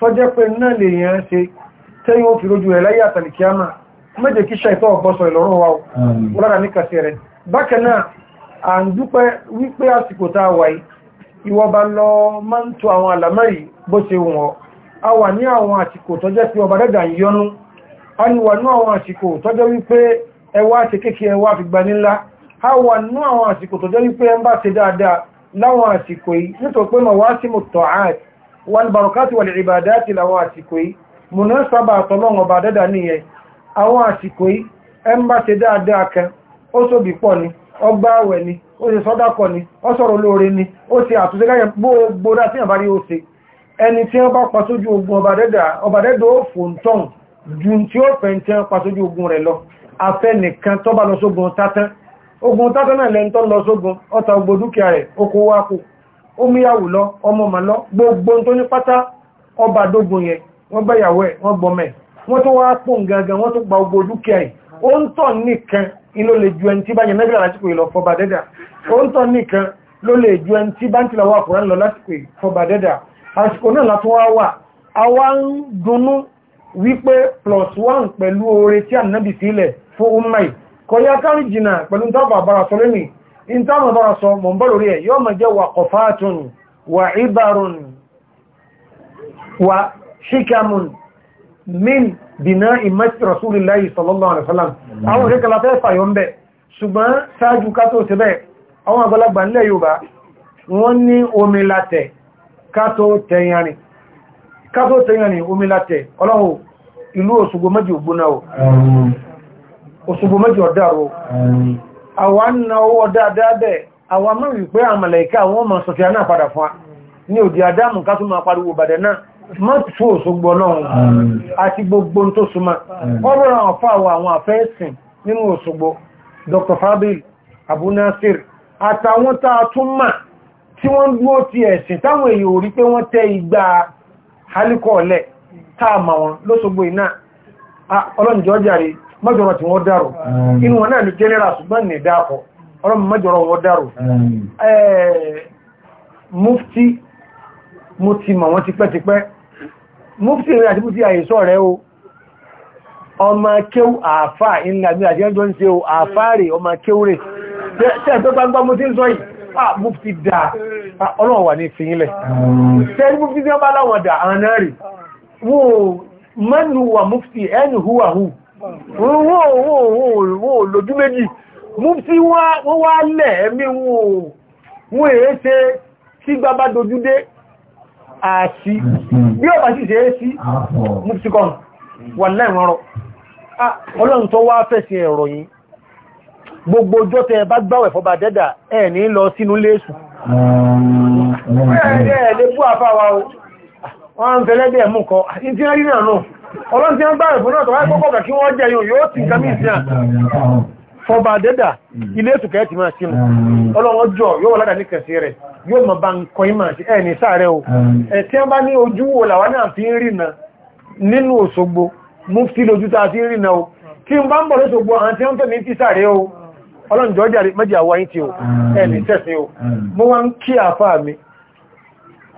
tọ́jẹ́ pé náà lè yàn ṣe tẹ́yìn ó fi rójú ẹ̀ láyé àtàlìkíámà méje kí ṣàìtọ́ ọ̀bọ́sọ̀ ìlọ́rùn wa wọ́lára ní kàṣẹ rẹ̀ bákan náà à ń dúpẹ́ wípé àsìkò tá a wà yìí ìwọba lọ máa ń to àwọn àlàmárì bó ṣe wọ̀n a wà ní àwọn àsìkò tọ́jẹ́ pé ọba dẹ́gà ń yọnu a ní wà ní àwọn àsìkò tọ́jẹ́ wípé yìí wal-barakati wal-ibadati láwọn àsìkò yìí múná sábà àtọ́lọ́wọ̀n ọba dẹ́dà nìyẹn àwọn àsìkò yìí ẹ ń bá ṣe dáadáa kan ó sóbì pọ̀ ni ọgbà àwẹ̀ ni ó ṣe sọ́dákọ̀ ni ó sọ̀rọ̀ olóore ni ó ṣe àtúnṣe gáyẹ̀ gbogbo dá sí àbárí ó ṣe ẹni tí wọ́n bá pa sójú ogun ọba dẹ́dà ó fòǹtọ̀n ju tí ó fẹ́ tí wọ́n pa ogun rẹ̀ lọ afẹ́ nìkan tó lọ sógun tátán ogun tátán náà lẹ́ni tó lọ sógun ó gbogbo dúkìá rẹ̀ ó kó wá omíyàwó lọ ọmọ mà lọ gbogbo tó ní pátá ọba dógun yẹn wọ́n gbẹ̀yàwó ẹ̀ wọ́n gbọmẹ̀ wọ́n tó wá pò ń gangan wọ́n tó gba ogbò dúkìá ẹ̀ ó ń tọ̀ nìkan ló lè ju ẹni tí bá yẹn nẹ́gbẹ̀rẹ̀ lásìkò ìlọ fọba dẹ́dà ó ń tọ̀ nìkan ló lè ju ẹni tí bá ń tìlọ́wọ́ àkùrán lọ lásìkò ìfọba dẹ́dà àsìkò náà látún wá wà àwa ń dunnú wípé plus one pẹ̀lú oore tí ànábì sílẹ̀ fún umai, kọ̀yá kárìjìnà pẹ̀lú tábà àbára sọlẹ́nì in ta mọ̀ bọ́rọ̀ sọ mọ̀ bọ́rọ̀ rí ẹ̀ yóò mọ̀ jẹ́ wà kọfàátùn wà ìbàrùn wà ṣíkàmùn min bìnà ìmẹ́sì rasúlìláyì sallallahu alaihi wasallam àwọn òṣèkàlá fẹ́ fàyọ ń bẹ̀ ṣùgbọ́n sáájú ká tó ti bẹ́ àwọn àgbàlagbà nílẹ̀ Yorùbá wọ́n ní omi látẹ̀ ká tó tẹ̀yànì àwa ń na owó dáadáa bẹ́ẹ̀ ma mọ́ wípé àmàlẹ̀ká wọ́n ma sọ̀fíà náà padà fún a ní òdí adámù ká tún máa pariwo bàdẹ̀ náà má gbogbo tó súnmọ́ ọ̀rọ̀ àwọn afọ́ àwọn nínú Dr. Abu Nasir a tún mà tí wọ́n ti ẹ̀sìn táwọn igba mọ́jọ̀rọ̀ tí wọ́n dárò inú wọn náà general ṣùgbọ́n ní dápọ̀ wọ́n dárò mufti mo ti mọ̀ wọ́n ti pẹ́tipẹ́ mufti rẹ̀ àti mufti àyèsọ́ rẹ̀ o ọmọ kéw àfà ilẹ̀ àti ẹjọ́ ń ṣe o àfà rẹ̀ ọmọ kéw rẹ̀ tẹ́ẹ̀tọ́ gbangba mo ti ń sọ yìí ah mufti dáa ọlọ́wọ̀ wà ní ìfìyìnlẹ̀ mufti tí wọ́n bá láwọn dà àwọn náà rẹ̀ wọ́n mẹ́nu wà mufti ẹni húwà hù wọ́n lójú méjì mufti wọ́n wá lẹ̀ ẹ̀mí wọ́n èé ṣe tí gbábá dojú dé àṣí bí ọ̀pá sí ṣe é sí mufti kan wà lẹ́rànrọ ọlọ́run tó wá fẹ́sí ẹ̀rọ yìí gbogbo ọjọ́ tẹ bá gbáwẹ̀ fọba dẹ́dà ẹ̀ ní lọ sínú léṣù ẹ̀ẹ́ lè bú àfáwà wọ́n ń fẹ́lẹ́dẹ̀ mú kọ ọlọ́n tí wọ́n gbá ẹ̀fún náà tọ́wọ́ pọ́pọ̀ kí wọ́n jẹyàn yóò tí nǹkan mí ìsìn fọba dẹ́dà ilé ètùkẹ́ ti máa sínú ọlọ́wọ́n jọ yóò ládà ní kẹsì rẹ̀ yóò mọ̀ bá ń kọ ìmọ̀ sí ẹ̀ ní sáà rẹ̀ o ẹ̀ tí wọ́n bá ní ojú wo làwa náà fi ń rìnà nínú Òṣogbo mufti lójú ta fi ń rìnà o tí n bá ń bọ̀ lóṣogbo àwọn tí wọ́n ní fi sáà o ọlọ́run jọ jàre méjì àwọ̀ ayín tí o ẹ̀ ní tẹ̀sí o mo wá ń kí àfáà mi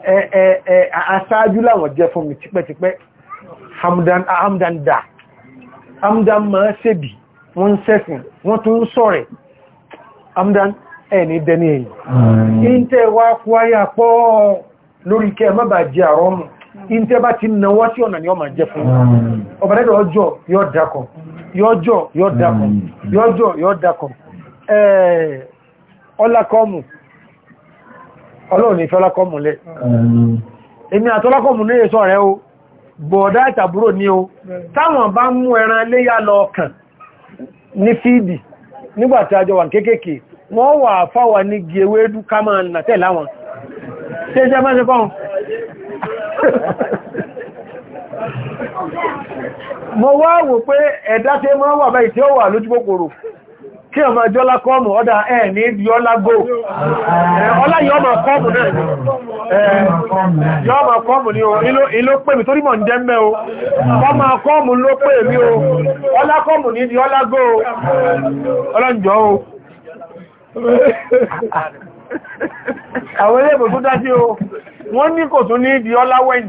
ẹ̀ ẹ̀ láwọn jẹ́ fún mi tipẹ́tipẹ́ hamdan ah, hamdan da hamdan ma ṣebí wọ́n sẹ́sìn wọ́n tún sọ̀rẹ̀ hamdan ẹni dẹni ẹ̀yìn ìntẹ́ wá kúwáyà pọ́ lórí kẹ má bà jẹ àrọ́ mù ìntẹ́ bá ti náwọ́ sí ọ̀nà ni ọmọ jẹ fún ọbẹ̀lẹ́dọ̀ ọjọ́ yóò dákọ̀ yọjọ́ yóò dákọ̀ yọjọ́ yóò dákọ̀ ọlákọ́mù ọlọ́run ìfẹ́ ọlákọ́mù lẹ́ èmi àtọ́lákọ́mù ní èso rẹ̀ o bọ̀ọ̀dá ìtàbúrò ní o táwọn bá mú ẹran léyà lọ ọkàn ní fíìdì nígbàtí ajọ wà kéékèèké wọ́n wà fáwà ní gẹ̀ẹ́wédú ká nà láwọn ṣe wà kí ọmọ ìjọlá kọ́ọ̀mù ọdá ẹ̀ ní ọlá gbò ọlá yọ́mọ̀ kọ́ọ̀mù náà ọmọ kọ́ọ̀mù ni o iló pè mi torí mọ̀ ń jẹ́mẹ́ o ọmọ kọ́ọ̀mù ló pè mi o ọlá ní ọlá gbò ọlọ́njọ́ o àwọn tó dájí o wọ́n ní kò tún ní wẹ́yìn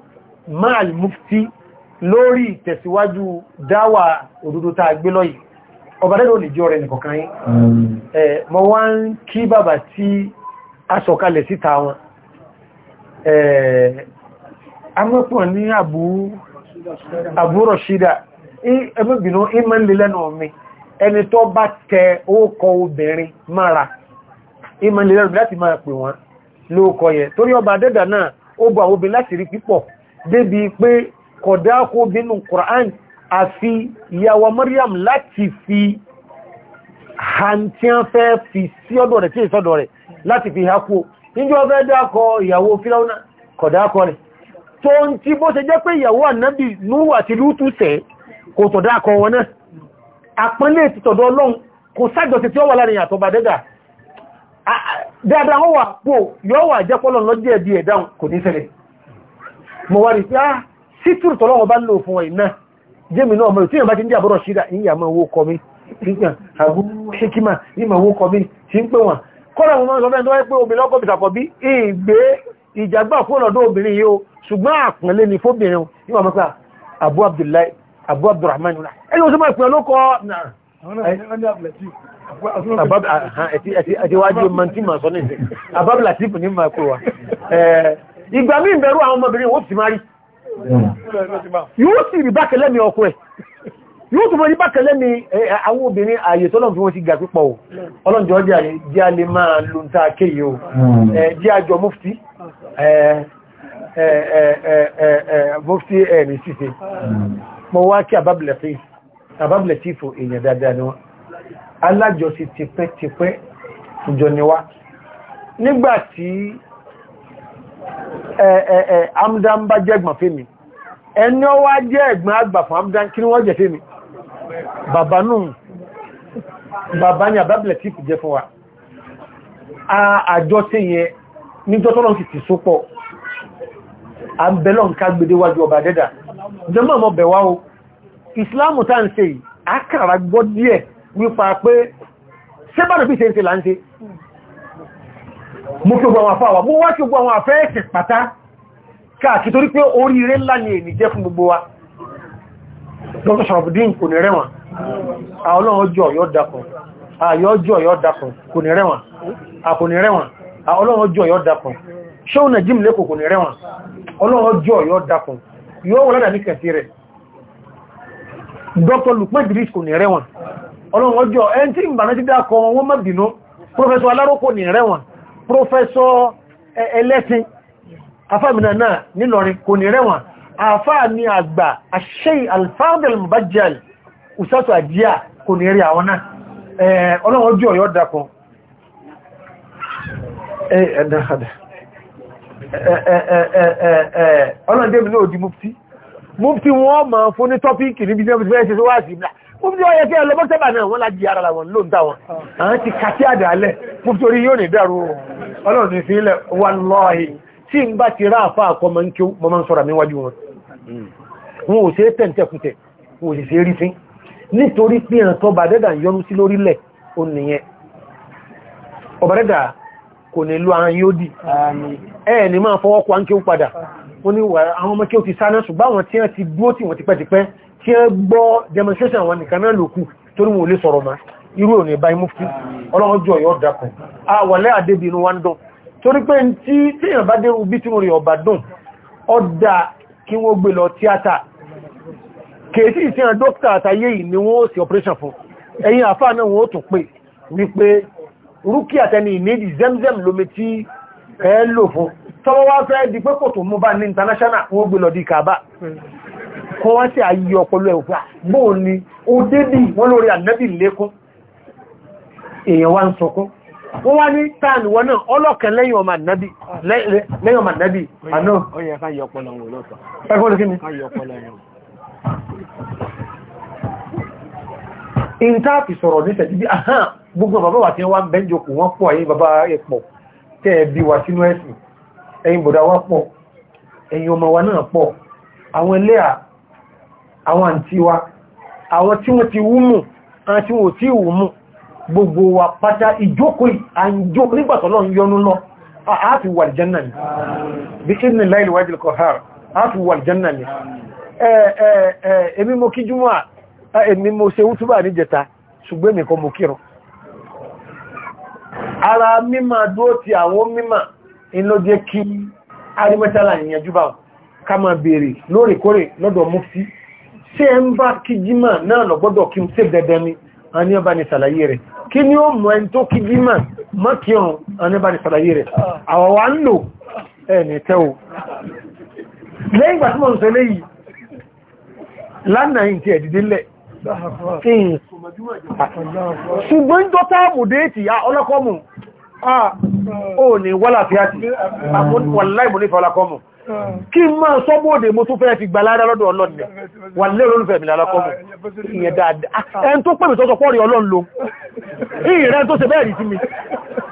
maal mufti lórí ìtẹ̀síwájú dáwà òdúdó tàà gbé lọ́yìí ọba dẹ́dọ̀ lè jọ rẹ̀ nìkọ̀kan yí mọ́ wá ń kí bàbá tí a sọ̀kalẹ̀ síta wọn amọ́pọ̀ ní Abu Rashida ẹgbẹ́gbìnà ìmọ̀ ń lè ẹni tó bá tẹ ókọ obìnrin mara ìmọ̀ ń lè lẹ́nu láti máa pè wọ́n lóókọ yẹ torí ọba dẹ́dà náà ó bọ̀ àwọn obìnrin láti rí pípọ̀ débi pé kọ̀dákó bínú Qur'an àfi ìyàwó Maryam láti fi hàntíán fẹ́ fi sí ọ̀dọ̀ rẹ̀ tí rẹ̀ fi hákó níjọ́ fẹ́ dákọ ìyàwó Fíráúnà kọ̀dákọ rẹ̀ tó ń tí bó ṣe jẹ́ pé ìyàwó ànábì núwà ti lútù tẹ̀ kò tọ̀dákọ wọn náà àpọ́nlé ti tọ̀dọ̀ ọlọ́run kò ti tí ó wà láàrin àtọ́bà dáadáa wọ́n wà pò lọ́jẹ́ ẹ̀dáhùn kò mo wá rí pé ah sítúrù tọ́lọ́wọ́ bá lò fún ẹ̀nà jẹ́mi náà mọ̀ tí yàn bá ti ń jẹ́ àbúrò ṣídà ìyà mọ̀ wo kọ mi àbú ṣíkímà ìmọ̀ owó kọ mi tí ń pè wọ́n kọ́lá mo máa ń o ṣùgbọ́n àpọ̀nlé ni fóbìnrin ìwọ̀n Abu Abdullahi Abu Abdurrahman tí ní ìgbà mí ìbẹ̀rù àwọn ọmọbìnrin ó sì máa rí yóò sì rí bákẹ̀lẹ́ mi ọkọ ẹ̀ yóò tó mọ́ ní bákẹ̀lẹ́ mi àwọn obìnrin ààyè tó lọ́n fi wọ́n ti gà pípọ̀ ò ọlọ́njọ́ jẹ́ a lè máa lò hmm. mufti mufti ẹ̀rìn síse mọ́ hmm. wá kí àbábìlẹ̀ tí fò èèyàn dáadáa ni wọ́n alájọsí tipẹ́tipẹ́ ìjọ amdan bá jẹ́ ẹ̀gbọ́n fẹ́mi ẹni ó wá jẹ́ ẹ̀gbọ́n àgbà fún amdan kí ni wọ́n jẹ́ fẹ́mi bàbá náà bàbá ní àbábìlẹ̀ tí kù jẹ́ fún wa àjọ tí yẹ níjọ́ tọ́lọ̀ sì ti sópọ̀ àbẹ̀lọ́ nǹkan gbedewájú ọba dẹ́dà jẹ́mọ́ ọmọ bẹ̀wá o ìsìláàmù ń ṣe yìí àkàrà gbọ́ díẹ̀ wípa pé sẹ́bàdàn bí mú kí gbogbo àwọn àfáà wà mú wá kí gbogbo àwọn àfẹ́ ẹ̀sẹ̀ pàtá káàkì torí pé oríire ńlá ni èmì jẹ́ fún gbogbo wa dr sharafudin kò ní rẹ̀wọ̀n àwọn ọjọ́ yóò dákun àyọjọ́ yóò dákun kò ní rẹ̀wọ̀n àkò ní rẹ̀wọ̀n àwọn ọjọ́ yóò dákun ṣóò nà jí mìlẹ́kò kò ní rẹ̀wọ̀n ọlọ́ọjọ́ yóò dákun dr lukman idris kò ní rẹ̀wọ̀n ọlọ́ọjọ́ ẹni tí ìbànájí dákọ̀ wọn mọ́bìnú professor aláró kò ní rẹ̀wọ̀n prófẹ́sọ́ eh, ẹlẹ́sìn afáàmìnà náà nílọrin kò ní rẹ̀wọ̀n àfáàmì àgbà àṣẹ alfáàdìl mubajjal usatu àjíyà kò ní rí àwọn náà eh, ọlọ́run ojú ọ̀yọ́ dákun ọlọ́run dé mi náà di mufti mufti wọ́n ma fún ní tọ́píkì níbi jẹ́ fúnfí ọyẹ kí ẹlọ mọ́sẹ́bà náà wọ́n lájí ara wọn ló ń dá wọn àwọn ti kàtí àdálẹ̀ fúnfí orí yóò ní dàrú ọlọ́run ní sí ilẹ̀ wallahi tí ń bá ti ráàfà àkọmọ ń kí mọ́mọ́ ń sọ́ra níwájú wọn wọn ò ṣe tẹ̀ǹtẹ̀kùtẹ̀ wọn ò ṣe rí sí nítorí pé ẹ̀ǹkan ọba dẹ́dà ń yọnu sí lórílẹ̀ ó nìyẹn ọba dẹ́dà kò ní lo àwọn yóò dì ẹ̀ ní máa fọwọ́ kọ́ àwọn ọmọ kí ó ti sáná ṣùgbọ́n àwọn tí wọ́n ti dúó tí wọ́n ti pẹ́ ti pẹ́ tí ẹ gbọ́ demonstration wọn nìkan náà lòkú torí wọn ò lè sọ̀rọ̀ ma irú ò ní báyí mufti ọlọ́ọjọ́ yóò dákùn a wàlẹ́ àdébì inú wá ń dùn torí pé tí èèyàn bá dérú bí tí mo rí ọba dùn ọdá kí wọ́n gbé lọ tíátà kèsì ìsìnkàn dókítà àtàyè yìí ni wọ́n sì operation fún ẹ̀yìn àfáà náà wọ́n tún pè wípé rúkí àtẹni ìnídìí zemzem lómi tí ẹ lò fún tọ́wọ́ wá fẹ́ di pé kò tó mú bá ní international wọ́n gbé lọ di kàbá kọ́ wá sí ayé ọpọlọ ẹ̀wọ̀pá bóò ni ó débì wọ́n lórí ànábì lékún èèyàn wá ń sọkún wọ́n wá ní tàn wọ́n náà ọlọ́kẹ̀ lẹ́yìn ọmọ ànábì àná ọyẹ ká yọ ọpọlọ wọn lọ́tọ̀ ìntàkì sọ̀rọ̀ ní tẹ̀jú bí ahán ẹ̀yin bọ̀dá wa pọ̀ ẹ̀yin ọmọ wa náà pọ̀ àwọn ilé à àwọn àǹtí wa àwọn tí wọ́n ti wú mù àwọn tí wọ́n ti wú mù gbogbo wa pátá ìjókòó àjò nígbàtọ̀lọ́ yọnú lọ àti wà ni bí i ní láìlú wájú kọ̀hár àti ni èmi mo kí jùmọ́ èmi mo ṣe útúbà ní jẹta ṣùgbẹ́mì kan mo kírùn ara mímọ̀ dúó ti àwọn mímọ̀ in ló jẹ́ kí arímẹ́tàlá ìyànjúbà ká máa bèèrè lóòrèkóòrè lọ́dọ̀ mufti ṣe ń bá kí jímà náà lọ́gbọ́dọ̀ kí ṣe dandan ni àní ọba ni sàlàyé rẹ̀ kí ni ó mọ̀ ẹni tó kí jímà mọ́kírùn àní ọba ni sàlàyé rẹ̀ àwọn wa ń lò ẹni tẹ́ o lẹ́yìn ìgbà tí mo ń sọ léyìí lánàá yìí ti ẹ̀dìdí lẹ̀ ṣùgbọ́n jọta mùdé ti Ah, mm. ó ní wọ́lá fi àti wàláì mú mm. ní fọ́lá kọmù mm. kí ma sọ́bọ̀dẹ̀ mo tún fẹ́ fi gbà lára lọ́dọ̀ ọlọ́dẹ̀ wà lérò olùfẹ́ mi lára kọmù ah, ìyẹn dáadáa ah, ẹn tó pẹ̀mì tọ́tọ̀ pọ́rí ọlọ́run lo ìrẹ́ tó ṣe bẹ́ẹ̀ rí sí mi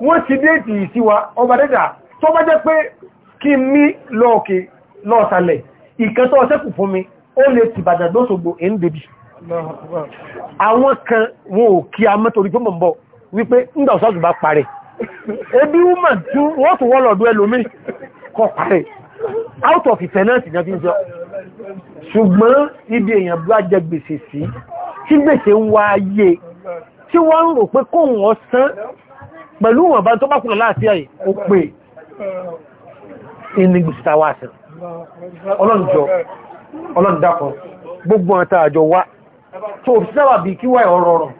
wọ́n ti déètì ìsíwa ọba dẹ́dà tó bá jẹ́ pé kí mí lọ́ọ̀kì lọ́ọ̀sàlẹ̀ ìkẹtọ́ ọ̀sẹ́kù fún mi ó lè ti bàjá lóṣogbo èndèbì àwọn kan wọn ò kí a mẹ́torí tó mọ̀ ń bọ̀ wípé ńgbà ọ̀sọ́dù bá parẹ̀ ebi wúmà tí wọ́n tó wọ́n lọ́dún ẹlòmí kọ parẹ̀ out of ìfẹ́ náà sì jẹ́ fi ń jọ ṣùgbọ́n ibi èèyàn bá jẹ gbèsè sí tí gbèsè ń wá ayé tí wọ́n ń rò pé kóhùn ọ̀sán pẹ̀lú wọn bá tó bá kúrò láàáfíà yìí ó pè ní gbùsìtà wá sí ọlọ́njọ́ ọlọ́ndàkọ̀ gbogbo ọ̀ta àjọ wá tó sáwà bí kí wá ọ̀rọ̀ ọ̀rọ̀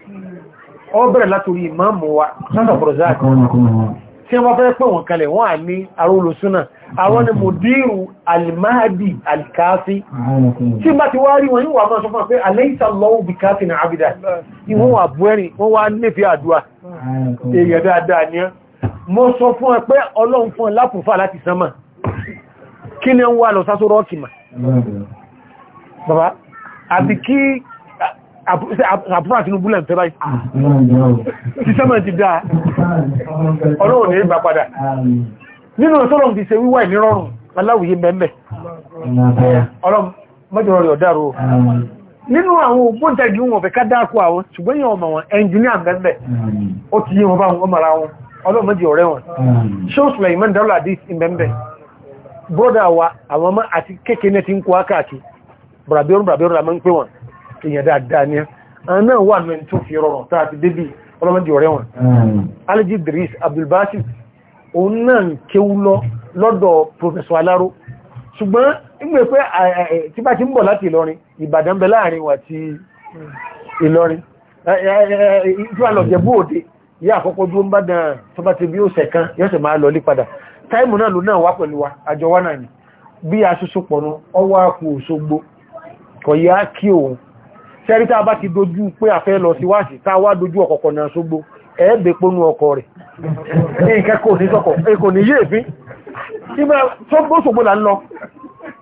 ọ bẹ̀rẹ̀ látorí ìmáàmù wa sáàtà bọ̀rọ̀záàkì tí wọ́n fẹ́ pẹ̀ wọ́n kalẹ̀ wọ́n à ní arólosúnà àwọn ni mùdírù alìmáàdì alìkáfí tí bá ti wá rí wọn yíwà máa sọ fún na abida ìwọ́n wà bú ẹ̀rìn wọ́n wá nífẹ́ àdúrà èèyàn dáadáa ní ẹ́ mo sọ fún ẹ pé ọlọ́run fún ẹ lápùfà láti sánmà kí ni ń wà lọ sásó rọ́ọ̀kì mà bàbá àti kí àpúrà Tinubu lẹ́ fẹ́ báyìí ti sánmà ti dáa ọlọ́run ní ìgbà padà nínú ọ̀sọ́lọ́run ti ṣe wíwà ìnírọ̀rùn aláwòye mẹ́mẹ́ ọlọ́run mọ́jọ́rọ̀ rẹ̀ ọ̀dáró nínú àwọn ògbóǹtẹ̀gì wọn fẹ́ ká dákò àwọn ṣùgbọ́n yíò ọmọ wọn ẹnjìníà mẹ́mẹ́ ó ti yí wọn bá wọn mara wọn ọlọ́mọdé ọ̀rẹ́ wọn ṣóò Suleiman Daula wa àwọn ọmọ àti kékeré ti ń la máa ń ni àwọn náà wà ní tó fi rọrùn tá a ti débì ọlọ́mọdé ọ̀rẹ́ wọn Alhaji Idris Abdulbasir Professor Alaro ṣùgbọ́n nígbè pé tí bá ti ń bọ̀ láti Ìlọrin Ìbàdàn bẹ láàrin wà ti Ìlọrin tí wà bú òde yí àkọ́kọ́ dúró ń bá dán tó bá ti lọ padà táìmù náà ló náà wá wa àjọ ni bí a ṣoṣo pọ̀nà ọwọ́ àpò Òṣogbo kọ̀ yá kí òun sẹ́rí tá a bá ti dojú pé àfẹ́ lọ tá dojú ọ̀kọ̀kọ̀ náà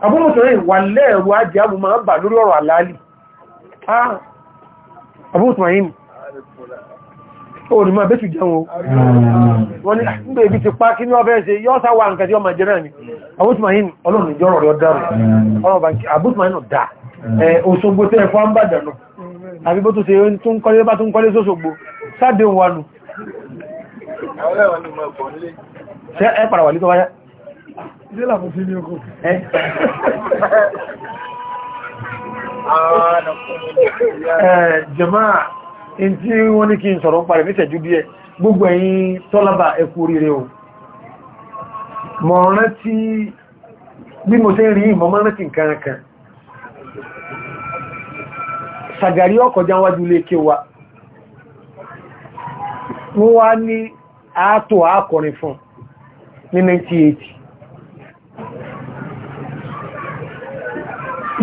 abúmùsùnrin wà lẹ́ẹ̀rù ajé abù máa bà lórí ọ̀rọ̀ àlálì abúmùsùnrin òní máa bẹ́tù jẹun wọ́n ni ah, nígbè ibi ti pa kí ní ọbẹ̀ ṣe yọ́ sáwà nǹkan tí ó máa jẹ́rẹ̀ ni abúmùsùnrin ọlọ́run ìjọ́rọ̀ rẹ̀ ọ̀dá rẹ̀ abúmùsùnrin ọ̀dá òṣogbo tẹ́ ẹ̀fọ́ ń bàdànù àbí bó tó ṣe tó ń kọ́lé bá tó ń kọ́lé sóṣogbo sáàdé wọnù ẹ pàràwà lítọ́wáyá Ilé làbò fi ní oko. Jẹ̀máà, in tí wọ́n ní kí n sọ̀rọ̀ ń parí ní tẹ̀jú díẹ̀, gbogbo ẹ̀yin tọ́lábà ẹkù oríire o. Mọ̀ rántí bí mo tẹ́ rí ìmọ̀ máa rántí nǹkan kan. Sàgàrí ọkọ̀já wájú lé kéwàá wọ́n wá ní àátò àkọrin fún ní 1980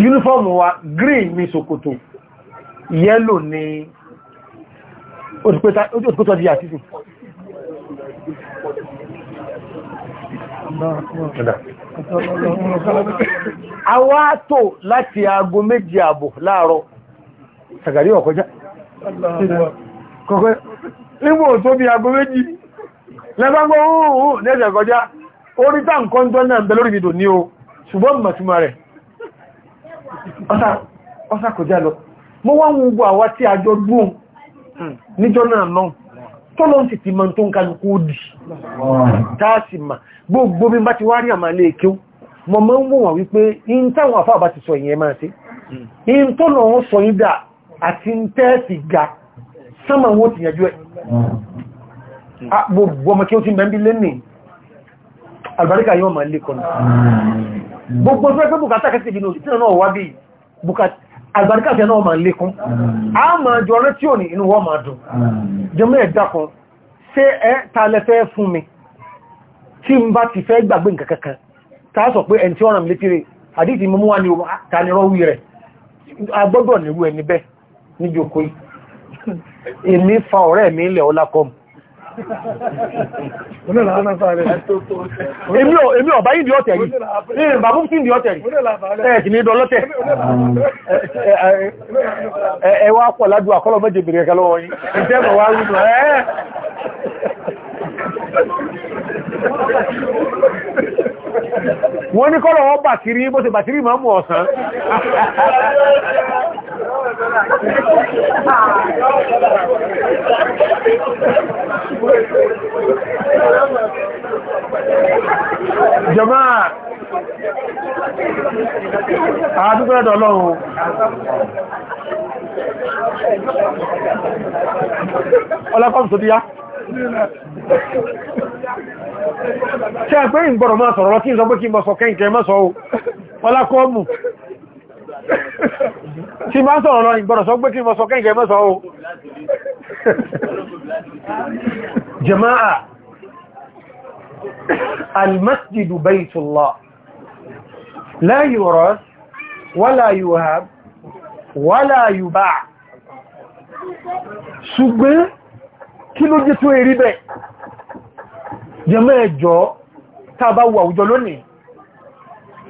uniform wa green ni ṣòkòtò yellow ni òtùpẹ́tọ́ di àtìsì àwa tò láti aago méjì àbò láàárọ̀ sàgàrí ọ̀kọjá kọ̀kọ́ nígbò tó bí aago méjì lẹ́gbàgbọ́ oòrùn ní ẹ̀sẹ̀ kọjá orí tá nǹkan tó náà bẹ lórí ìdò ní o ṣùgbọ́n mọ̀túnmọ̀ rẹ̀ ọ́sà kọjá lọ mọ́ wá ń gbọ́ àwá tí jọ gbóhùn hmm. níjọ́ náà náà tọ́lọ́n sì ti mọ́ tó ń kájú kó dì gbogbo bí bá ti wá rí mọ́ mọ́ ń wípé in táwọn bá ti sọ ìyẹn máa sí hmm. in tó lọ ń sọ ìdá àti ń tẹ́ẹ̀sì ga sánmà wọ́n ti gbogbo tó ẹgbẹ́ bùkátà kẹsì ìbínú tí náà wà bí àgbàríkà tí náà ma ń lékún a ma jọ rẹ tí ò ní inú wọ́n ma dùn jẹmọ́ ẹ̀dá kan ṣé ẹ ta lẹ́fẹ́ fún mi tí n bá ti fẹ́ gbàgbé nǹkan ta sọ pé ẹni tí ọ̀ràn létí rẹ̀ àdíjì mímú wa ni ah, ta ni rọ́wí rẹ̀ agbọ́dọ̀ nírú ẹni bẹ́ẹ̀ níjókòó Èmi ọ̀bá yìí di ọ̀tẹ̀ yìí, ní bàbú sí di ọ̀tẹ̀ yìí, ẹ̀ẹ̀kì ní ìdọ́lọ́tẹ̀. Ẹwà pọ̀ ládùú àkọ́lọ̀ méje bèèrè ẹ̀kẹ́ lọ́wọ́ yìí, ìjẹ́mọ̀ wá rú wọ́n ní kọ́lọ̀ wọ́n bàtírí bó ṣe bàtírí máa mú ọ̀sán àádúgbò ẹ̀dọ̀ ọlọ́run ọlọ́kọ́ tó díyá ṣe pé ìgbọ̀rọ̀ máa sọ̀rọ̀ lọ kí n sọ pé kí n bọ̀ sọ kẹ́ǹkẹ́ mọ́ sọ o ọlọ́kọ́ mù máa sọ̀rọ̀ lọ ìgbọ̀rọ̀ sọ pé kí n bọ̀ sọ kẹ́ǹkẹ́ mọ́ sọ o jama'a al-masjidu baytullah لا يورث ولا يهب ولا يباع ṣùgbọ́n kí ló jẹ́ tó èrí bẹ̀ jẹmọ́ ẹjọ́ tàbá wà àwùjọ lónìí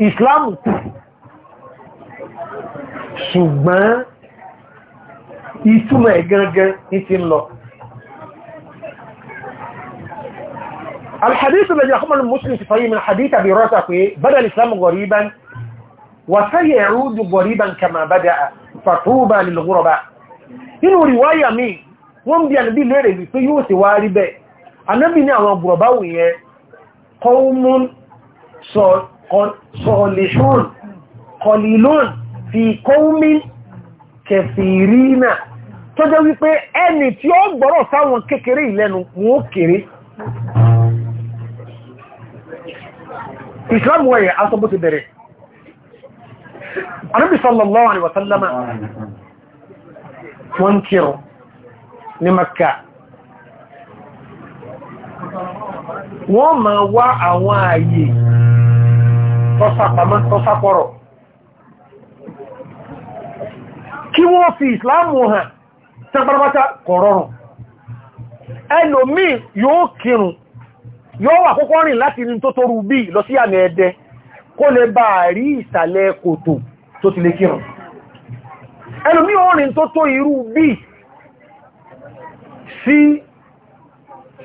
Islam ṣùgbọ́n ìtumọ̀ ẹ̀gangan ní ti ń lọ الحديث الذي أخبر المسلم في من حديث أبي رسق بدأ الإسلام غريبا وسيعود غريبا كما بدأ فطوبى للغرباء inú riwaya mi wọ́n bí ànàbí lérè wípé yóò sì wá rí bẹ́ẹ̀ ànàbí ní àwọn gbùrọ̀bá wùnyẹn qawmun salihun qalilun fi qawmin kathirina tó jẹ́ wípé ẹni tí ó gbọ́rọ̀ sáwọn kékeré ìlẹ́nu wọ́n kéré islam wọ́n yẹ aṣọ bó ti bẹ̀rẹ̀ anábì sallallahu alaihi wasallama wọ́n kírọ ní makka wọ́n ma wá àwọn ààyè tọ́sàpọ̀rọ̀ kí wọ́n fi islam hàn tẹ́gbàrápátá kọ̀rọ̀rùn ẹlòmí yóò kírùn yóò wà kókó rìn láti ní tó torú bí lọ sí àmì ẹ̀dẹ kó lè bá rí ìsàlẹ̀ kòtò tó ti lè kírùn ẹlòmí orin tó tó irú bí sí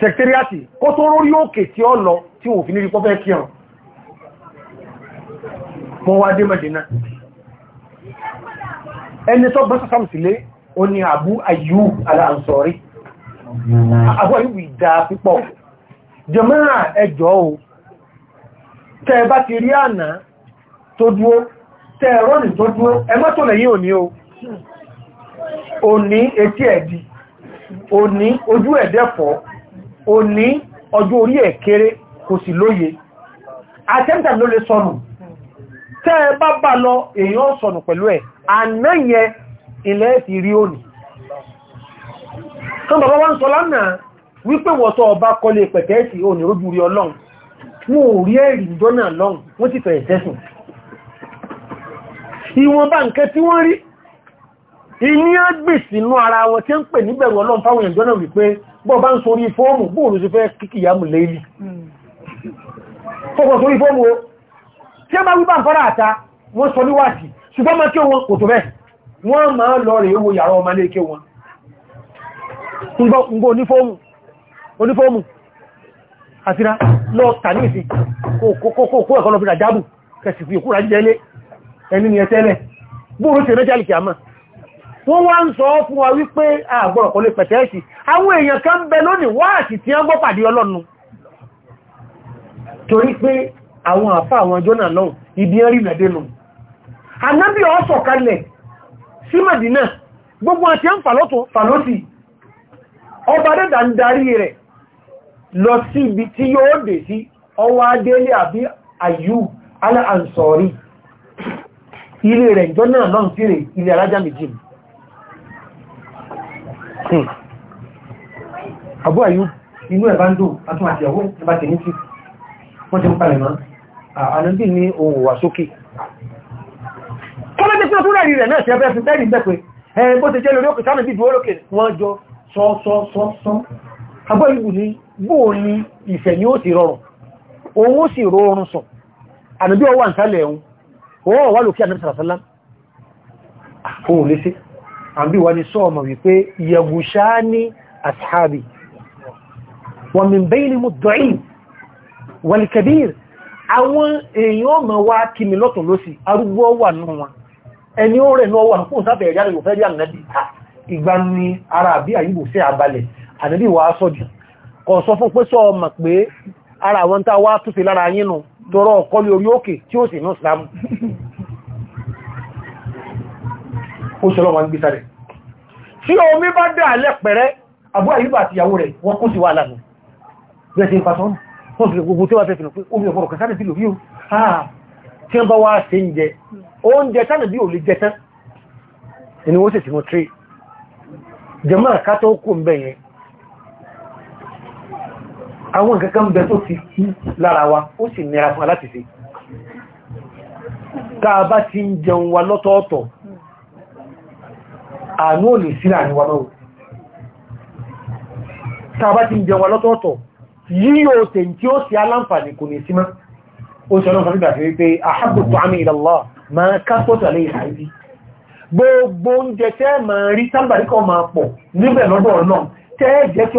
sẹ̀kẹ́ríàtì kó tó rórí òkè tí ó lọ tí wò fi ní ipọ́ fẹ́ kírùn mọ́ wá dé ẹni tó bọ́ sàmsílé ó ní Abu Ayyub al-Ansari Abu Ayyub ìdá jẹmọ́ra ẹjọ́ o tẹ́ bá ti rí àná tó dúó tẹ́ rọ́nì tó dúó ẹmọ́tò lẹ́yìn òní o òní etí ẹ̀dì òní ojú ẹ̀dẹ́fọ́ òní ọjọ́ orí ẹ̀ kéré kò sì lóye àtẹ́mtà ló lè sọnù tẹ́ bá bá lọ èèyàn sọnù pẹ̀lú ẹ̀ àná yẹ ilẹ̀ ti rí òní wípé wọ́sọ ọba kọlé pẹ̀tẹ́ẹ̀sì onírúbù rí ọlọ́run wọn ò rí ẹ̀rí ìjọ́nà lọ́run wọ́n ti fẹ̀ẹ̀ tẹ́sùn ìwọ̀nba nǹkan tí wọ́n rí ìní àgbèsì inú ara wọn tí ń pè níbẹ̀rù ọlọ́run fáwọn ìjọ náà wípé bọ́ bá ń sorí fóòmù bóòlù sí fẹ́ kíkìyàmù lẹ́lì fọ́kọ̀ sorí fóòmù o tí a bá wípá ń fara àta wọ́n sọ níwàtí ṣùgbọ́n máa kí wọn kò tó bẹ́ẹ̀ wọ́n máa lọ rẹ̀ ewo yàrá ọmọ ilé ike wọn ń gbọ́ ní fóòmù onífọ́ọ̀mù àtìrá lọ tàní ìsìn ẹ̀kọ́ lọ́fíra jábù kẹsì fi ìkúra jíjẹ ẹni ni ẹtẹ́lẹ̀ bóòrò sí ẹ̀rẹ́ jálìkì àmà wọ́n wá ń sọ fún wa wípé àgbọ̀rọ̀ lè pẹ̀tẹ́ẹ̀sì àwọn èèyàn kan bẹ lónìí wáàsì tí wọ́n gbọ́ torí pé àwọn àwọn náà ibi na gbogbo lọ sí ibi tí yóò dé sí ọwọ́ adélé àbí àyú aláàǹsọ̀rí ilé rẹ̀ ìjọ náà lọ́n sí rẹ̀ ilé alájá méjì àbú hmm. àyú inú ẹ̀bá ń dò àtún àti ẹ̀wọ́ ẹ̀bá tẹ̀ ní sí wọ́n ti ń palẹ̀ mọ́ ànábì ní ohun wà sókè kọ́lọ́dé tí ó tún rẹ̀ rẹ̀ náà ṣẹ́fẹ́ fi tẹ́rì mẹ́pẹ́ ẹ̀ bó ti jẹ́ lórí òkè sánà bí dúró lókè wọ́n jọ sọ́sọ́sọ́sọ́ àbọ̀ ìbù ní bóò ni ìfẹ̀ ni ó sì rọrùn òun ó sì rọrùn sùn ànàbí ọwà ìsàlẹ̀ ẹ̀hún ọwọ́ wà lókè ànàbí sàrásánlá ohun lé sí àbí wà ní sọ́ọ̀mọ̀ wípé yẹ̀gùṣá ní àṣàbì wọ́n mi bẹ́ ní mú dọ̀ín wàlìkẹ̀bír àwọn èèyàn ọmọ wa kí mi lọ́tún lọ́sì arúgbó wà nù wọn ẹni ó rẹ̀ náà wà fún sáfẹ̀ ẹ̀yà rẹ̀ yóò fẹ́ rí ànàbí ah, ìgbà ni ara àbí àyíbò sí àbalẹ̀ ànàbí wà á sọ́jù kọ̀ sọ fún pé sọ ọmọ pé ara àwọn tá wá túnṣe lára yínú tọrọ ọ̀kọ́lé orí òkè tí ó sì ní ìsìlámù ó ṣọlọ́ wọn gbé sáré tí omi bá dà lẹ́pẹ̀rẹ́ àbú àyíbà àti ìyàwó rẹ̀ wọ́n kún sí wà lánàá bẹ́ẹ̀ sí ìfàṣọ́nù wọ́n fi gbogbo tí wà fẹ́ fi nù pé omi àwọn kankan bẹ tó fi kí lára wa ó sì nira fún aláti fi káà bá ti ń jẹun wa lọ́tọ̀ọ̀tọ̀ àánú ò lè sí láàrin wa mọ́wọ́ káà bá ti ń jẹun wa lọ́tọ̀ọ̀tọ̀ yíò tẹ̀ tí ó sì aláǹfààní kò ní sí mọ́ ó sọ lọ́nà pé àhábùtù àmì ìlàlá ma ká pọ́tà lè ìhàrí gbogbo oúnjẹ ma rí sábàríkọ̀ ma pọ̀ níbẹ̀ lọ́dọ̀ náà tẹ́ jẹ́ kí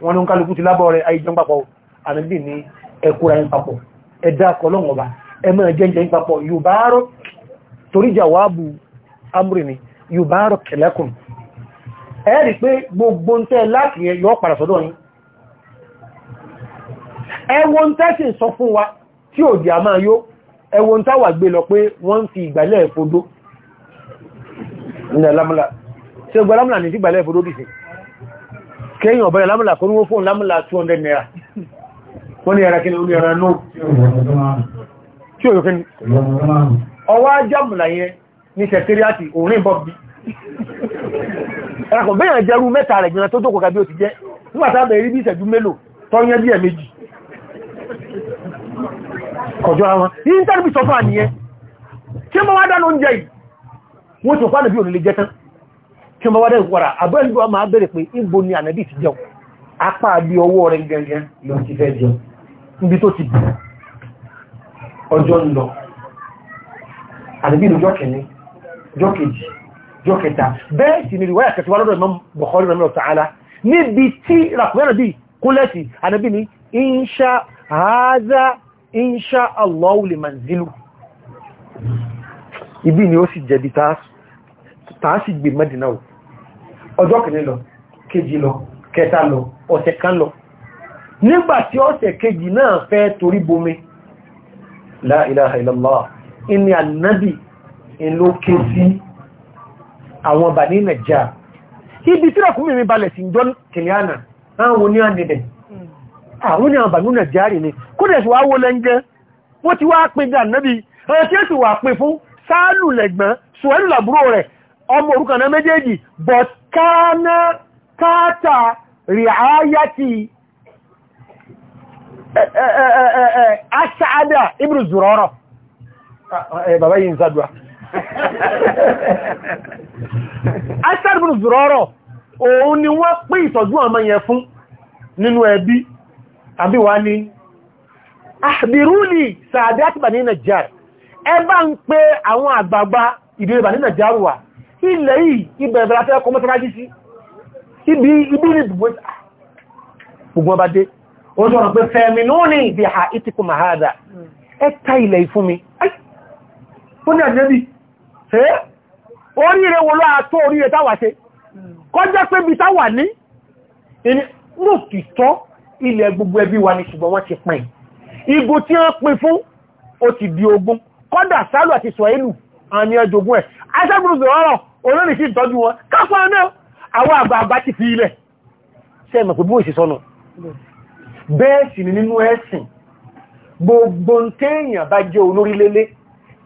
wọn ló ń kálukú ti lábọ̀ rẹ̀ ayíjọ́ papọ̀ ànábì ní ẹkùra yín papọ̀ ẹ̀dá kọlọ́wọ̀n ọba ẹmọ ẹjẹ́jẹ́ yín papọ̀ yùbárọ̀ torí jàwáàbù amúrì ni yùbárọ̀ kẹlẹ́kùn ẹ rí pé gbogbo ń tẹ́ láti yẹn yọ padà sọ́dọ̀ yín ẹwọ́n ń tẹ́sì sọ fún wa tí òdì a máa yó ẹwọ́n táwà gbé lọ pé wọ́n ń fi ìgbàlẹ̀ ìfodó ní ẹlámúlà ṣe gbọ́lámúlà ní sí ìgbàlẹ̀ ìfodó dìsìn kéyìn ọ̀bẹ̀rẹ̀ lámùlà kó ní wó fún lámùlà 200 naira wọ́n ni ẹ̀rẹ́kí ní ẹ̀rẹ́ náà tí ó yókè ní ọwá jámùlà yẹn ní sẹ̀tíríàtì òrin bọ́bí ẹ̀rẹ́kọ̀ bẹ́yàn jẹ́rú mẹ́ta rẹ̀ gbìyàn tó tó kọ̀kà bí ó ti jẹ́ nígbàtà bẹ̀rẹ̀ bí ìṣẹ́jú mélòó tọ́yẹ́ tí wọ́n bá wádẹ́ ìwọ̀ra àbẹ́lúwà máa bẹ̀rẹ̀ pé ìbò ni ànàbí ti jẹun apá àbí ọwọ́ rẹ̀ gẹ̀gẹ̀n lọ ti fẹ́ jẹun níbi tó ti bẹ̀rẹ̀ ọjọ́ ń lọ ànàbí ìlú jọ́kẹ̀ní jọ́kẹ̀jì jọ́kẹta bẹ́ẹ̀ sì ni ìwáyà kẹtùwà lọ́dọ̀ Imam Bukhari rẹ̀ ta'ala níbi tí ràkùnrẹ́nàbí kúlẹ̀sì ànàbí ni insha haza ọjọ́ kìíní lọ kejì lọ kẹta lọ ọ̀sẹ̀ kan lọ nígbàtí ọ̀sẹ̀ kejì náà fẹ́ torí bomi la ilaha illallah inni annabi in ló ké sí àwọn bà ní nàíjà ibi tí rẹ̀ kúmìnrin balẹ̀ sí jọ kìlíànà àwọn oní àndìdẹ̀ àwọn ní àwọn bà ní nàíjà rẹ̀ ni kúrẹ̀ sí wá wó lẹ́ńjẹ́ wọ́n ti wá lẹ̀gbọ́n sùwẹ́lù làbúrò rẹ̀ ọmọ òrukàn méjèèjì but kana káàtà rìáyàtì aṣáádà ibùrù zùrọ̀rọ̀ bàbá yìí ń sádùá aṣáádà ibùrù zùrọ̀rọ̀ òun ni wọ́n pè ìtọ́jú ọmọ yẹn fún nínú ẹbí àbí wá ní àbìrúlì sàádà àti bà ní nàìjíríà ilẹ̀ yìí ibẹ̀ ìbẹ̀rẹ̀ afẹ́ ọkọ̀ mọ́sánájí sí ibi ibi ní gbogbo ọba dé ó ní ọ̀rọ̀ pé fẹ́mi ní ó ní ìdí ha ìtìkù mahada ẹ ta ilẹ̀ ìfún mi ó ní àjẹ́bì ṣe oríire wo ló àtó oríire táwà ṣe kọjá pé bí táwà ní lóòtítọ́ ilẹ̀ gbogbo ẹbí wa ni ṣùgbọ́n wọ́n ti pín igun tí wọ́n pín fún ó ti di ogún kọ́dà sálù àti sọ̀ẹ́lù àmì ẹjọ́gún ẹ̀ aṣẹ́gbùrùgbù ọ̀rọ̀ olórin sí ìtọ́jú wọn káfà náà àwọn àgbààgbà ti fi ilẹ̀ ṣe mọ̀ pé bóòsì sọ́nà bẹ́ẹ̀ sì ni nínú ẹ̀sìn gbogbo téèyàn bá jẹ́ olórí lélé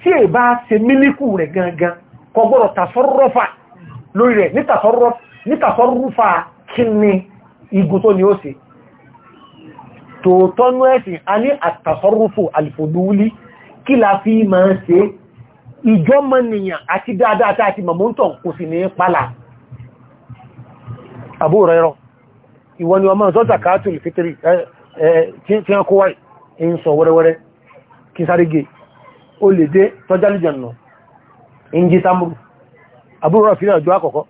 tí è bá ṣe mílíkù rẹ̀ gangan kò gbọ́dọ̀ tàṣọ́rọ́fà lórí rẹ̀ nítàṣọ́rọ́fà kí ni igun tó ni ó sì tòótọ́nú ẹ̀sìn a ní àtàṣọ́rọ́fò àlìfòdúwúlí kí la fi máa ṣe ìjọmọ̀nìyàn àti dáadáa tá àti mọ̀mọ́ntọ̀ kò sì ní pàlà àbú rẹ̀rọ ìwọ ni ọmọ ìsọ́ta káàtùlù fitri tí wọ́n kó wáì ń sọ wẹ́rẹ́wẹ́rẹ́ kí sárígé ó lè dé tọ́jálìjànà ń jí sámúrù àbú rẹ̀ fi ọjọ́ àkọ́kọ́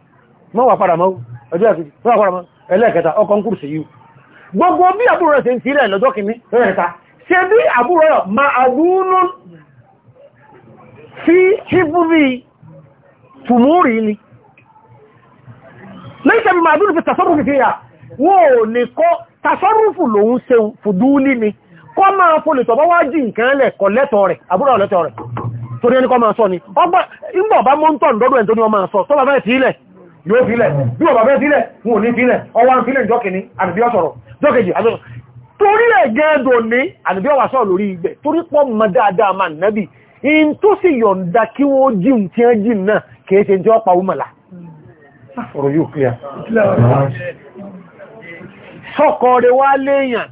mọ́wàá padà mọ́ ọjọ́ ẹ̀kẹ́ta mọ́wàá padà mọ́ ẹlẹ́ẹ̀kẹta ọkọ̀ ń kúrùsì yìí gbogbo bí àbúrò rẹ̀ ṣe ń sílẹ̀ sí ṣíbúrí tumuri ni lẹ́yìn tẹ́bí máa dúró fi tàṣọ́rùfù fi yà ní kọ́ tàṣọ́rùfù lòun ni kọ́ máa fò lè tọ̀bọ́ wá nǹkan lẹ̀ kọ̀ lẹ́tọ̀ rẹ̀ àbúrò ọ̀lẹ́tọ̀ rẹ̀ torí ẹni kọ́ máa sọ ni ìgbọ̀ bá mọ́ ń tọ̀ lọ́dọ̀ ẹ̀ tó ní ọmọ sọ tọ́ bàbá ẹ̀ yóò in tó sì yọ̀nda kí wọ́n jíun tí wọ́n jíun náà kìí ṣe tí wọ́n pa wúmọ̀lá ọ̀rọ̀ yóò clear sọ́kọ̀ rẹ̀ wá léèyàn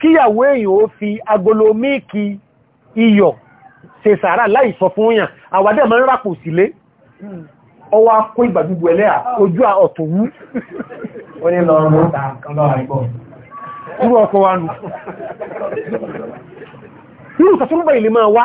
kíyàwó èèyàn ó fi agolomíkì iyọ̀ ṣe sàárà láì sọ fún èèyàn àwàdẹ́ mọ́ ń ràpò sílé ọwọ́ akó ìgbàgbogbo ẹlẹ́à ojú ọ̀tọ̀ irú ọkọ̀ wa nù irú ìsọ̀túnbọ̀ ìlú máa wá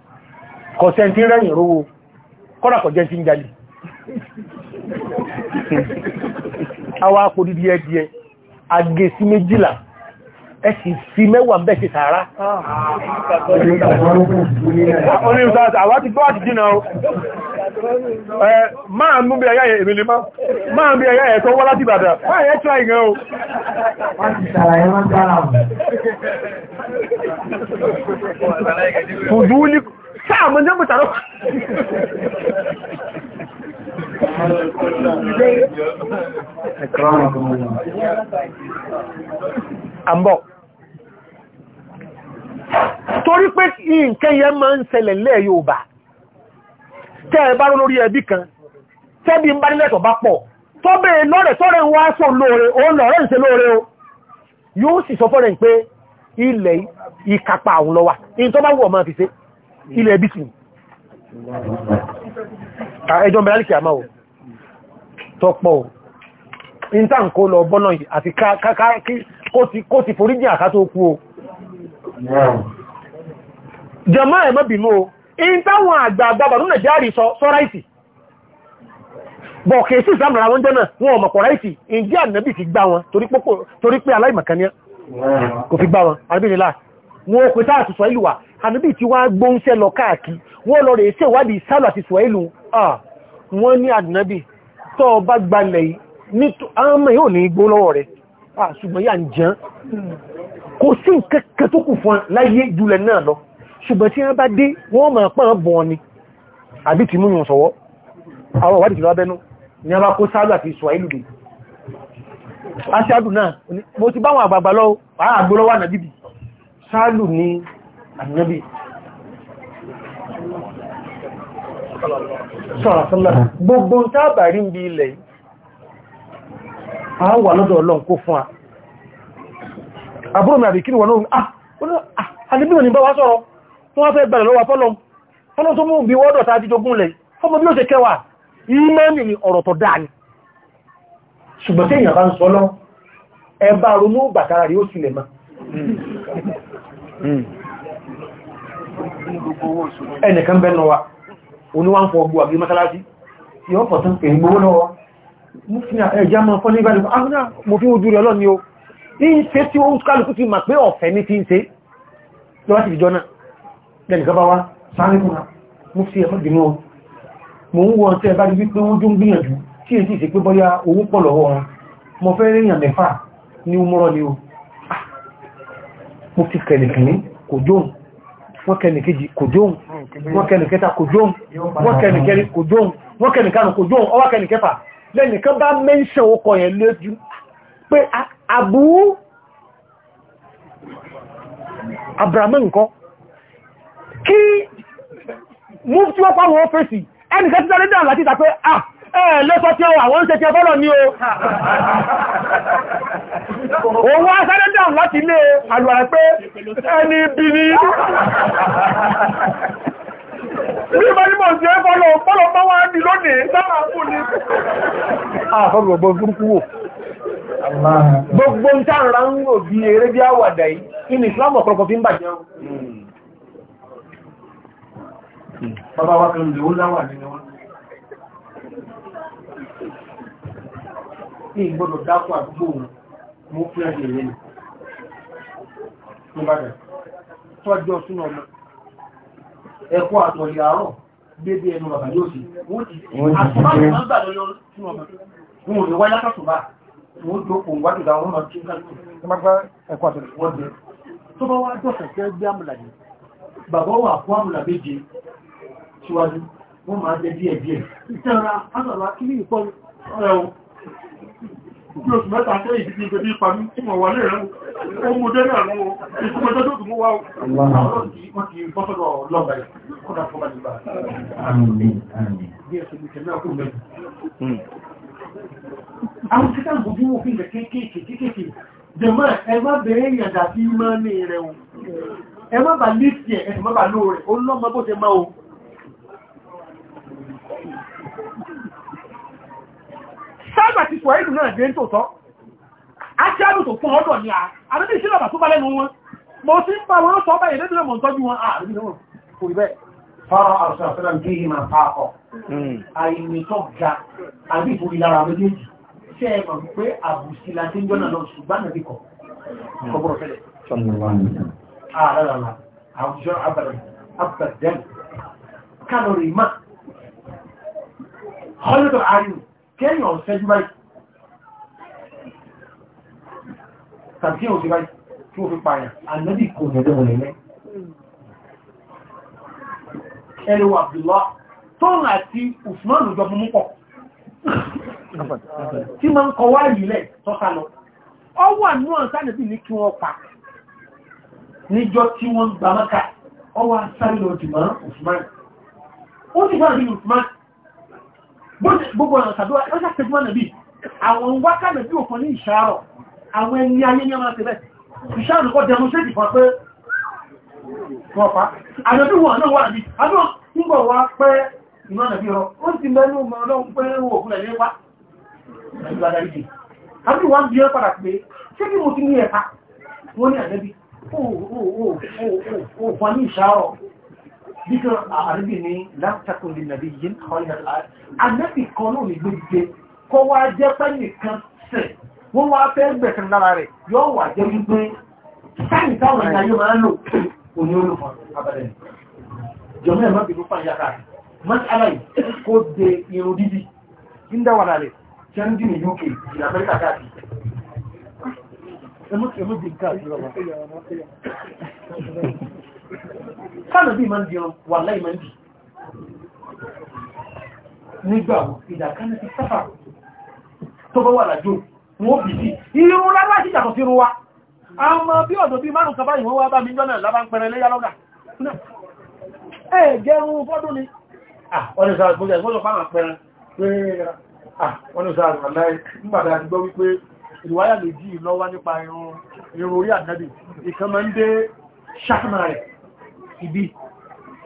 kọ̀sẹ̀ tí rẹ̀yìn rówó kọ́ràkọ̀ jẹ́ sí ń jalè àwọn akòrí díẹ̀ díẹ̀ agé sí méjìlá ẹ̀sì sí mẹ́wàá bẹ́ẹ̀ sí sàárá àwọn ti gbọ́ àti jìnà o máa mú bí ẹyá èmì táàmù ní ọmọ tààrọ àmbọ̀ torí pé nǹkan yẹn máa ń ṣẹlẹ̀ lẹ́ Yorùbá tẹ́ ẹ bá lórí ẹbí kan tẹ́bí ń bá nílẹ̀tọ̀ bá pọ̀ tó bèèrè lọ́rẹ̀ tọ́rẹ̀ ń wá sọ lóore o lọ́rẹ̀ ń ṣe lóore o yóò sì sọ fọ́rẹ̀ pé ilẹ̀ ìkàpà àwọn lọ́wà in tó bá wù ọmọ fi ṣe ilẹ̀ ẹbí sí ẹjọ́ mẹ́rẹ́lìkì àmà ò tọpọ̀ ò ìntànkó lọ bọ́nà àti kó ti foríjì àkátó kú o jẹmọ́ ẹ̀mọ́ bínú o ìntàwọn àgbààgbà nínú jẹ́rì sọ́ráìtì bọ̀kẹ̀ sí ìsámìlà wọn jẹ́nà wọn ọmọ pọ̀ráìtì ìjí ànẹ́bì fi gbá wọn torí pé aláìmọ̀kaníà kò fi gbá wọn àríbìnilá wọn ó pẹ̀tà àtùsọ ìlúwà àdúbì tí wọ́n gbóúnṣẹ́ lọ káàkiri wọ́n lọ rẹ̀ ṣe ìwádìí sálù àti ìsìwẹ̀ẹ́lù wọ́n ní àdínábì tọ́ ọba gbalẹ̀ ní ọmọ yóò ní igbó lọ́wọ́ rẹ̀ ṣùgbọ́n yà ń jẹun kò sí nǹkan tó kù fún láyé jùlẹ̀ náà lọ ṣùgbọ́n tí wọ́n bá dé wọ́n máa pọ́n bọ̀ ni àbí ti múyàn sọ̀wọ́ àwọn ìwádìí tí wọ́n bẹ́nu ni ànábì sọ́rọ̀sọ́lọ́ gbogbo tábà rí bí ilẹ̀ a wà lọ́dọ̀ ọlọ́run kó fún a àbúrò mi àbìkí wọ́n náà àdébí wọn ni bá wá sọ́rọ̀ wọ́n wá fẹ́ bẹ̀rẹ̀ lọ́wọ́ fọ́lọ́m fọ́lọ́m tó mú bí wọ́dọ̀ tàbí jogun lẹ̀ fọ́mọ bí ó ṣe kẹwàá ìmẹ́ni ni ọ̀rọ̀ tó dáa ni ṣùgbọ́n tí èyàn bá ń sọ lọ ẹbá ronú bàtàrà rí ẹnìkan bẹ́nu wa oníwà ń fọ ọgbọ̀ àgbé mọ́sálásí tí ó pọ̀tán pè gbówó lọ́wọ́ ẹjá mọ́ fọ́ ní ìbálòpọ̀ ah, àwọn mo fi ojú rẹ̀ lọ ni o ń ṣe tí ó ń kálùkù ti mà pé ọ̀fẹ́ ní ti ń ṣe lọ́wọ́ ti jọ náà lẹ́nìkan bá wá ni o ah, mo fi kẹ̀lẹ̀kìní kò wọ́n kẹnìkejì kò jóun wọ́n kẹnìkẹta kò jóun wọ́n kẹnìkẹrin kò jóun wọ́n kẹnìkanu kò jóun ọwọ́ kẹnìkẹfà lẹ́nìkan bá mẹ́ṣẹ̀ ọkọ̀ yẹn lójú pé àbú abrahamu nǹkan kí mú tí wọ́n pàrọ̀ ọ́fẹ́sì ẹnìkan ti sáré dáa láti ta pé ah ẹ̀ lọ́sọ tí ó wà wọ́n ń tẹ́tẹ́ bọ́lọ̀ ní o òun wá sáré dáun láti ilé àlùwàrẹ̀ pé ẹni bí ní bí bá ní mọ̀ sí ẹ bọ́lọ̀ bọ́lọ̀ bá wá ní lónìí sára fún ní gbogbo ń tààrà ń rò bí eré bí àwàdà yìí inú ìsìlámù ọ̀pọ̀lọpọ̀ fi ń bàjẹ́ Bàbá wa kan lè ó láwà nínú wọn. ní ìgbọ́dọ̀ dákọ̀ àdúgbò mú fún ẹ̀dẹ̀ ìyẹn ni nígbàdàn tọ́jọ́ súnà ọmọ ẹ̀kọ́ àtọ̀lì àárọ̀ bébé ẹnu bàbá yóò sí wọ́n ti àtúbáyé máa ń gbà lọ́yọ́ súnà ọmọ wọn ò lè wáyá kàtùbà wọn ó jókòó wájú dáwọn ọmọ tí ó kálùkù tó bá wá jọ́sẹ̀ fẹ́ gbé àmùlàjì bàbá wà fún àmùlàbéje síwájú wọ́n máa jẹ díẹ̀ díẹ̀ ìtẹ́ra ásọ̀rọ̀ akílì ìpọ́n ọ̀rẹ́ bí oṣù mẹ́ta fẹ́ ìdíkí ìgbẹ̀bí ìpamí tí mọ̀ wà ní ẹ̀rọ ohun ọdẹ́ náà lọ́wọ́ ìfúnmọ́jọ́ tó mú wá ọ̀rọ̀ tí wọ́n ti bọ́sọ̀rọ̀ lọ́gbà ẹ̀ kọ́nà fọ́nà nígbà bí ẹ̀sùn ìkẹ̀mẹ́ ọkùn mẹ́rin hmm. àwọn títà gbogbo òfin ìgbẹ̀ kéèkéèké kéèkéèké jẹ̀mọ́ ẹ má bẹ̀rẹ̀ ìyàdà sí mọ́ ní rẹ̀ ẹ má bà lé sáàbà ti sọ ìlú náà dé ń tòótọ́ aṣáàbù tó fún ọdọ̀ ní a àbẹ́bí ìṣẹ́lẹ̀ àbà tó bá lẹ́nu wọn mo ti ń pa wọn sọ báyìí lẹ́bí lọ́mọ̀ tọ́jú wọn ààrùn náà kò rí bẹ́ẹ̀ fara àrùsàfẹ́lẹ̀ bí i máa pàápọ̀ àìní tó ga àbí ìfòrí lára méjèèjì ṣe é mọ̀ pé àbùsí la ti ń jọ́nà lọ ṣùgbọ́n náà bí kọ̀ hmm. kọ́bọ̀rọ̀ fẹ́lẹ̀ hmm. ah, àwùjọ abàdàn kálórì má họ́lùdọ̀ àárín kéèyàn ṣẹ́jú báyìí tàbí kéèyàn báyìí tí ó fi pààyàn ànábì kò nẹ̀dẹ̀ wọ̀n lẹ́lẹ́ ẹni wà bìlọ́ tóun àti Usman jọ mú pọ̀ tí ma ń kọ wá ìlẹ̀ tọ́ka lọ ọ wà ní ní kí wọ́n pa níjọ tí wọ́n gbàmọ́ka ọ wà sáré Usman gbogbo ọ̀nà ṣàdúrà ẹ́sà tẹ́gbọ́ nàbí àwọn wákà nàbí òfin ní ìṣàrọ̀ àwọn ẹni ayé ní ọmọ ṣe bẹ́ẹ̀ ìṣàrọ̀ kọ́ demonstrate fún pé wọ́n pa àjọ̀bí wọn náà wà nàbí àbọ̀ nígbọ̀ wá pé ìmọ̀ nàbí rọ ó ti mẹ́nu mọ̀ ọlọ́run pé ó òkúlẹ̀ ní wá nàbí adarí jì àbí wọn bí ẹ padà pé ṣé kí mo ti ní ẹ̀ka wọ́n ní àjọ̀bí ó ò ò ò ò ò ò bíkan àríbì ní látàkùn lè nàbí yìí kọ́ ilẹ̀ láti anábì kan náà ní gbogbo kọ́ wá jẹ́ pẹ́ nìkan sẹ̀ wọ́n wá fẹ́ gbẹ̀sẹ̀ lára rẹ̀ yóò wà jẹ́ wípé sáyìn táwọn ẹ̀yà yóò máa ń lò òní olùkọ́ abẹ́rẹ́ jọmọ́ ẹ̀ má bínú fún àyàká mọ́sálà yìí kó de irun dídì ń dáwà lálẹ́ chẹ́ndì ní UK ìlà Amẹ́ríkà káàkiri ẹmú ti ẹmú di nǹkan àti ìrọ̀lá sáànà bí máa ń di ọrùn wà láì máa ń di nígbà ìdàkánà ti sáfà tó bá wà lájò wọ́n bì sí irun lára sí ìjàtọ̀ sí irun wa àmọ́ bí ọ̀dọ̀ bí márùn kan báyìí wọ́n wá bá mi jọ́nà lábá ń pẹ̀rẹ̀ léyà lọ́gà ẹ̀ jẹun fọ́dún ni wọ́n ni sáàrùn gbọ́jẹ̀ ìfọ́dún fáwọn pẹ̀rẹ̀ wọ́n ni sáàrùn aláì nígbàdá àti gbọ́ wípé ìwáyà lè jí ìlọ́wà nípa irun orí àdádì ìkan máa ń dé ṣákùnrin rẹ̀ ibi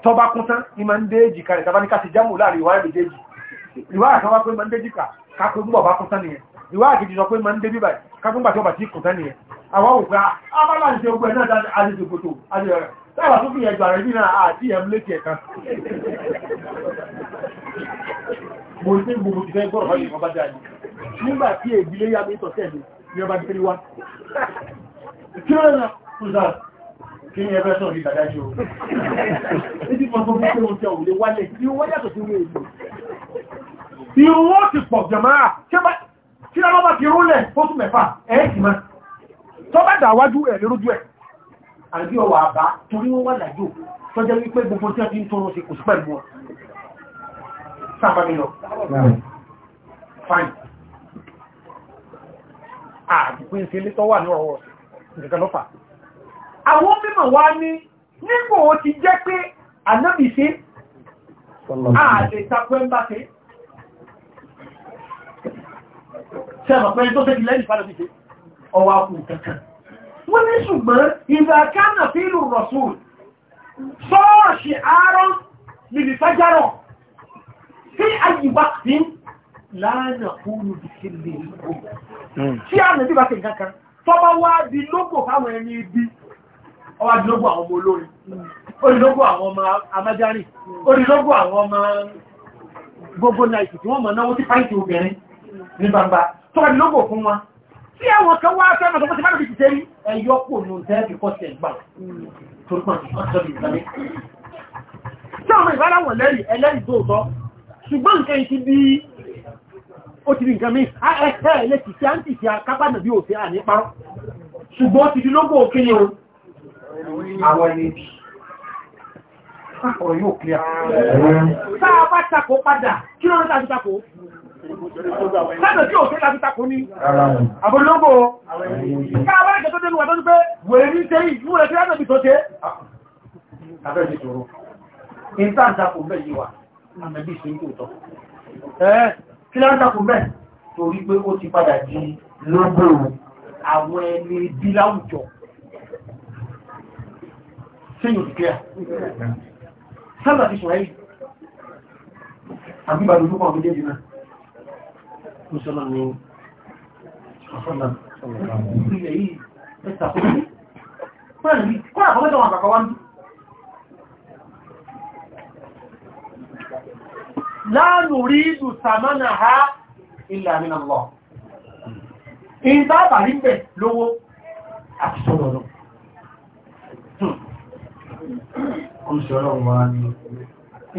tó bá kún tán ní máa ń dé èjìká rẹ̀ tàbá ní ká ti jámù láàrin ìwà rẹ̀ méjèèjì ìwà àti wá pé máa ń dé èjìká ká pé gbọ́ bá kún tán nìyẹn ìwà àti ìjọ pé máa ń dé bíbà ká pé gbàtí ọba tí kún tán nìyẹn àwọn òpin abala ah, ìṣe ogun ẹ̀ náà dáadáa àti ìṣòkòtò àti ẹ̀rẹ̀ sábà tó fi yẹn gbà rẹ̀ bí náà àti ẹ̀m létí ẹ̀ka mo ní gbogbo ti fẹ́ gbọ́rọ̀ fáyé ọba dáadé nígbà tí èdílé yá mi tọ̀ sẹ́ẹ̀mí ni ọba dé kí ló ń lọ kí ni ẹgbẹ́ sọ̀rọ̀ ìgbàdá ṣe o títí fọ́n fún pípé oúnjẹ òun lè wálẹ̀ tí wọ́n yàtọ̀ sí ilé ìlú ìwọ́ ti pọ̀ jẹ̀mára tí ọlọ́bà ti rúlẹ̀ fóṣù mẹ́fà ẹ̀ẹ́kì máa tó bá dàwájú ẹ̀ lérújú ẹ̀ àbí ọwà àbá torí wọ́n wà lájò tó jẹ́ wípé gbogbo tí a ti ń tọrọ sí kò sí pẹ̀lú wọn sáàbà mi lọ fine àti pé ń se lé tọ́wà àwọn mímọ̀ wá ní nígbò ó ti jẹ́ pé ànábì ṣe ààlè tapẹ́mbá ṣe ṣẹ́mọ̀ pẹ́rin tó tẹ́kì lẹ́yìn fàdọ̀ ṣe ọwà kù kankan wọ́n ní ṣùgbọ́n ìràkánà fílù rọ̀sùn sọ́ọ̀ṣì àárọ̀ níbi fájárọ̀ hmm. tí àyíwá sí láàrín kúrò bí sí lè ọwá dínlógún àwọn ọmọ olórin orílógún àwọn ọmọ amájárì orílógún àwọn ọmọ gbogbo náìtì tí wọ́n mọ̀ náwó tí fáìtì obìnrin ní gbangba tó wá dínlógún fún wọn tí àwọn kan wá fẹ́mọ̀ tó fẹ́ bí ti tẹ́rí ẹ̀yọ́ pò ní tẹ́ẹ̀kì kọ́sẹ̀ gbà tó pọ̀ sí ọ̀sọ̀ ìgbàlẹ̀ tí àwọn ìbáláwọ̀n lẹ́rìí ẹlẹ́rìí tó tọ́ ṣùgbọ́n nǹkan ti bí ó ti di nǹkan mi ẹ̀ẹ́ ilé ti ṣe àǹtì ṣe akápá nàbí òfin à ní parọ́ ṣùgbọ́n ti di lógó òkè ni o àwọn ẹni bí ọ̀rọ̀ yóò clear sáà bá takò padà kí ló ń tàbí takò sáàdọ̀ tí ò fẹ́ tàbí takò ní àbúlógbò sáà bá lẹ́kẹ̀ẹ́ tó dé lùwà tó ń pé wèrè ní tẹ́yì múrẹ̀ tí látọ̀ bí tó tẹ́ ah, Kí ló ń takò mẹ́ torí pé ó ti padà di lógbò àwọn ẹni bí láwùjọ sẹ́yìn òtì clear sábà fi ṣùgbọ́n àbíbà lójú kan méjèèjì náà mùsùlùmá ni ọ̀fọ́nà ilẹ̀ yìí ẹ̀ta fún mi kọ́nà kọ́mẹ́tọ̀ wọn àkàkọ́ wá ní ha ilẹ̀ àmìnà lọ ìdábà rí bẹ̀ lówó àti sọ́rọ̀ lọ kóṣọ ọlọ́run wa ní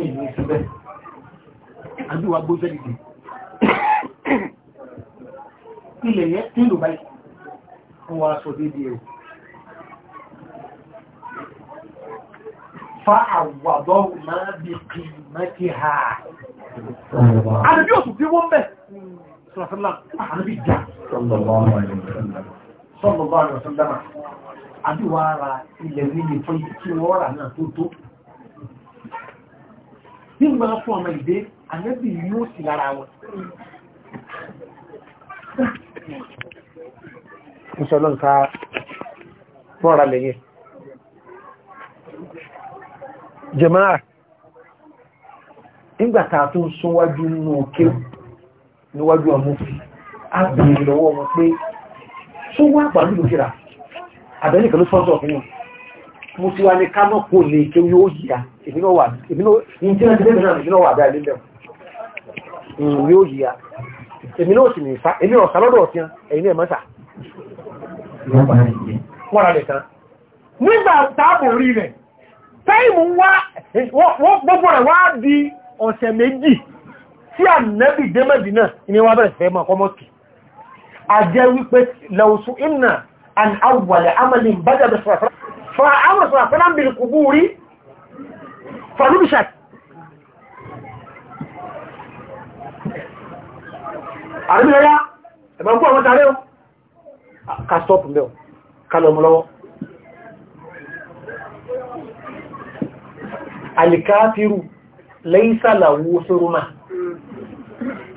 ìlú ìṣẹ́bẹ̀ àdúwà gbóṣẹ́ dìde ilẹ̀ yẹ tí ìlú báyìí wọ́n wá sọ dédé rẹ̀ fa àwàbọ̀ máa bí kì mẹ́kì ha àdúbí òsù tí wọ́n bẹ̀ sọ̀rọ̀sọ́lá àdúbí ìjà sọ́lọ̀bọ̀ àdúbí ara ilẹ̀ nílé fún tí wọ́n rà náà tó tó bí máa fún ọmọ ìdé ànẹ́bì yóò sì lára wọn ìṣọ́lọ́ nǹkan mọ́ra lẹ́yìn jẹmáà nígbàtà tó ń súnwájú ní òkè níwájú a bèèrè lọ́wọ́ wọn pé súnwá lókèrà àbẹ́lẹ̀kẹ́ ló fún wọn mo ti wá ní ká lè kéwé ó yìí ìbínú wà ìbínú ìbínú wà dáa nílẹ̀ ìrìn yóò yíya èmi náà sì nìfà èmi ọ̀sà lọ́dọ̀ ọ̀fíàn ẹ̀yìn ẹ̀mọ́sà wọ́n rẹ̀ tán nígbà táàbù rí rẹ̀ táìmù wá gbogbo rẹ̀ wá di ọ̀sẹ̀ méjì tí ànẹ́bì dẹ́mẹ̀dì náà ni wá bẹ̀rẹ̀ fẹ́ mọ́ kọmọ́kì àjẹ́ wípé lẹ́ọ̀sù ìnà àwọn àmàlì bájẹ̀ bẹ̀rẹ̀ fà فنبشت àríbí lọ́yá ẹ̀mọ̀ ń kó àwọn tàrí ó ká stọ́pù mẹ́ o ká lọ mú lọ́wọ́ alìkáfíru lẹ́ìsàlàwó sórúmà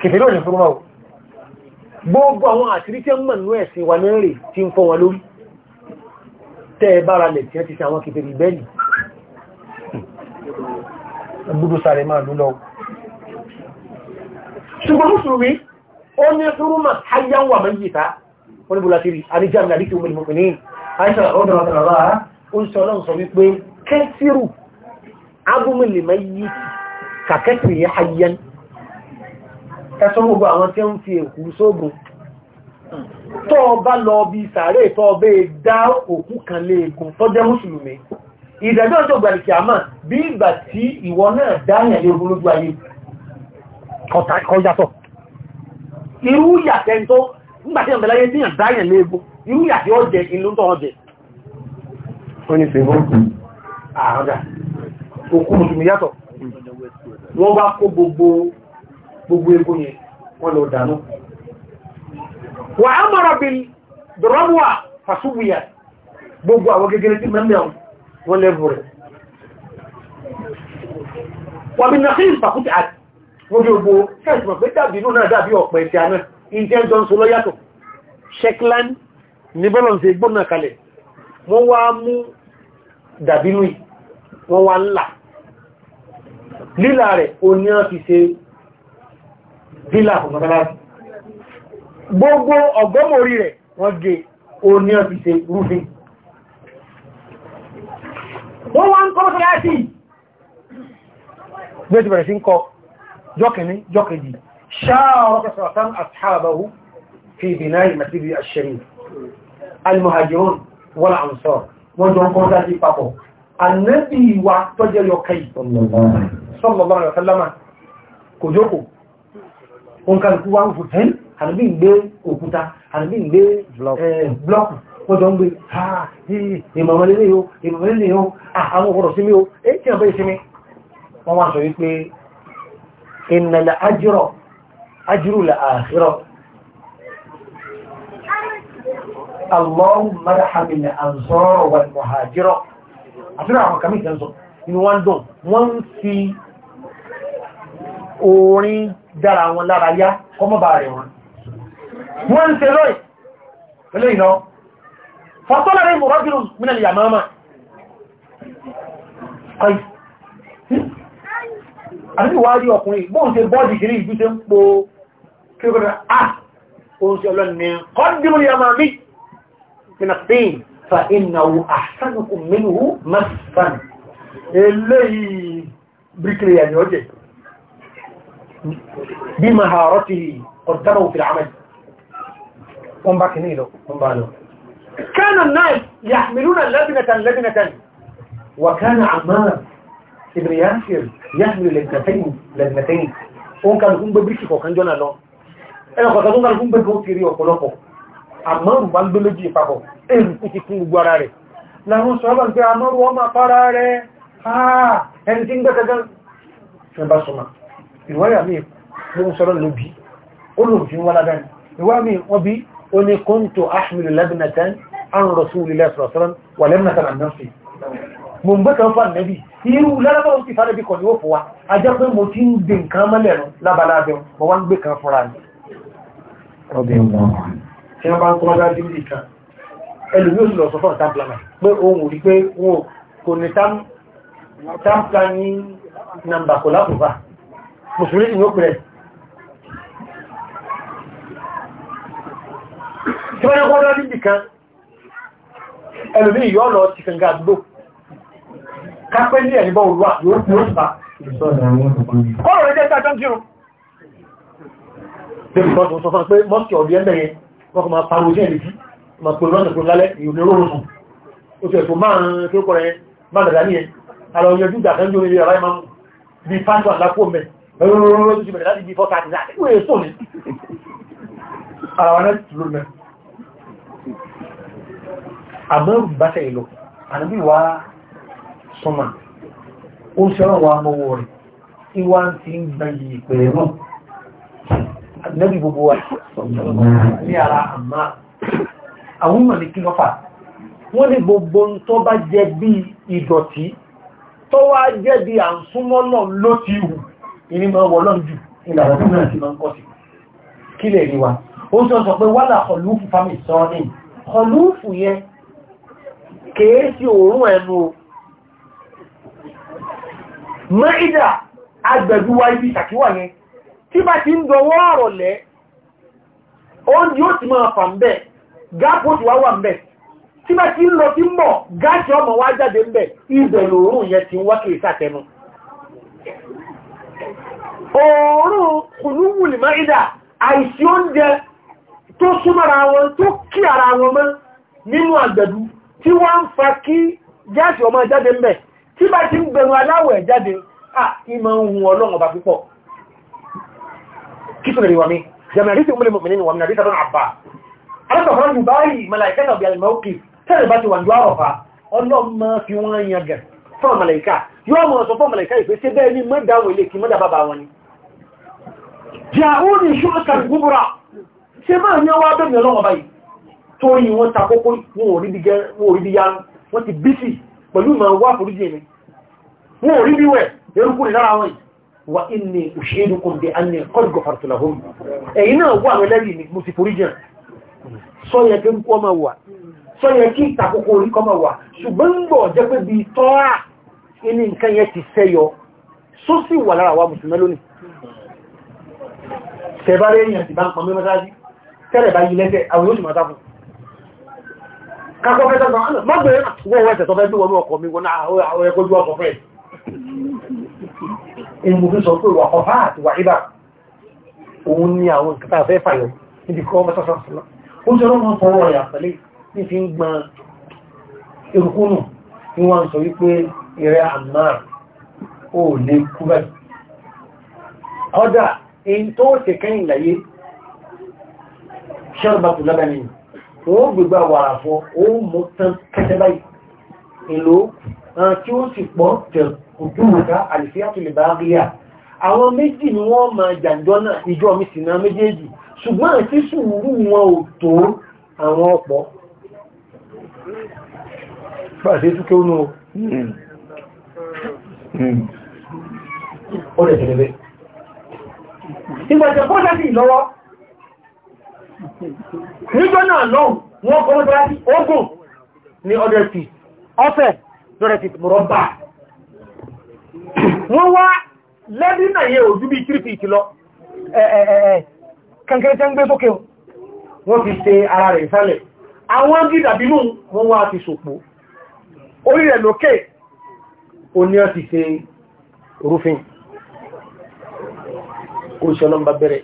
kìfèrè òní fórúmà o gbogbo àwọn àtìrí tí ó mọ̀ ní ẹ̀sìn wà ní rẹ̀ tí ń fọ́ wọn lórí tẹ́ẹ̀ bára lẹ̀ tí ó ti ṣe àwọn kìfèrè ìbẹ́lì gbúdú sáré máa lú lọ ṣùgbọ́n mùsùlùmí ó ní ṣúrùmà ayáwà mẹ́jìta wọ́n ní bùlátírì àríjá mi àríkì òmìnir mọ̀kìní àìsàn ọ̀dọ̀ ọ̀dọ̀lọ́wà ó ń sọ lọ́nà sọ wípé kẹsìrù agúnmìlì mẹ́yì kàkẹ́sìrì yẹ ayán ẹ̀sọ́ gbogbo àwọn tí ń fi èkú sóògùn tọ́ ọba lọ bí sàárè tọ́ ọbẹ̀ dá òkú kan léegun tọ́jẹ́ mùsùlùmí ìdájọ́ ọjọ́ gbàlìkì àmà bí ìgbà tí ìwọ náà dáyàn yóò lójú ayé kọjátọ̀ irú yàtẹ́ tó nígbàtí ọmọ ìlàyé díyàn dáyàn léèbó irú yàtẹ́ ọjẹ́ ìlú tó ọjẹ́ wọ́n ni fèbó àádá òkú mùsùlùmí yàtọ̀ wọ́n bá kó gbogbo gbogbo gbogbo àwọn gẹ́gẹ́rẹ́ tí mẹ́mẹ́ ọ̀hún ولبر ومن نخيل فقطعت وجوبو كانت مفيدة بنونا دابي وقبيتانا ìjẹ́ jọun sọ lọ́yàtọ̀ Shetland ní bọ́lọ̀ sí gbọ́nà kalẹ̀ wọ́n wá mú dàbínú wọ́n wá ńlá lílà rẹ̀ oníyàn fi ṣe rẹ̀ wọ́n gẹ oníyàn fi ṣe rúfin wọ́n wá ń kọ́ mọ́sálásí bí ó ti bẹ̀rẹ̀ sí ń kọ jọ́kìní jọ́kìjì شارك سرطان أصحابه في بناء المسجد الشريف المهاجرون والأنصار وجون قوزا في بابو النبي واتجا يوكي صلى الله عليه وسلم كجوكو wọn kan kú wá ń fòtẹ́lì àrùbí ń gbé òkúta àrùbí ń gbé blọ́ọ̀kù wọ́n jọ ń gbé ha ìmọ̀mọ̀lẹ́lẹ́ yóò ìmọ̀mọ̀lẹ́lẹ́ yóò àwọn ọ̀rọ̀ sí mi ó èyí tí ọ̀bẹ́ ìsinmi wọ́n wá sọ wípé ìnàlẹ̀ ajírọ̀ ajírùlẹ̀ àṣírọ̀ allahummarhamil ansar wal muhajir àtúrà orin dára wọn lára yá kọmọ́bà rẹ̀ wọn wọ́n ń ṣe pẹ̀lú ìnáwó فطلع منه رجل من اليمامة قيس àbí wáyé ọkùnrin bóò ṣe bọ́ọ̀dì kìrí ìjú ṣe ń po kíkọ́rọ̀ à oun ṣe ọlọ́ni ni kọ́dìmù yamami mina spain fa innahu ahsanukum minhu masfan eléyìí bíkìrì ẹ̀yìn ọjẹ́ bí maharatihi qaddamu fil amal wọ́n bá كان الناس يحملون لبنة لبنة وكان عمار ابن ياسر يحمل لبنتين لبنتين òun kàlùkù ń gbé bíríkì kọ̀ọ̀kan jọ́nà lọ ẹnàkọ̀ọ̀kan tó ń kàlùkù ń gbé bó kiri ọ̀pọ̀lọpọ̀ àmọ́rù bá ń gbé lójú ìpapọ̀ èrù kú ti kún gbogbo ara rẹ̀ láwọn sọ́ọ́bà ń pẹ́ àmọ́rù ọmọ apára rẹ̀ ẹni tí ń gbé kẹgán ṣẹba sọmọ ìwáyà mi ló ń sọ̀rọ̀ lóbi ó lòun fi ń wá ládàá ìwá mi wọ́n bí ó ní kóńtò ahmed labinatan عن رسول الله صلى الله عليه وسلم ولم نسأل عن نفسه mo ń gbẹ́kàn fà nẹ́bì irú lárábà ó ti fà nẹ́bì kọ̀ ní ó fún wa a jẹ́ pé mo ti ń gbé nǹkan mọ́lẹ̀rún lábalábẹ̀ mo wá ń gbé kan fúnra ní tí wọ́n bá ń kọ́ dájú ní ìkan ẹlùmí òsì lọ sọ tí wọ́n yẹ́ kọ́ dájú ní ẹlòmí yọ lọ ti kànga àdúgbò kápẹ́ ní ẹ̀yìnbọn olúwa yóò fi ó sà kọ́rọ̀ rẹ̀ jẹ́ sí àjọ́ jírun david bọ́sùn sọ fún pé mọ́sùn ọ̀dí ẹ̀mẹ́ yẹn wọ́n kọ́ máa parọ́ ojú ẹ̀lẹ́jì máa pèrò lọ́nà pèrò lálẹ́ ìròyìn olóró sùn ó ti ẹ̀tọ́ máa ń tó kọ́ rẹ̀ máa dàdà ní ẹ̀ àlọ́ yanjú ìgbà kan jóni ara ẹ̀ máa ń bí pásítọ̀ àmọ́rù bá tẹ̀ ìlò ànábì wá súnmà ó ṣọ́rọ̀ wa mọ́wọ́ rẹ̀ tí wá ń ti ń gba yìí pẹ̀lẹ̀ náà ànábì gbogbo wa ní ara àmà àwọn ìmọ̀ ní kí lọ́fà wọ́n ní gbogbo tó bá jẹ́ bí ìdọ̀tí tó wá jẹ́ bí à ló ti hù ìrìnmọ̀ wọ́lọ́n jù ìlànà tó náà ti máa ń kọ́ sí kèé òórùn ẹnu wa ibi yẹn tí bá ti ń dọwọ́ ọ̀rọ̀ lẹ́ oúnjẹ ó ti máa fà ń bẹ̀ ti wá wà ń bẹ̀ tí bá ti ń lọ sí mọ̀ gáàsì ọmọ wá jáde ń bẹ̀ yẹn ti wá sàtẹnu òórùn ara wọn mọ́ nínú tí wọ́n ń fa kí jáàsì ọmọ jáde ń bẹ̀ tí bá ti ń gbẹ̀rún aláwẹ̀ jáde à ìmọ̀ ohun ọlọ́run ọba púpọ̀ kí tó lè wà mí jẹ́mẹ̀rí tí ó múlẹ̀ mọ̀mìnì wà mí nàbí tàbí àbá alátọ̀fọ́n jù báyìí mẹ́láìkẹ́ tàbí alìmọ́kì tẹ́lẹ̀ bá ti wà jù àrọ̀fà ọlọ́mọ fi wọ́n yan mọ̀ sọ ni mọ́dà ni jẹ́ àwọn ìṣúrọ̀kà torí wọ́n takókó wọn ò rí bí yára wọ́n ti bísì pẹ̀lú ma wá fòríjì mi wọ́n ò rí bí wẹ̀ erúkú ní lára wọn wà ní òṣèlúkùn dé a ní kọ́dùgọ́ fàtàlàhùn ẹ̀yìn náà wà rẹ̀ lẹ́rìí ni mo ti fòríjì sọ́yẹ kí ń kọ́ ma wà sọ́yẹ kí ìtakókó orí kọ́ ma wà ṣùgbọ́n ń bọ̀ jẹ́ pé bí tọ́ra inú nǹkan yẹn ti sẹ́yọ só sì wà lára wa mùsùlùmí lónìí tẹ̀bá lẹ́yìn àti bá ń pọ̀ mẹ́mọ́sáájú tẹ́lẹ̀ bá yí lẹ́sẹ̀ àwọn yóò sì máa dákùn kakọ́ fẹ́ tọ́gbà ánà ah, mọ́gbẹ̀ wọ́n wẹ́sẹ̀ tọ́fẹ́ tí wọ́n ọkọ̀ mi wọ́n àwọn ẹkọ́ ojú ọkọ̀ fẹ́ ìmùfí sọ pé wà ọ̀fá àti wà ìbá òun ni àwọn ìkàtà fẹ́ fàyọ níbi kọ́ mẹ́sàsàsàlá ó jẹ́ ọmọ fọwọ́ rẹ̀ àpẹẹlẹ́ ní fi ń sọ wípé ìrẹ́ àmà ò lè kú bẹ́ẹ̀ ọdá èyí tó ṣe kẹ́yìn láyé ṣọ́rọ̀bà lábẹ́ nìyàn wọ́n gbégbá wàrà fún òun mú tán kẹ́tẹ́ báyìí èlò tí ó sì pọ̀ tẹ̀kùjú ìka àlìfíàtò lè bá rí à àwọn méjì ni wọ́n ma jàǹjọ́ náà ìjọ mi sì náà méjèèjì ṣùgbọ́n àti sùúrù wọn ò tó àwọn ọ̀pọ̀ pàṣẹ tó kéwọ́n náà ó lè tẹ̀lé bẹ́ẹ̀ níjọ́ náà lọ́hùn wọ́n kọ́ mọ́tọ́lá sí ogun ní ọdẹ fi ọfẹ́ lọ́rẹ̀ fi mọ̀rọ̀bà wọ́n wá lẹ́bí náà yẹ ojú bí tírífì ìtìlọ kankan tẹ́ ń gbé sókè wọ́n fi ṣe ara rẹ̀ ìsàlẹ̀ àwọn gídàbínú wọ́n wá ti sòpò orí rẹ̀ lókè ó ní ọ̀tí ṣe rúfin kó ṣe bẹ̀rẹ̀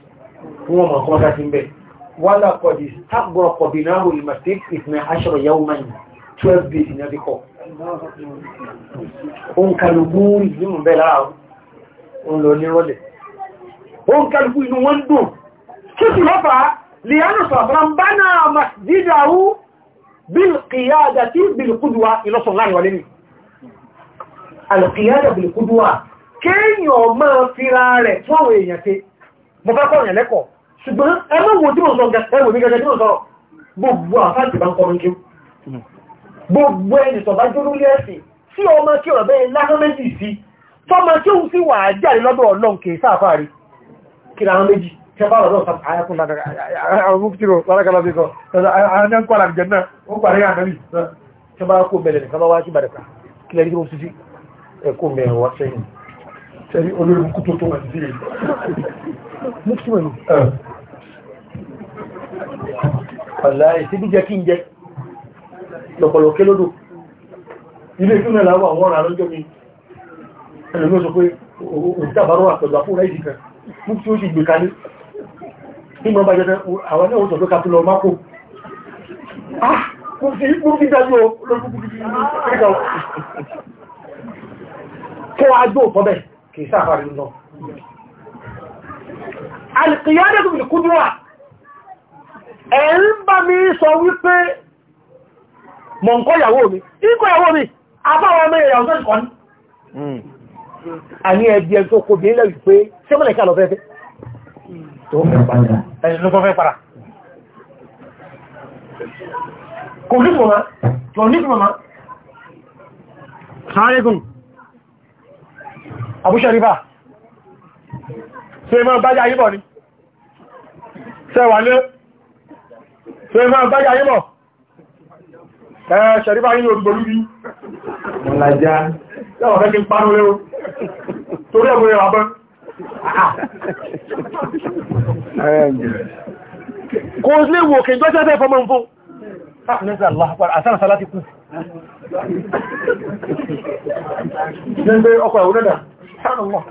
wọ́n mọ̀ wala kọ̀dì tágbọ́ kọ̀dì náà wòlì masjid ìfìnà aṣọ́rọ̀ 12 days ní ọdíkọ̀ oun kalùkú ìlúmù bẹ́ lára oun lọ ní rọ́lẹ̀ oun kalùkú inú wọ́n dùn kí sì lọ́fà lìyànà sọ̀rọ̀ bá náà masjidahu bil qiyada tí bil qudwa ìlọ́sọ̀ láàrin wọlé al qiyada bil qudwa kéèyàn máa fira rẹ̀ fún àwọn mo fẹ́ kọ́ ìyàn lẹ́kọ̀ọ́ ṣùgbọ́n ẹmọ́ wo tí mo sọ ẹwò mi gẹ́gẹ́ tí mo sọ gbogbo àfáàtì bá ń kọrin kí gbogbo ẹni sọ bá jóná lé ẹ̀sìn tí ọmọ kí ọ̀rọ̀ bẹ́ẹ̀ láhán méjì sí tọ́mọ tí ó sì wà jáde lọ́dọ̀ ọlọ́run kì í sáfàárí kí ni àwọn méjì tí a bá lọ́dọ̀ sáfàákùn lára àwọn mú kí ló lára kí mọ́kísímọ̀ ni ọ̀lá ìsìbí jẹ́ kí ń jẹ́ lọ̀pọ̀lọ̀ké lódò ilé ìfúnnà láwọ́ àwọn ọ̀rọ̀ àlọ́jọ́ mi ẹlòmí ó sọ pé òtítàbárọ́ àpẹ̀lú àpúrà ìdí kan mú tí ó sì gbé kalé ní mọ́ bá jẹ́ àwọn náà ó sọ pé kapilọ mako mú sí dájú olóògbé kí wọ́n á gbó alìkìyàdẹ̀kù ìkúdúwà ẹ̀ ń bá mi sọ wípé mọ̀ ń kọ́yàwó mi ìkọ́yàwó mi àbáwọn ọmọ ìyàwó hmm. tó kọ́ ní àní ẹbí ẹ tó kò bí ilẹ̀ wípé ṣé mọ́lẹ̀ kí a lọ fẹ́fẹ́ tó fẹ́ para kò ní fún ma kò ní fún ma sáré gùn ṣe máa bájá yíbọ̀ ni ṣẹwà lé ṣe máa bájá yíbọ̀ ẹ ṣẹ̀ríbá yínú olùgbòlú bí mọ̀lájá lọ́wọ́ fẹ́ kí n parú léwó torí ẹ̀mù rẹ̀ wàbọ́n kò lè wò kí jọ́jọ́ fẹ́ fọmọ́ fún nan dai akwai wani da subhanallah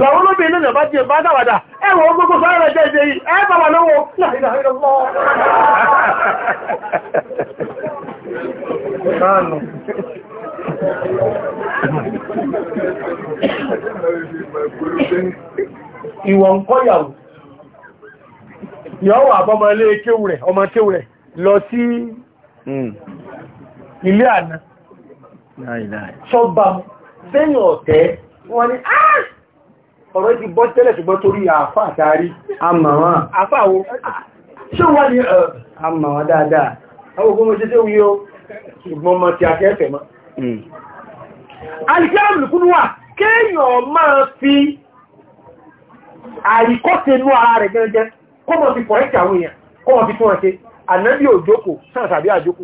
làwọn olóbìnrin náà bá jẹ bá dáwàdà ẹwọ ọgbogbo sọ́rọ̀ jẹ́ ìdẹ́ yìí ẹ bàbà lọ́wọ́ láàrínlọ́ ìwọ̀n kọ́yàwó yọ́ wà bọ́mọ ilé kéwù rẹ̀ ọmọ kéwù rẹ̀ lọ sí hmm. ilé àná sọ́bà sẹ́yìn ọ̀tẹ́ wọ́n ni ọ̀rọ̀ ti bọ́ tẹ́lẹ̀ ṣùgbọ́n torí àfà àtàrí àmàwà àfà wo ṣe wà ní àmàwà dáadáa àwọn ogun mọ́ṣẹ́ tẹ́ wíyọ ṣùgbọ́n mọ́ ti akẹ́ẹ̀fẹ̀ mọ́ alìkẹ́rùn-ún kéèyàn máa fi àríkọ́sẹ̀nú kọ́mọ̀ ti kọ̀ẹ́kì àwọn èèyàn kọ́mọ̀ ti fún ọ̀ṣe ànábí òjókò sáà tàbí àjókò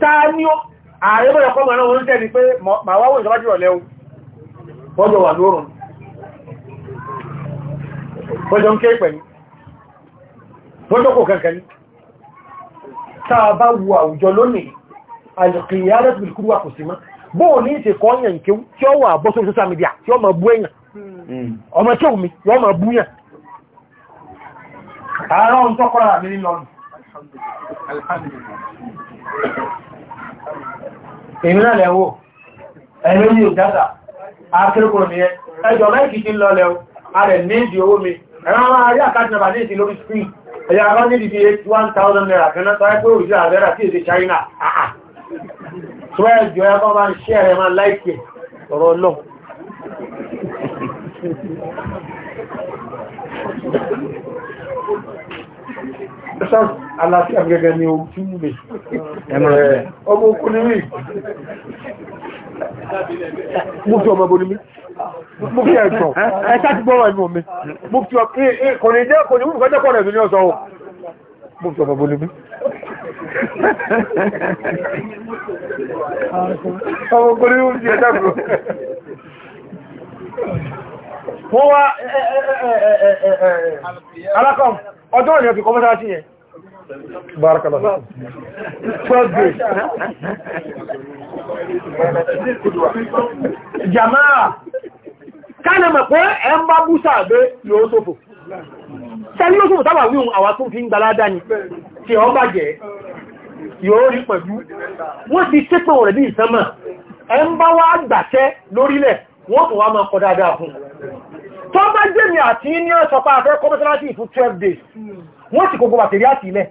ta ní ó ààrẹ mọ́ ẹ̀kọ́ mọ̀ náà ni pé màá wáwọ́ ìjọba jùlọ lẹ́wọ́ bọ́jọ wà lóòrùn bọ́jọ ń ké pẹ̀lú bọ́jọ kò kankan ní tá a bá wo àwùjọ lónìí alìkìyà rẹ̀ bìlkúrú àkùsí mọ́ bóò ní ìṣẹ̀kọ́ yẹn kéwú ó wà bọ́sọ̀ social media tí ó mọ̀ bú èèyàn Hmm. ọmọ tí òun mi yọ́ mọ̀ búyàn àárọ̀ ohun tó kọ́ra mi nílọ nù náà lẹ́wọ́ ẹ̀rọ yìí dáadáa akẹ́kọ̀ọ́ ni ẹ ẹjọ́ mẹ́kì tí lọ lẹ́wọ́ a rẹ̀ owó mi ẹ̀rọ àkájìnàbà ní lórí screen ẹ̀yà 1000 naira òjì àbẹ́rà èdè China 12 ń ṣẹ́ máa láìkẹ̀ ọ̀rọ̀ náà Ṣáàrù aláfíà gẹ́gẹ́ ni ohun tí mú lè ẹmọ̀rẹ̀ ọmọ okú ní rí. Mú tí ọmọ bolimi. Mú kí ẹ̀tọ̀. Ẹ̀ta ti gbọ́rọ̀ ẹ̀mọ̀ mi. Mú tí ọmọ kò ní jẹ́ kò ní mú kọjẹ́ kọ̀rẹ̀ ní ọ̀sọ̀ Mú tí ọmọ bolimi. Ọmọ okú ní rí wọ́n wá alákọ̀m ọjọ́ ìrìn ọ̀fẹ́ kọmọ́sá sí ẹ̀ bárakàlá jama'a kánà mọ̀ pé ẹ ń bá búsà gbé yóò sófò sẹ́lú ló sófò tábà wíhun àwà tó fi ń gbaládá ni tí ọ bá jẹ́ yóò rí pẹ̀lú wọ́n ti tẹ́pẹ̀ rẹ̀ ní ìsánmà ẹ ń bá wá gbàṣẹ́ lórílẹ̀ wọ́n tó wá máa kọ dáadáa fún tó bá jẹ́mi àti ní ọ̀sọ̀pá afẹ́ kọmọ́sánásí fún 12 days wọ́n sì kogbo bàtẹ̀rí àti ilẹ̀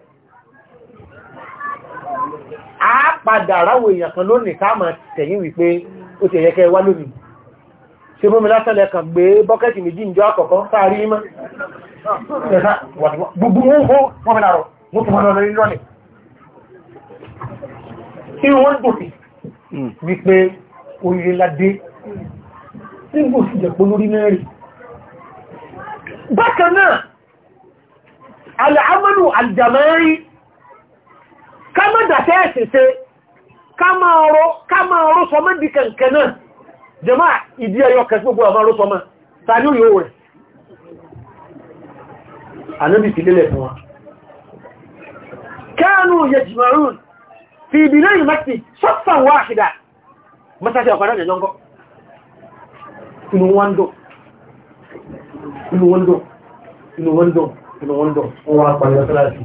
a padà ráwọ̀ èèyàn kan lónìí káàmà tẹ̀yìn wípé ó ti ẹ̀yẹ́kẹ́ wá lónìí ṣe mú hmm. wípé orílẹ̀-èdè nígbò sí jẹ̀pọ̀ lórí mẹ́rin bákan náà alàámọ́nù aljamari ká mọ́ dàtẹ́ ẹ̀sẹ̀sẹ̀ ká máa rọ́ sọmọ́ di kẹ̀kẹ́ náà jẹmá ìdí ẹyọ kẹsí gbogbo àmà rọ́ sọmọ́ ta ní òyò rẹ̀ anábì fi lélẹ̀ fún wa kánú yajmarun fi ìbìlẹ̀ ìmẹ́kì sọ́fà wáhìdá mọ́sáṣẹ́ ọ̀pàdánà jọ́ngọ́ inú wọn dùn inú wọ́n dùn inú wọ́n dùn inú wọ́n dùn wọ́n wá pàdé mọ́sálásí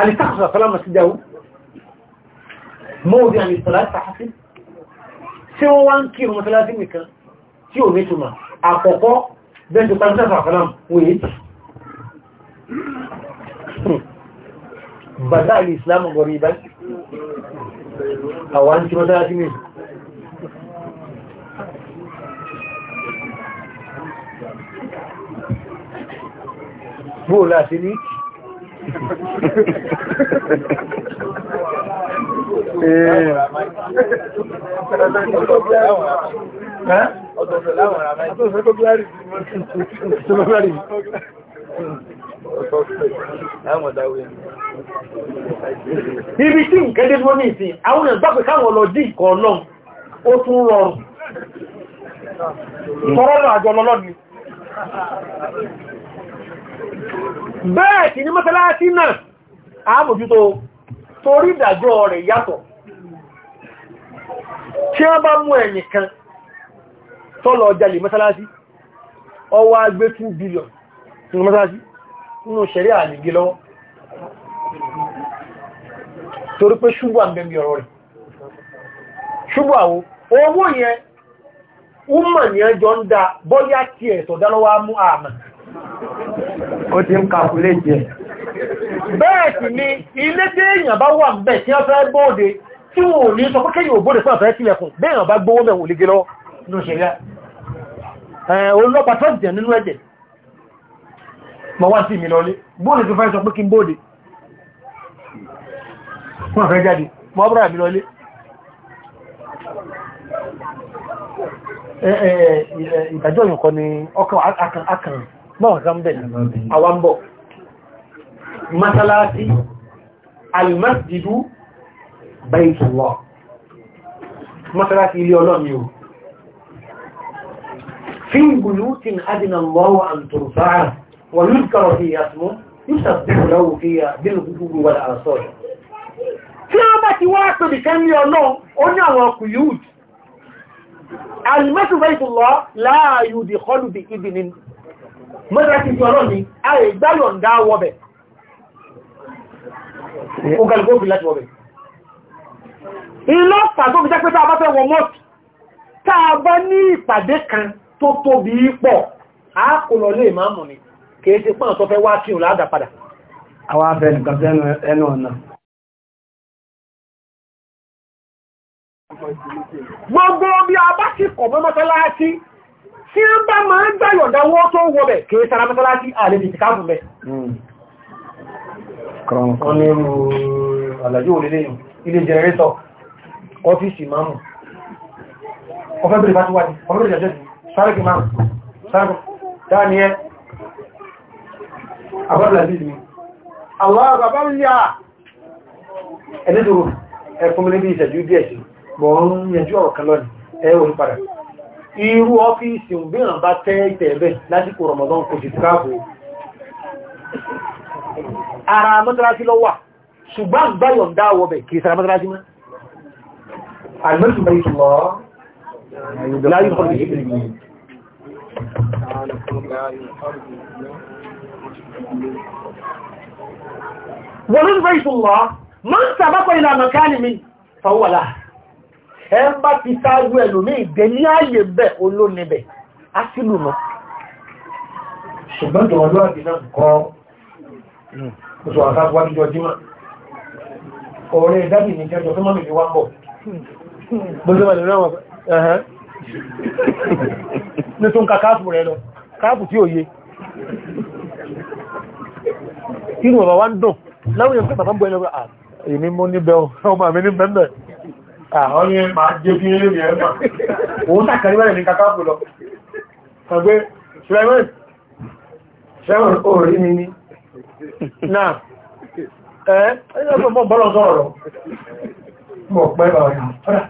alìtàkùsà sọ́lámà sí jáwó mọ́wọ́dí alìsàlásí tàhásí tí wọ́n wá ń kí mọ́sálásí nìkan tí ò ní túnmà àkọ́kọ́ bẹ́ẹ̀tù pàtàkùsà sọ́lámà wòye bàdá alìsàlámà gọ̀rì ìbá àwọn tí mọ́sálásí nìkan bóò láti ní eh? Ibi tí nǹkan dé wọ́n ní ìsìn, àwọn èèyàn gbápẹ̀ káwọn lọ dí ìkọ̀ ọlọ́run, ó tún rọrùn. Tọ́rọ́nà àjọ lọ́lọ́ni bẹ́ẹ̀ sì ni mọ́sálásí náà àmójútó torí ìdàjọ́ rẹ̀ yàtọ̀ tí wọ́n bá mú ẹ̀yìn kan tọ́lọ jalè mọ́sálásí ọwọ́ agbé 2 billion nínú mọ́sálásí nínú ṣẹ̀rí àlègé lọ́wọ́ torí pé ṣubú àmì ọ̀rọ̀ rẹ̀ ṣubú àwọ owó yẹn ọmọ ni ẹjọ́ ń da bọ́yá tí ẹ̀tọ̀ dálọ́wà mú àmà ó ti ń kule ẹ̀ bẹ́ẹ̀ sì ni ilé tí èèyàn bá wà bẹ́ẹ̀ tí wọ́n fẹ́ bóòdé tí ò ní sọ pé kéyìn òbóòdé fún àfẹ́ tilẹ̀kùn bẹ́ẹ̀yàn bá gbówó mẹ́wọ̀n lè gé lọ ní òṣèlú olọ́pàá tó jẹ̀ nínú ẹ̀jẹ̀ mọ̀ wá sí mi lọlé n mọ́ọ̀sánbẹ̀ àwambọ̀ masalasi almasjidu baitullah masalasi ilé ọlọ́mi o fi buyutin adina Allahu an turfa'a wa yuzkara fiha ismu yusabbihu lahu fiha bil-ghuduwi wal-asal tí wọ́n bá ti wá pèbì kẹ́ ní ọlọ́run ó ní àwọn kùyúùd almasjidu baitullah la yudkhalu bi idnin mọ́sálásí ti ọlọ́run ni a lè gbá yọ̀ǹda wọbẹ̀ ó galùkó fi láti wọbẹ̀ ìlọ́pàá tó fi jẹ́ pé tá a bá fẹ́ wọ tá a bá ní ìpàdé kan a kò lọ lè máa mù ni kìí ṣe pọ́n tó fẹ́ wá kí òlàádà padà àwọn afẹ́ nìkan sẹ́nu ẹnu ọ̀nà gbogbo bí a bá sì kọ̀ mọ́ mọ́sálásí tí ó bá máa ń gbàyọ̀dá wọ́n tó wọ́ bẹ̀ hmm. kí é sára mọ́sálá sí àlejì ti káàkùn bẹ̀. ọ̀nẹ́rù àlàjú olélẹ́yìn ilé jẹrẹrẹtọ̀ ọ́fíìsì márùn-ún ọfẹ́ bèèrè bá ti wáyé ọmọdé jẹ́ sáré márùn-ún sáré dáníẹ́ àbábìlàbí ni àwọn àbábá ń yá ẹ̀lẹ́dùrù ẹ̀fúnmi níbi ìṣẹ́jú díẹ̀ sí mọ̀ ń yẹjú ọ̀rọ̀ kan lọ́nà ẹ̀ orí padà irú ọ́fíìsì òbíràn bá tẹ́ ìtẹ̀ẹ̀bẹ̀ lásìkò Ramadan kò sì káàkò ara mọ́sálásí lọ wà ṣùgbọ́n báyọ̀ dáwọ̀ bẹ̀ kìí sára mọ́sálásí mọ́ wọ́n ló ń bẹ́ ìṣùnlọ́ mọ́ sábákọ̀ ìlànà káàlì mi fàwọ́lá ẹ ń bá ti sáájú ẹ̀lò ní ìgbẹ́ ní ààyè bẹ̀ olónibẹ̀ á sí lù mọ́ ṣùgbọ́n tọ̀wọ́ lọ́wọ́ àdínà kọ́ oṣù àkáàkọ́ àjíjọ jímọ̀ ọ̀rẹ́ dábì ní jẹjọ tó mọ́mí wá bọ̀ gbọ́dọ̀ wà lọ́wọ́ ẹ̀hẹ́n ní tó ń ka káàpù rẹ̀ lọ káàpù tí ó yé irú ọ̀bà wá ń dùn láwọn èèyàn pẹ́ bàbá ń bọ́ ẹlẹ́gbẹ̀ẹ́ Àwọn yẹn máa jẹ́ kí ilé yẹn mọ̀. Òun tàkàrí mẹ́rin ní kakáàpù lọ. Ṣàgbé, Ṣẹ́mọ̀n, Ṣẹ́mọ̀n ó rí mi ní. Náà, ẹ́ ẹ́ mọ́ bọ́lọ̀ sọ́rọ̀ lọ. Mọ̀ pẹ́ bàwà yà, ọ́dà,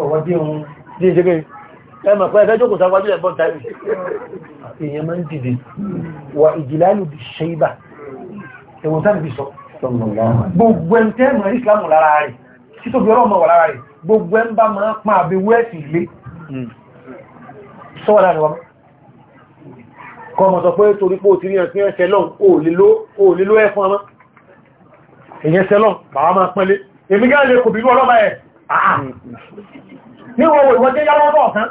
ọ̀wọ́ dí ohun. Dí ìṣẹ́gbé, ẹ mọ̀ pẹ́ ẹ̀fẹ́jókòó sáwájú ẹ̀bọ́n táìmì. Èèyàn máa ń dìde, wà ìjìlálù bí ṣe ibà. Ẹ̀wọ̀n táìmì sọ. Gbogbo ẹ̀ tí tó fi ọlọ́mọ wà lára rẹ̀ gbogbo ẹ ń bá máa pán àbí wẹ́ẹ̀sì ilé sọ́wọ́ láàrin wọn kọmọ sọ pé torí pé òtí ríyàn tí ẹ sẹlọ́n ò lè ló ẹ̀fún ọmọ èyẹ sẹlọ́n bàwá máa pẹ́lé èmi gáà lè kò bínú ọlọ́mọ ẹ̀ àà ní wọ́n wọ́n ìwọ́n jẹ́ yálọ́ ọ̀tọ̀ ọ̀kan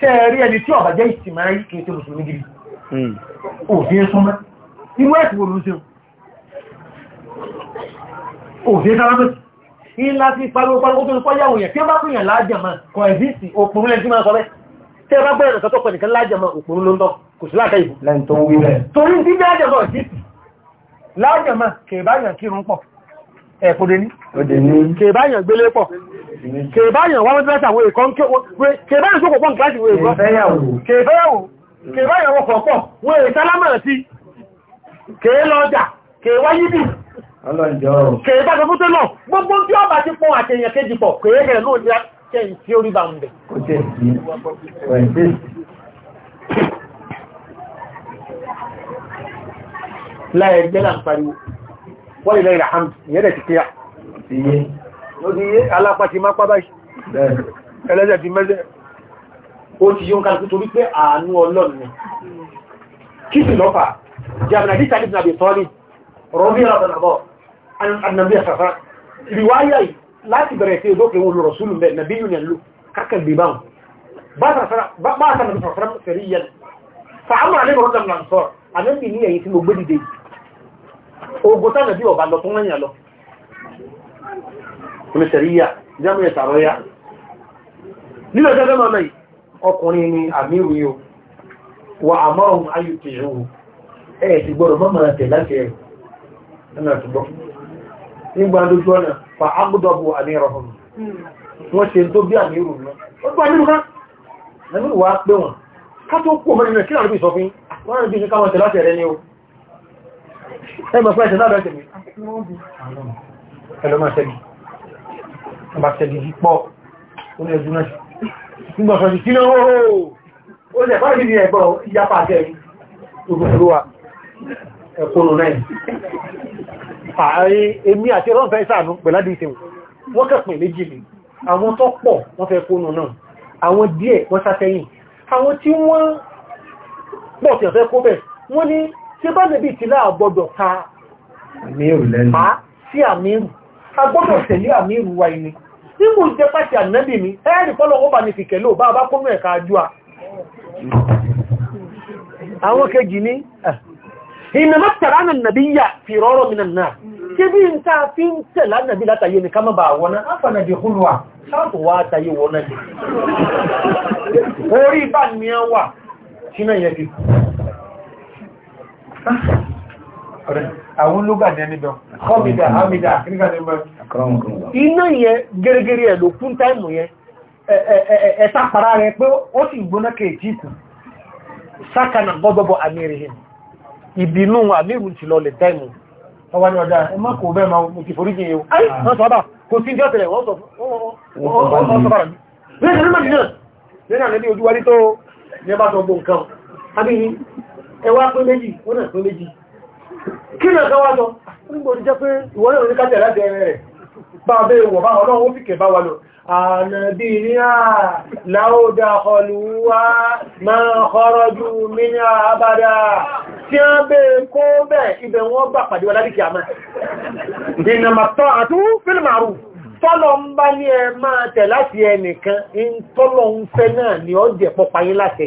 ṣẹ́ẹ̀rí ẹni tí ọ̀bà jẹ́ ìsìnmáyí kìí tí mùsùlùmí gidi hmm. òfin súnmọ́ inú ẹ̀sì wo lóṣe òfin sáwọ́dọ̀ ilá sí pariwo pariwo tó lùkọ́ yàwó yẹn tí ó bá pìyàn lájàmà kọ̀ ẹ̀dísì òpòrú lẹ́n tí máa sọ bẹ́ tí ẹ bá bẹ̀rẹ̀ nǹkan tó pẹ̀ nìkan lájàmà òpòrú ló ń tọ́ kò sí láàkà ìbò torí tí lájàmà kì í bá yàn kírun pọ̀ ẹ̀kúdé ní kèbáyàn gbélé pọ̀ kèbáyàn wọ́n mẹ́tẹ́lẹ́sì àwọn èkó ń kèbáyàn sókò pọ̀ nǹkan ìwé ìgbọ́ kèbáyàwó kèbáyàn wọ́pọ̀ pọ̀ wọ́n èyí sálámà sí kèélọ́jà kèwáyíbì kèbájọ fún tẹ́lọ̀ gbogbo tí ọba ti pọ̀ àtẹ̀yàn kéjì pọ̀ kèéhẹ̀ ló jẹ́ kẹ́yìn tí ó rí bá ń bẹ̀ láẹ̀gbẹ́ là ń pariwo wọ́n ilẹ̀ ìràhàm ìyẹ́dẹ̀ ti kíyà lórí alápá ti máa pábáyì ẹlẹ́dẹ̀ ti mẹ́lẹ̀ ó ti yíó kàrùkú torí pé àánú ọlọ́run ni kí sì lọ́fà jàmìnàdí tàbí nàbì tọ́lì rọ́bí ọ̀rọ̀ annabi asafa riwaya láti bẹ̀rẹ̀ sí ìdókè wọn lọ rọ̀súlù mẹ́ nàbí yìí nílò kákàgbé báwọn bá sàfẹ́rẹ́ fa'amà alẹ́bẹ̀rọ̀ ogun tánà bí ọba lọ tún lẹ́yìn lọ mẹ́sẹ̀ríyà jẹ́mù ẹ̀tàrọ́yà nílò jẹ́ mẹ́mọ́ mẹ́yìn ọkùnrin ni àmìrù yóò wà àmọ́rùn ayò tí ó ẹ̀ ti gbọ́rọ̀ mọ́mọ́ tẹ̀ láti ẹ̀ ẹ̀nà àtúgbọ́ nígbà lójú ọ̀nà fa ágbúdọ̀bù àmìrọ̀hùn wọ́n ṣe tó bí náà ó gbọ́ ẹ mọ̀ pé ẹ̀ṣẹ̀ náà lọ́sẹ̀ mi ẹ̀lọ́ máa ṣẹ́gi ọba ṣẹ́gi yìí pọ̀ ó ní ẹjú náà nígbà sọ́jú kí ló ó lẹ̀ fáwọn ìdí ẹ̀gbọ́ ìyapa àti ẹ̀rí gbogbo wa ẹ̀kọ́nù náà àárín èmi àti ọlọ́run fẹ́ sàánú pẹ̀ládìí ìsẹ̀wò wọ́n kẹ̀pẹ̀ méjì ni àwọn tó pọ̀ wọ́n fẹ́ kónù náà àwọn díẹ̀ wọ́n sá sẹ́yìn àwọn tí wọ́n pọ̀ tí ọ̀fẹ́ kó bẹ̀ wọ́n ní tí bá níbi ìtìlá àgbọ́dọ̀ ta sí àmírù agbọ́dọ̀ tẹ̀lé àmírù wa ni nígbò jẹ́ pàtí ànábì mi ẹ́rì fọ́lọ́wọ́ bá ní fìkẹ̀ lóò bá bá kónú ẹ̀ka ajú à àwọn kejì ní ìnà mọ́tàrá nà nàbí yà fi rọ́rọ̀ mi nà ṣe bí n ta fi ń tẹ̀lá nàbí látàyé ní ká mọ́bà wọná áfànàdì húnwà sáàtò àwọn ológbàdé níbẹ̀ kọ́mìdà hamida kíríkà níbẹ̀ iná yẹn gẹ́gẹ́rẹ́ ẹ̀ ló kún táìmù yẹn ẹ̀ta para rẹ̀ pé ó sì gbóná sákànà ìbínú ti táìmù ẹwà pé méjì wọ́n náà pé méjì kí náà kan wá sọ nígbò jẹ́ pé ìwọ́n náà ní kájẹ̀ láti ẹ̀rẹ̀ rẹ̀ bá a bẹ́ẹ̀ wọ̀ bá ọlọ́run ó fìkẹ̀ bá wa lọ ànàbí ní à láódà ọlùwà máa kọ́rọ̀ ju mí ní àbádà tí a bẹ́ẹ̀ kó bẹ́ẹ̀ ibẹ̀ wọ́n gbà pàdé wa láríkì àmà ìnàmàtọ́ àtún fílmà rù tọ́lọ ń bá ní ẹ máa tẹ̀ láti ẹnìkan ń tọ́lọ ń fẹ́ náà ni ó jẹ̀pọ̀ payín láti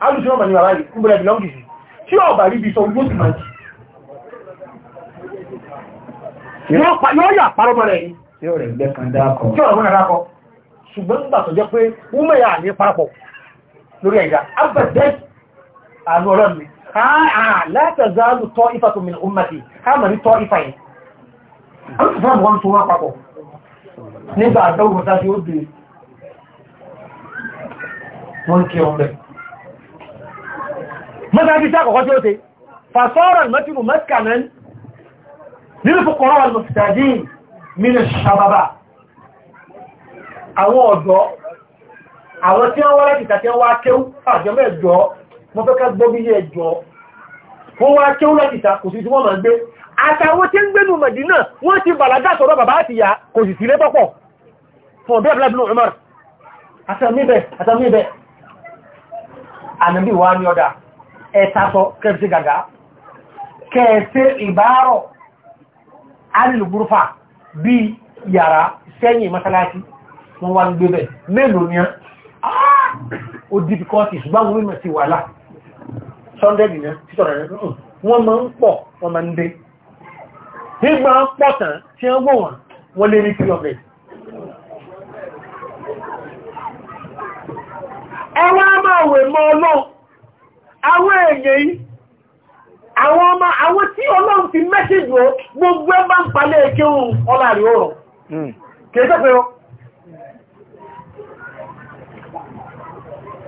alùsùn ọmọ ni wà báyìí ń bọ̀lẹ̀ bìlọ́ǹgì sí tí ọ̀bà rí bí sọ orí bóòtù máa jì yóò yà parọ́ mọ́ rẹ̀ ní tí ọ̀rẹ́ gbẹ́ kan dákọ̀ tí ọ̀rẹ́ dákọ̀ ṣùgbọ́n nígbà tó jẹ́ pé wúmẹ̀ yà ní parapọ̀ lórí ẹ̀dá abẹ́dẹ́ àánú ọlọ́run mi látàzálù tọ́ ifá tó mìíràn ọmọdé káàmà ní tọ́ ifá yẹn àwọn tó fọ́nà wọn tó wọ́n papọ̀ nígbà àdọ́gbọ̀ta tí ó dé wọ́n kí ọmọ mọ́sálásí tí àkọ́kọ́ tí ó ṣe fàṣọ́rọ̀ ìmọ́tìmù mẹ́kànán nínú fòkọ́rọ̀ alùsàdí mínú ṣàbàbà àwọn ọ̀dọ́ àwọn tí wọ́n wá láti tàbí wá kéwú fàjọ mẹ́jọ mọ́ fẹ́ ká gbọ́ bí i ẹjọ́ wọ́n wá kéwú láti tà kò sí tí wọ́n máa gbé àtàwọn tí ń gbénu Mẹ̀dínà wọ́n àtàmíbẹ̀ àtàmíbẹ̀ ànàbí wa ní ọ̀dà ẹ̀sàtọ̀ kẹfẹ́ gàgá kẹfẹ́ ìbárọ̀ alìlúgbúrúfà bí yàrá sẹ́yìn masalasi wọ́n wá ń gbé bẹ̀ mélòó ní ah! ó dìbìkọ́tì ṣùgbọ́n wọ́n mẹ́ sí wàhálà sunday nìyàn títọ̀rẹ̀ wọ́n máa ń pọ̀ wọ́n máa ń dé nígbà pọ̀ tán tí wọ́n wọ́n wọ́n lé ní 300 ẹwà máa wè mọ́ ọlọ́run àwọn èèyàn yìí àwọn ọmọ àwọn tí ọlọ́run ti mẹ́ṣẹ́jì ọ gbogbo ẹ bá ń palẹ̀ èké ohun ọlárí ọ̀rọ̀ kìí tẹ́fẹ́ ọ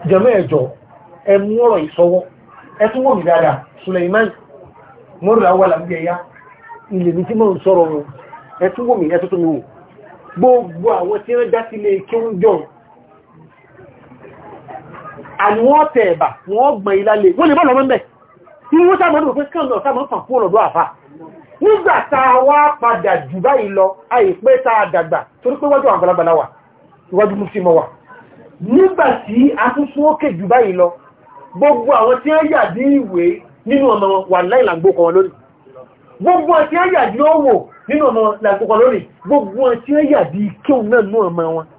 jẹ́mọ́ ẹ̀jọ́ ẹmú ọ̀rọ̀ ìṣọwọ́ ẹtún wọ́n mi dáadáa Suleiman mọ́rùlá wà lábí ẹ̀yá ilẹ̀ mi tí mọ́ ń sọ̀rọ̀ ẹtún wọ́n mi ẹtún tó mi wò gbogbo àwọn tí wọ́n já sílé kí ó ń àni wọ́n tẹ̀ ẹ̀bà wọ́n gbọ̀n ilá lè wọ́n lè mọ́ lọ mẹ́mẹ́ tí wọ́n sáàmọ́ ní òfin kàndọ̀ sáàmọ́ fàn fún ọ̀rọ̀dọ́ àfà nígbà tá a wá padà jù báyìí lọ àìpé tá a dàgbà torí pé wájú àgbàlagbàlà wà iwájú mufti mọ́ wà nígbà tí a tún sún òkè jù báyìí lọ gbogbo àwọn tí wọ́n yà ní ìwé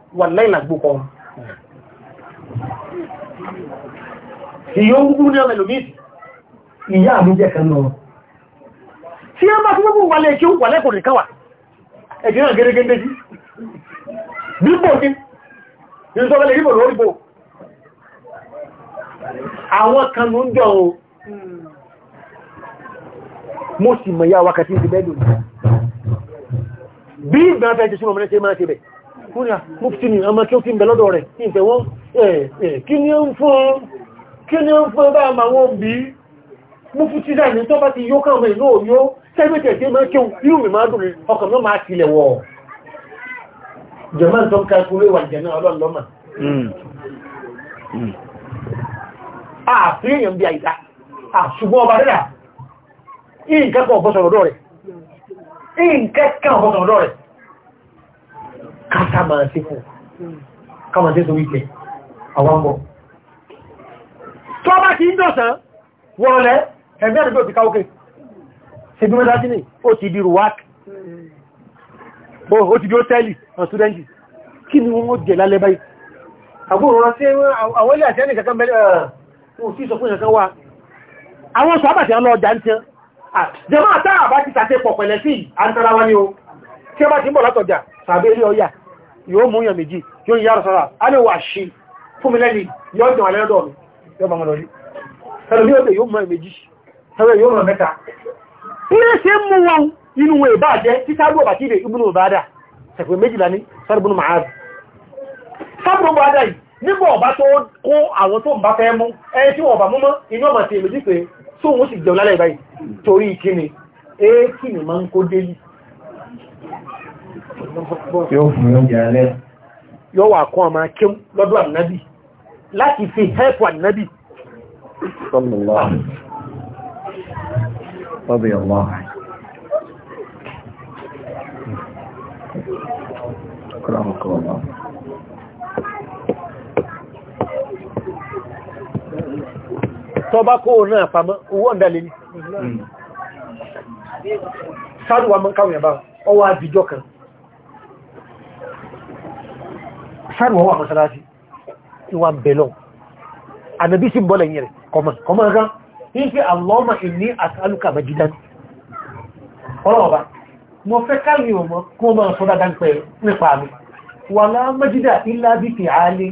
wà ìyó ń gúrú ní ọmọ ìlòmíìsì ìyá mi jẹ́ kan náà tí a bá fún wà lè kí ó wà lẹ́kùn nìkan wà ẹ̀dì náà gẹ́gẹ́ méjì bíbò ní ìrìnṣọ́lẹ̀ ìbò lóríbò àwọn kan ló ń jọ o mo sì mọ̀ yá wákàtí ti bẹ́ẹ̀dù bí ìgbà fẹ́ jẹ́ sínú ọmọdé tí kí ni ó ń fún bá ma wọ́n bí mú fún tí náà ní tó bá ti yóò kàn mẹ́ náà yóò sẹ́gbẹ̀tẹ̀ tí máa kéhùn yóò mi máa dùn ọkàn náà máa tilẹ̀ wọ̀ jẹ́mọ́ tó ń kalkulé wà jẹ́nà ọlọ́lọ́mà ààfin hmm. hmm. èèyàn bí àìdá àṣùgbọ́n ọba rẹ̀ ìǹkẹ́kọ̀ ọ̀bọ̀sọ̀rọ̀ rẹ̀ ìǹkẹ́kẹ́ ọ̀bọ̀sọ̀rọ̀ rẹ̀ kátà máa sí fún kọ́mọdé tó wípé àwọn ọmọ tó bá ti ń dọ̀sán wọ́rọ̀lẹ́ ẹgbẹ́ àdúgbò ti káwókè ṣe bí mẹ́ta sílẹ̀ ó ti di ruwak ó ti di hòtẹ́lì àwọn stúdẹ́ntì kí ni wọ́n jẹ lálẹ́ báyìí àgbòrò rán sí àwọn ilé àti ẹnìkankan mẹ́rin ọ̀hún sí sọ fún ìrìnkan wà àwọn sọ́bàtí ọlọ́ ọjà ń tí jẹmọ́ àtàrà bá ti tàṣe pọ̀ pẹ̀lẹ̀ sí àntara wá ní o tí ó bá ti ń bọ̀ látọjà sàbẹ́ ilé ọya yóò mú yàn méjì yóò yára sọ́ra alẹ́wà ṣe fún mi lẹ́ni yóò dùn alẹ́dọ̀ mi yóò máa lọ rí ẹlòmí ọ̀tẹ̀ yóò mọ ìmẹ̀jì ẹwẹ́ yóò rọ̀ mẹ́ta ilé ṣe mú wọn inú wọn ìbá jẹ́ tí sáàbù ọ̀bà tí ìdè ìbúnú ọ̀bá dà sẹ̀pẹ̀ méjìlá ní sọ́rọ̀bùnú màáàbù sáàbù ọ̀bá dà yìí nígbà ọ̀bá tó kó àwọn tó ń bá fẹ́ mú ẹni tí wọ́n bá múmọ́ inú ọmọ ti èmì dípé tó wọ́n sì jẹun lálẹ́ ìbáyìí torí kíni èékì ni máa ń kó délì yóò wà kún ọmọ akéwù lọ́dọ̀ ànábì láti fi hẹ́pù ànábì tọba kó o náà pàmọ́ owó ọ̀dálẹ̀ ní hmm. sáàdùwà mọ́ káwọn ẹ̀bá ọwọ́ àbìjọ kan sáàdùwà wà mọ́sálásí ìwà bẹ̀lọ ànàbí sí bọ́lẹ̀ yẹn rẹ̀ kọmọ gan ní pé àlọ́mà ìní àtàlùkà majidan ọlọ́ọ̀bá mo fẹ́ káàrí ọmọ kí wọ́n máa sọ dáadáa pẹ̀ nípa mi wà láà majida ilá bí ti àálé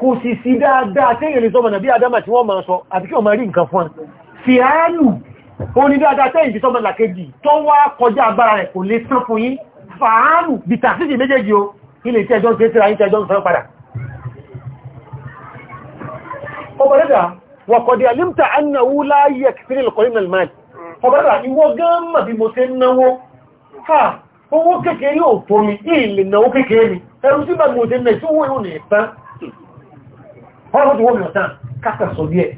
kò sì sí dáadáa tẹ́yìn lè sọmọ nàbí adama tí wọ́n máa sọ àti kí wọ́n máa rí nǹkan fún fi àálù ó ní dáadáa tẹ́yìn bí sọmọ làkejì tó wá kọjá ọbọ̀rẹ́dà wọ̀kọ̀dẹ̀ alímta annáwó láyé kìtìrì lọ́kọ̀rin alman ọbọ̀rẹ́dà ìwọ gánmà bí mo tẹ́ náwó ha owó kékeré ò tó mi ilẹ̀ náwó kékeré ẹrù sí bá mo tẹ́ náà tí owó ìrùn ẹ̀fán ọ̀rọ̀ tó wọ́n mọ̀ tán kákà sọ bí ẹ̀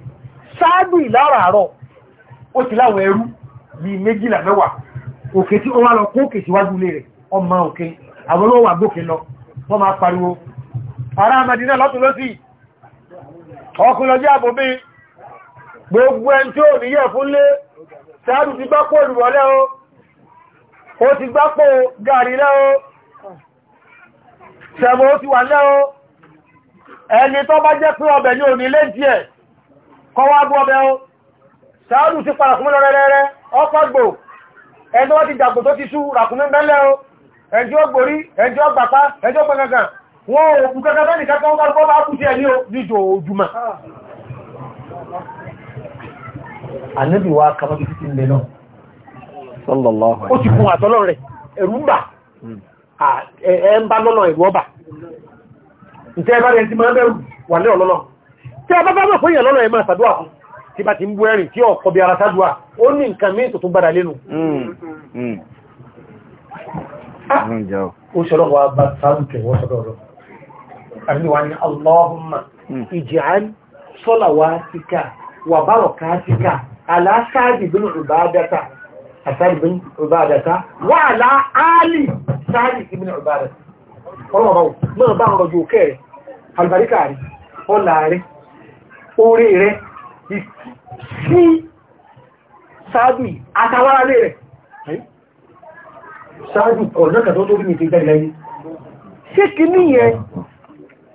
ọkùnrin ọjọ́ àbòbí gbogbo ẹn tí ò níyẹ̀ fún lé sáàdù ti gbápò ìrùwọ́lẹ́ o ó ti gbápò gàrí lẹ́ o sẹ̀mọ̀ ó ti wà lẹ́ o ẹni tó bá jẹ́ pé ọbẹ̀ ní òní lé díẹ̀ kọ́ wá bú ọbẹ̀ o sáàdù ti padà fún lọ́rẹ́rẹ́rẹ́ ọpọ́gbò ẹni tó wá ti dàgbò tó ti sú ràkúnmẹ́ mẹ́lẹ́ o ẹjọ́ gbòrí ẹjọ́ gbàpá ẹjọ́ gbẹ̀gàgàn wọ́n òkú kankan bẹ́ẹ̀ nìkan kan kọ́ bá kú sí ẹni níjò ojúmọ̀ ànábì wa kama bí títí ilẹ̀ náà ó ti kún àtọ́lọ́ rẹ̀ ẹ̀rù ń bà hmm. ẹ̀ ń bá lọ́nà ẹ̀rù ọba ǹtẹ́ ẹbá rẹ̀ ti máa bẹ̀rù wà ní hmm. hmm. ah. ọlọ́nà ó ṣọ́lọ́wọ́ bá sáàrùn kẹwọ́ sọ́dọ̀ àríwá ní allahumma hmm. ij'al salawatika wa barakatika ala sáàdì bin ubadata àsáàdì bin ubadata wa ala áàlì sáàdì bin ubadata ọlọ́rọ̀ náà bá ń rọjú kẹrẹ albarika rí ọlá rí orí rẹ sí sáàdì àtàwárá rẹ̀ sáàdì ọ̀nà kàtọ́ tó bí mi ti lẹ́yìn ṣé kí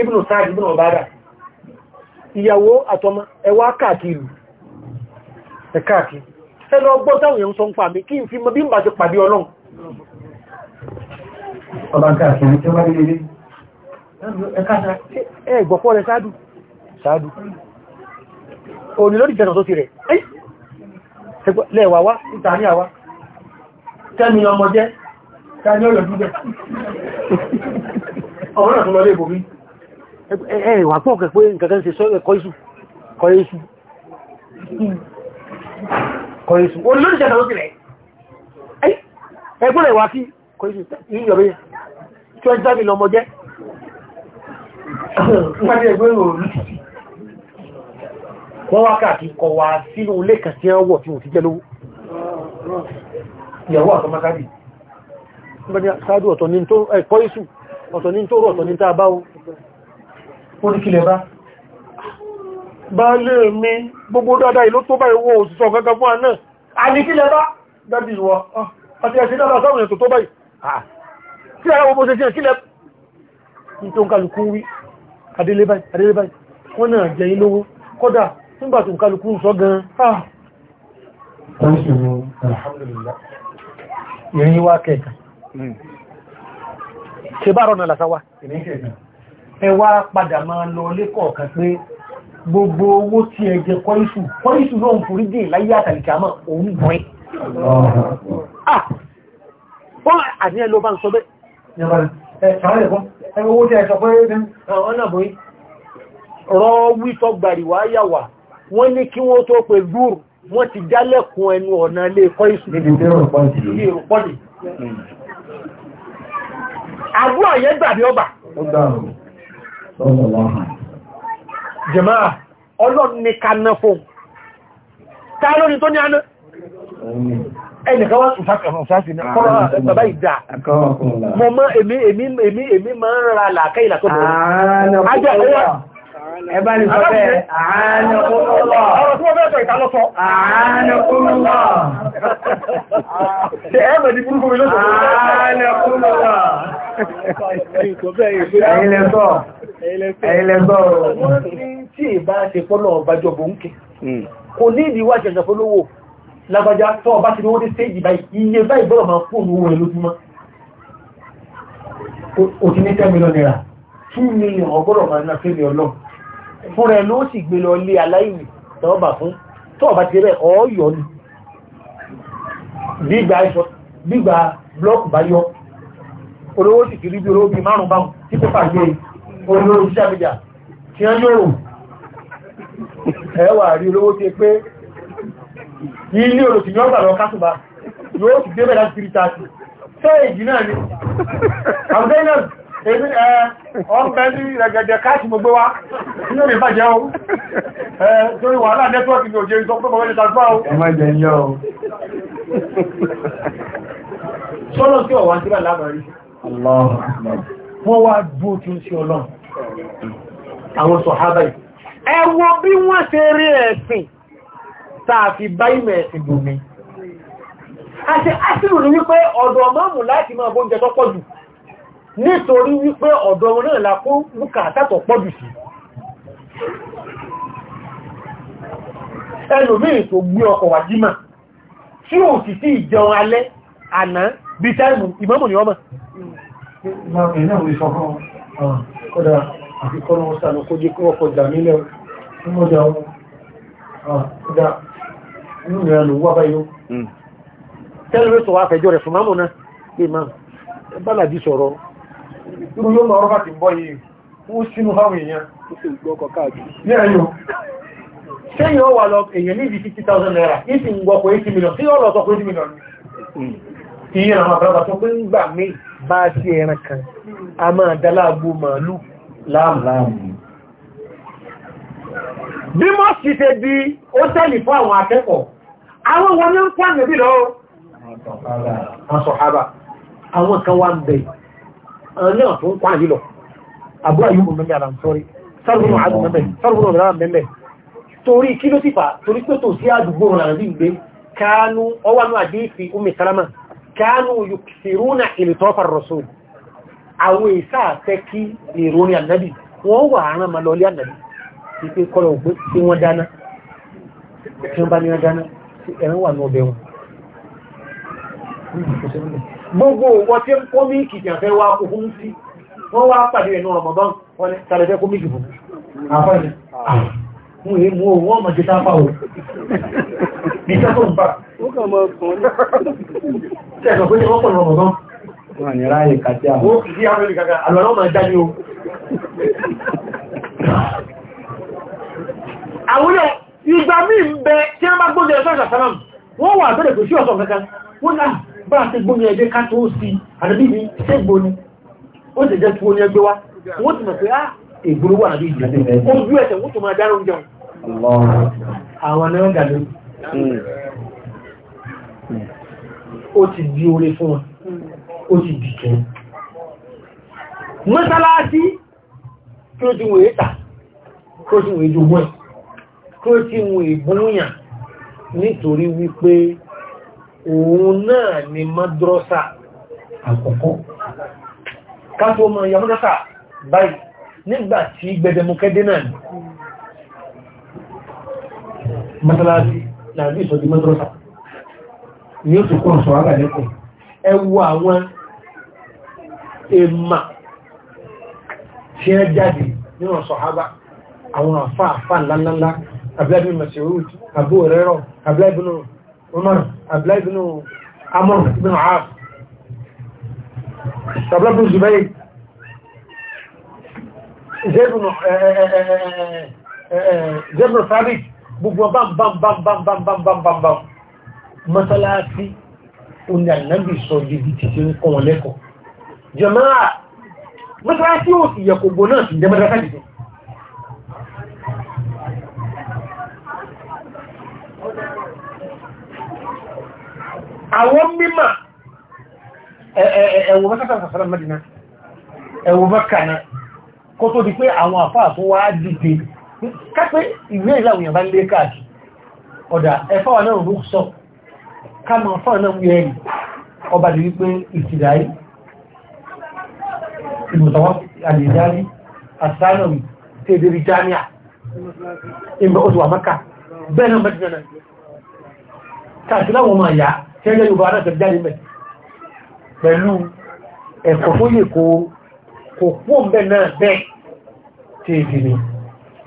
ibùnù sáàdì ibùnù ọ̀bádà ìyàwó àtọmọ ẹwà káàkiri ẹ̀káàkiri ẹlọ ọgbọ́ táwọn èèyàn sọ ń pa mi kí n fi mọ bí n bá ti pàdé ọlọ́run ọba káàkiri tí wọ́n rí rí ẹgbọ̀pọ̀ rẹ̀ sáàdù sáàdù òní lórí ìjẹ̀nà tó ti rẹ̀ lẹ́wà wá ìtàní àwá tẹ́mi ọmọ jẹ́ tẹ́mi ọlọ́dún jẹ́ ọmọ náà tó lọ lé ìbòmí ẹ̀wà pọ̀ kẹ pé nǹkan ṣe sọ́rọ̀ ẹ̀kọ́ iṣu kọ́ iṣu kọ́ iṣu olóòjẹ́ tàbí sílẹ̀ ẹgbọ́n ẹ̀wà sí kọ́ iṣu yíyọ̀bí 25 million ọmọ jẹ́ wọ́n wá káàkiri kọ sínú ilé kan tí tí wọ́n ti jẹ́ lówó oríkìlẹ̀ bá baálé mi gbogbo dáadáa ìlú tó bá ìwọ òsìsọ gangan fún àná àníkìlẹ̀ bá dábì ìwọ àti ẹ̀sìn dáadáa sáwọn ètò tó báyìí tí ara gbogbo ṣe sí ẹ̀kílẹ̀ tó ń kálukú wí adélé báyìí adélé báyìí wọ́n náà jẹ yín lówó kódà nígbà tó ń kálukú sọ gan ah. ìrìn wá kẹta ṣe bá rọ̀nà làsáwà ìrìn kẹta ẹ wá padà máa lọ lẹ́kọ̀ọ́ kan pé gbogbo owó tí ẹ jẹ kọ́ìsù kọ́ìsù náà ń forí dè láyé àtàlìkàmọ́ òun bọ́ẹ̀ ah! wọ́n àti ẹ ló bá ń sọ bẹ́ owó tí ẹ sọ pé ọ̀hún náà bóyí rọ wítọ́ gbàríwá yàwà wọ́n ní kí wọ́n tó pè gúrù wọ́n ti jálẹ̀kùn ẹnu ọ̀nà ilé ẹ̀kọ́ ìsù àbúrò yẹn gbàbí ọba Jẹ̀máà, ọlọ́run ní kaná fún. Ta lórí tó ní aná? Ẹnìkan wá ṣùfàṣì náà, kọ́rọ̀ bàbá ìdá. Mọ̀ mọ́ èmi èmi èmi èmi máa ń ra làákẹ́ ìlà tó bẹ̀rẹ̀. Ajẹ́ ọwọ́. Ẹbá ni sọ́fẹ́ àánà kúrúlọ̀. Ọ̀rọ̀ tí wọ́n bẹ́ẹ̀ sọ ìtàlọ́sọ. Àánà kúrúlọ̀. Ṣé ẹ ẹ̀yìnlẹ́gbọ́ tí ìbá ṣe fọ́nà ọ̀bájọ́bọ̀ ń kẹ hmm. kò ní ìdíwà ṣẹ̀ṣẹ̀ fọ́lówó lágbàjá tọ́ ọba ti ní wọ́n dé stéjì báyìí iye báyìí bọ́rọ̀ máa fún òun rẹ̀ lójúmọ́ o ti ní 10 million naira 2 million ọgọ́rọ̀ máa ná fẹ́mi ọlọ́ fún rẹ̀ ló sì gbé lọ lé aláìwì tọ́ọ̀bà fún tọ́ọ̀bà ti rẹ̀ ọ̀ọ́yọ̀ ni gbígba blọ́ọ̀kù bá yọ olówó ti kiri bí olówó bí márùn báhùn tí kò pàgbé olówó iṣẹ́ àbíjà tí wọ́n yóò ẹ̀wà rí olówó ti pé ilé olóòtú yóò gbà lọ kásùbà yóò ti débẹ̀ láti kiri tààtì sẹ́ẹ̀jì náà ni àbẹ́nà èmi ẹ ọ̀pẹ́ ní rẹ̀gẹ̀dẹ̀ káàkì mo wá o ẹ torí wọ́n wá dúó tún sí ọlọ́run àwọn sọ̀hábà yìí ẹ wo bí wọ́n ṣe rí ẹ̀sìn tààfi báyìmẹ̀ ẹ̀sìn gbòmí àti àṣírù ní wípé ọ̀dọ̀ mọ́mù láti máa bóúnjẹ tó pọ̀jù nítorí wípé ọ̀dọ̀ wọn náà la kó bùkátà tó pọ̀jù sí ẹlòmíì tó gbé ọkọ̀ wà jímà tí ò sì sí ìjẹun alẹ́ àná bí táìmù ìmọ́mù ni ọmọ ma ẹ̀ náà lè sọ fún ọ ah. kódà àfikọ́ náà sànù kó jẹ́ kí wọ́n kọjá nílẹ̀ ọmọdé àwọn kódà inú rẹ̀ hmm. ló wá báyó tẹ́lẹ̀ tó wá fẹjọ́ rẹ̀ fún mámù náà pé máa bálàbí sọ̀rọ̀ irú yóò máa rọ́bà ti bọ́ yìí ó sínú háwọn èèyàn ó 50,000 naira isi ti ń gbọ́kọ̀ 80 million sí ọlọ́sọ̀ 80 million ìyẹn àwọn àbúrò àtọ́ pé ń gbà mí bá sí ẹran kan a máa dáláàgbò bí mọ́ sí ṣe di ó tẹ́lì fún àwọn akẹ́kọ̀ọ́ àwọn wọn ní ń kọ́ ànàbí lọ asọ̀hábà àwọn kan wá ń bẹ̀ àwọn náà tó ń kọ́ ànàbí lọ àbúrò yìí mú mẹ́mẹ́ àlàntọ́rí sárùn àdùn mẹ́mẹ́ sárùn àdùn mẹ́mẹ́ torí kí ló sì fà torí pé tòsí kánú yùkìsìrúnà ìlítọ́fà rọ̀sùn àwọn ìsá fẹ́ kí ìròyìn ànábì wọ́n wà àrán ma lọ lé ànábì tí pé kọ́lọ̀ ògbé tí wọ́n dáná tí wọ́n bá ní dáná tí ẹ̀rẹ́ wà ní ọbẹ̀ wọn gbogbo wọ́n tí ń kọ́ míìkì tí a fẹ́ wá kó fún sí wọ́n wá pàdé ẹ̀nà ọmọdán wọ́n ni sàrẹ̀fẹ́ kó míìkì fún mú èé mú owó ọmọ jẹta pa o àwúrẹ̀ ìgbà míì ń bẹ tí wọ́n bá gbóúnjẹ ẹ̀sọ́ ìṣàsánàm wọ́n wà bẹ̀rẹ̀ kò sí ọ̀sán kankan wọ́n náà ah, bá ti gbóúnjẹ ẹgbẹ́ ká tó sí àdàbí mi ṣẹ́gbóni ó sì jẹ́ tí ní ẹgbẹ́ wá wọ́n ti mọ̀ pé ah, ìgbòrówà àbí ìjìnlẹ̀ ojú ẹ̀sẹ̀ wọ́n tó máa dáná oúnjẹ àwọn náà gàdó ó ti di oore fún wọn ó ti di kẹ́ mọ́sálásí kí ó ti wòye tà kí ó ti wòye jogún ẹ̀ kí ó ti wòye gbóyàn nítorí wípé òun náà ni mọ́dúrọ́sà àkọ́kọ́ ká tó mọ́ ìyàmọ́dọ́sà báyìí nígbà tí gbẹdẹmukẹ́dé náà ni mọ́tàláàbí làbí ìsọ̀dí mọ́tàlọ́sà ni ó ti kọ́ ọ̀sọ̀ àgbàlẹ́kọ̀ ẹwọ àwọn èèmà tí ẹ jáde nínú sọ̀hábà àwọn àfá àfá ńláńláńlá abúláìbínú masirut abu rẹ́rọ abúláìbínú umar abúláìbínú amur ibn aaf abúláìbínú zubair zebro fabric gbogbo bambambambambambambambam masalasi oní ànábì sọ ibi títí ń kọ́ wọn lẹ́kọ̀ọ́ jàmáà masalasi ò sì yẹ kògbò náà sí jẹmọ́dá sáàdìsí àwọn mímọ̀ ẹ̀wọ̀ mọ́sásàsàsàrà mẹ́dínà ẹ̀wọ̀ mọ́kànáà kó tó di pé àwọn àfáà tó wá dìde kápẹ́ ìwé ìlàwò yàn bá lé káàdì ọ̀dà ẹ̀fáwà náà rú sọ káàmà fáà náà wí ẹ̀rì ọba di wípé ìtìdáyé ìmọ̀tàwọ́ àdìdáyé àtàlọ́mì tẹ́ẹ̀dẹ̀rì jáníà ìmọ̀ oṣù àmọ́ká bẹ́ẹ̀ náà mẹ́tìnà náà kàtìlá wọn máa yá tẹ́lẹ̀ yorùbá náà pọ̀ mẹ́ náà bẹ́ẹ̀ tí èdè ni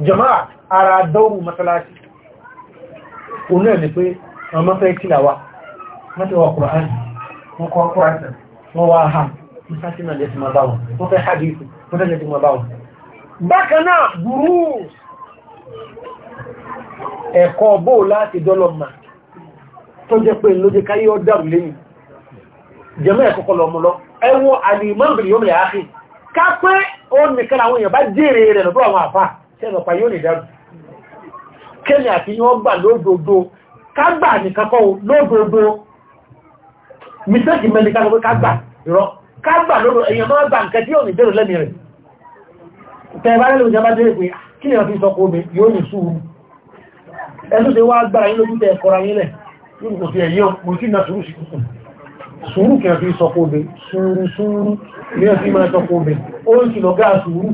jama'a ara dọ́rù masalasi òun náà ni pé ọmọ fẹ́ kílàwà mọ́tíwà kùrán wọ́n kọ́ kùrán wọ́n wá ha mọ́sásí náà lẹ́sí ma báwọn wọ́n fẹ́ hadith wọ́n fẹ́ lẹ́sí ma báwọn bákanáà burú ẹ̀kọ́ bó láti ká pé òun nìkan àwọn èèyàn bá jèrè rẹ̀ lọ́dọ̀ àwọn àfà tẹ́lọ̀ pa yóò lè dẹ́rù kéèmì àti yíwọ́n gbà lódodo ká nìkan kọ́ lódodo mistake mẹ́lì ká lọ pé ká gbà èèyàn máa gbà nǹkan tí ò ní dẹ́rù lẹ́mì rẹ̀ ah, ni sùúrù kí a fi sọ kóbe sùúrù sùúrù ní ẹ̀sí máa sọ kóbe ó ń sì lọ́gá sùúrù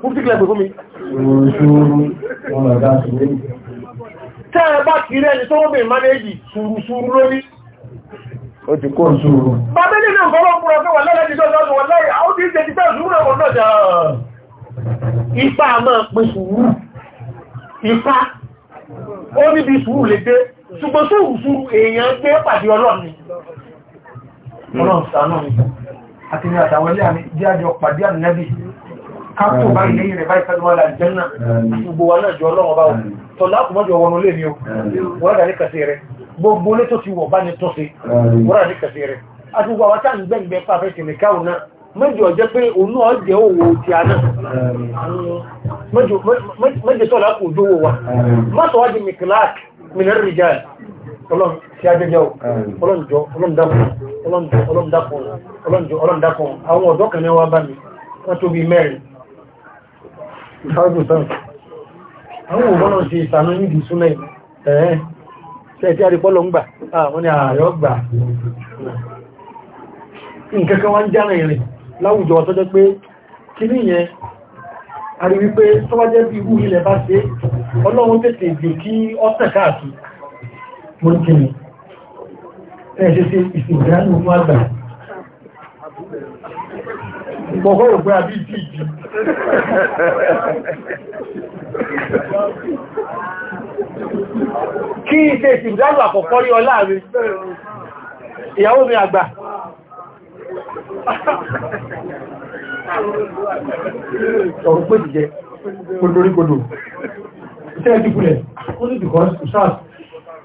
fún sí kílẹ̀ pẹ̀lú mi tẹ́ẹ̀ bá kí rẹ̀ ní tó wọ́n bèèrè mánéjì sùúrù sùúrù lórí ó ti kó sùúrù bàbá ní ìlú ọ̀pọ̀lọpọ̀ fún ọ̀fẹ́ wà lẹ́lẹ́ ìjọ́ ọ̀dọ́ wà lẹ́yìn àwọn tí ń jẹ́ títẹ́ sùúrù ẹ̀kọ́ náà jà ipa máa pè sùúrù ipa ó níbi sùúrù lè dé ṣùgbọ́n sùúrù sùúrù èèyàn gbé pàdé ọlọ́run Hmm. ọlọ́run ṣàánú mi àti ní àtàwọn ilé àmì jẹ́ àjọ pàdé ànẹ́bì kápò bá ilé rẹ̀ báyìí fẹ́lú wọ́n láìjẹ́ náà hmm. gbogbo wa náà jọ ọlọ́run bá wọn tọ́lá kò mọ́jọ wọnú lé mi o hmm. wọ́n rà ní kẹsẹ̀ rẹ̀ gbogbo lé tó ti wọ̀ bá ní tó ṣe wọ́n rà ní kẹsẹ̀ rẹ̀ àti gbogbo àwọn mẹ́jọ jẹ́ pé òun ọ̀jẹ́ òwò ti àná mẹ́jọ tọ́lá kò dówó wa mọ́sọ̀wájú mìkìláàkì mìnà rìjáàlì ọlọ́run tí a jẹ́jẹ́ o ọlọ́njọ́ ọlọ́ndàkùn àwọn ọ̀dọ́ kan ní wá bá mi wọ́n tó bí mẹ́rin ìfàgbùsàn àwọn òbọ́n náà ti ìsànú níbi súnmẹ́ ẹ̀ẹ́ tẹ́ tí a rí pọ́lọ ń gbà àwọn ni ààrẹ gbà nǹkankan wá ń já rìnrìn láwùjọ tọ́jọ́ pé kí ní yẹn a rí wípé tọ́wájẹ́ bí irú ilẹ̀ bá ṣe ọlọ́run tètè jù kí ọ́tẹ̀ káàkiri mo ń jìnnì ẹ̀ ṣe ṣe ìsìnkú fún àgbà ìgbọ̀gbọ́ òpé àbí ìjì ìjì kí ṣe ìsìnkú àkọ́kọ́ rí ọlá rẹ̀ ìyàwó mi àgbà ọ̀rọ̀ pé jìjẹ kòdórí kòdó ìṣẹ́ ìdíkulẹ̀ ó ní because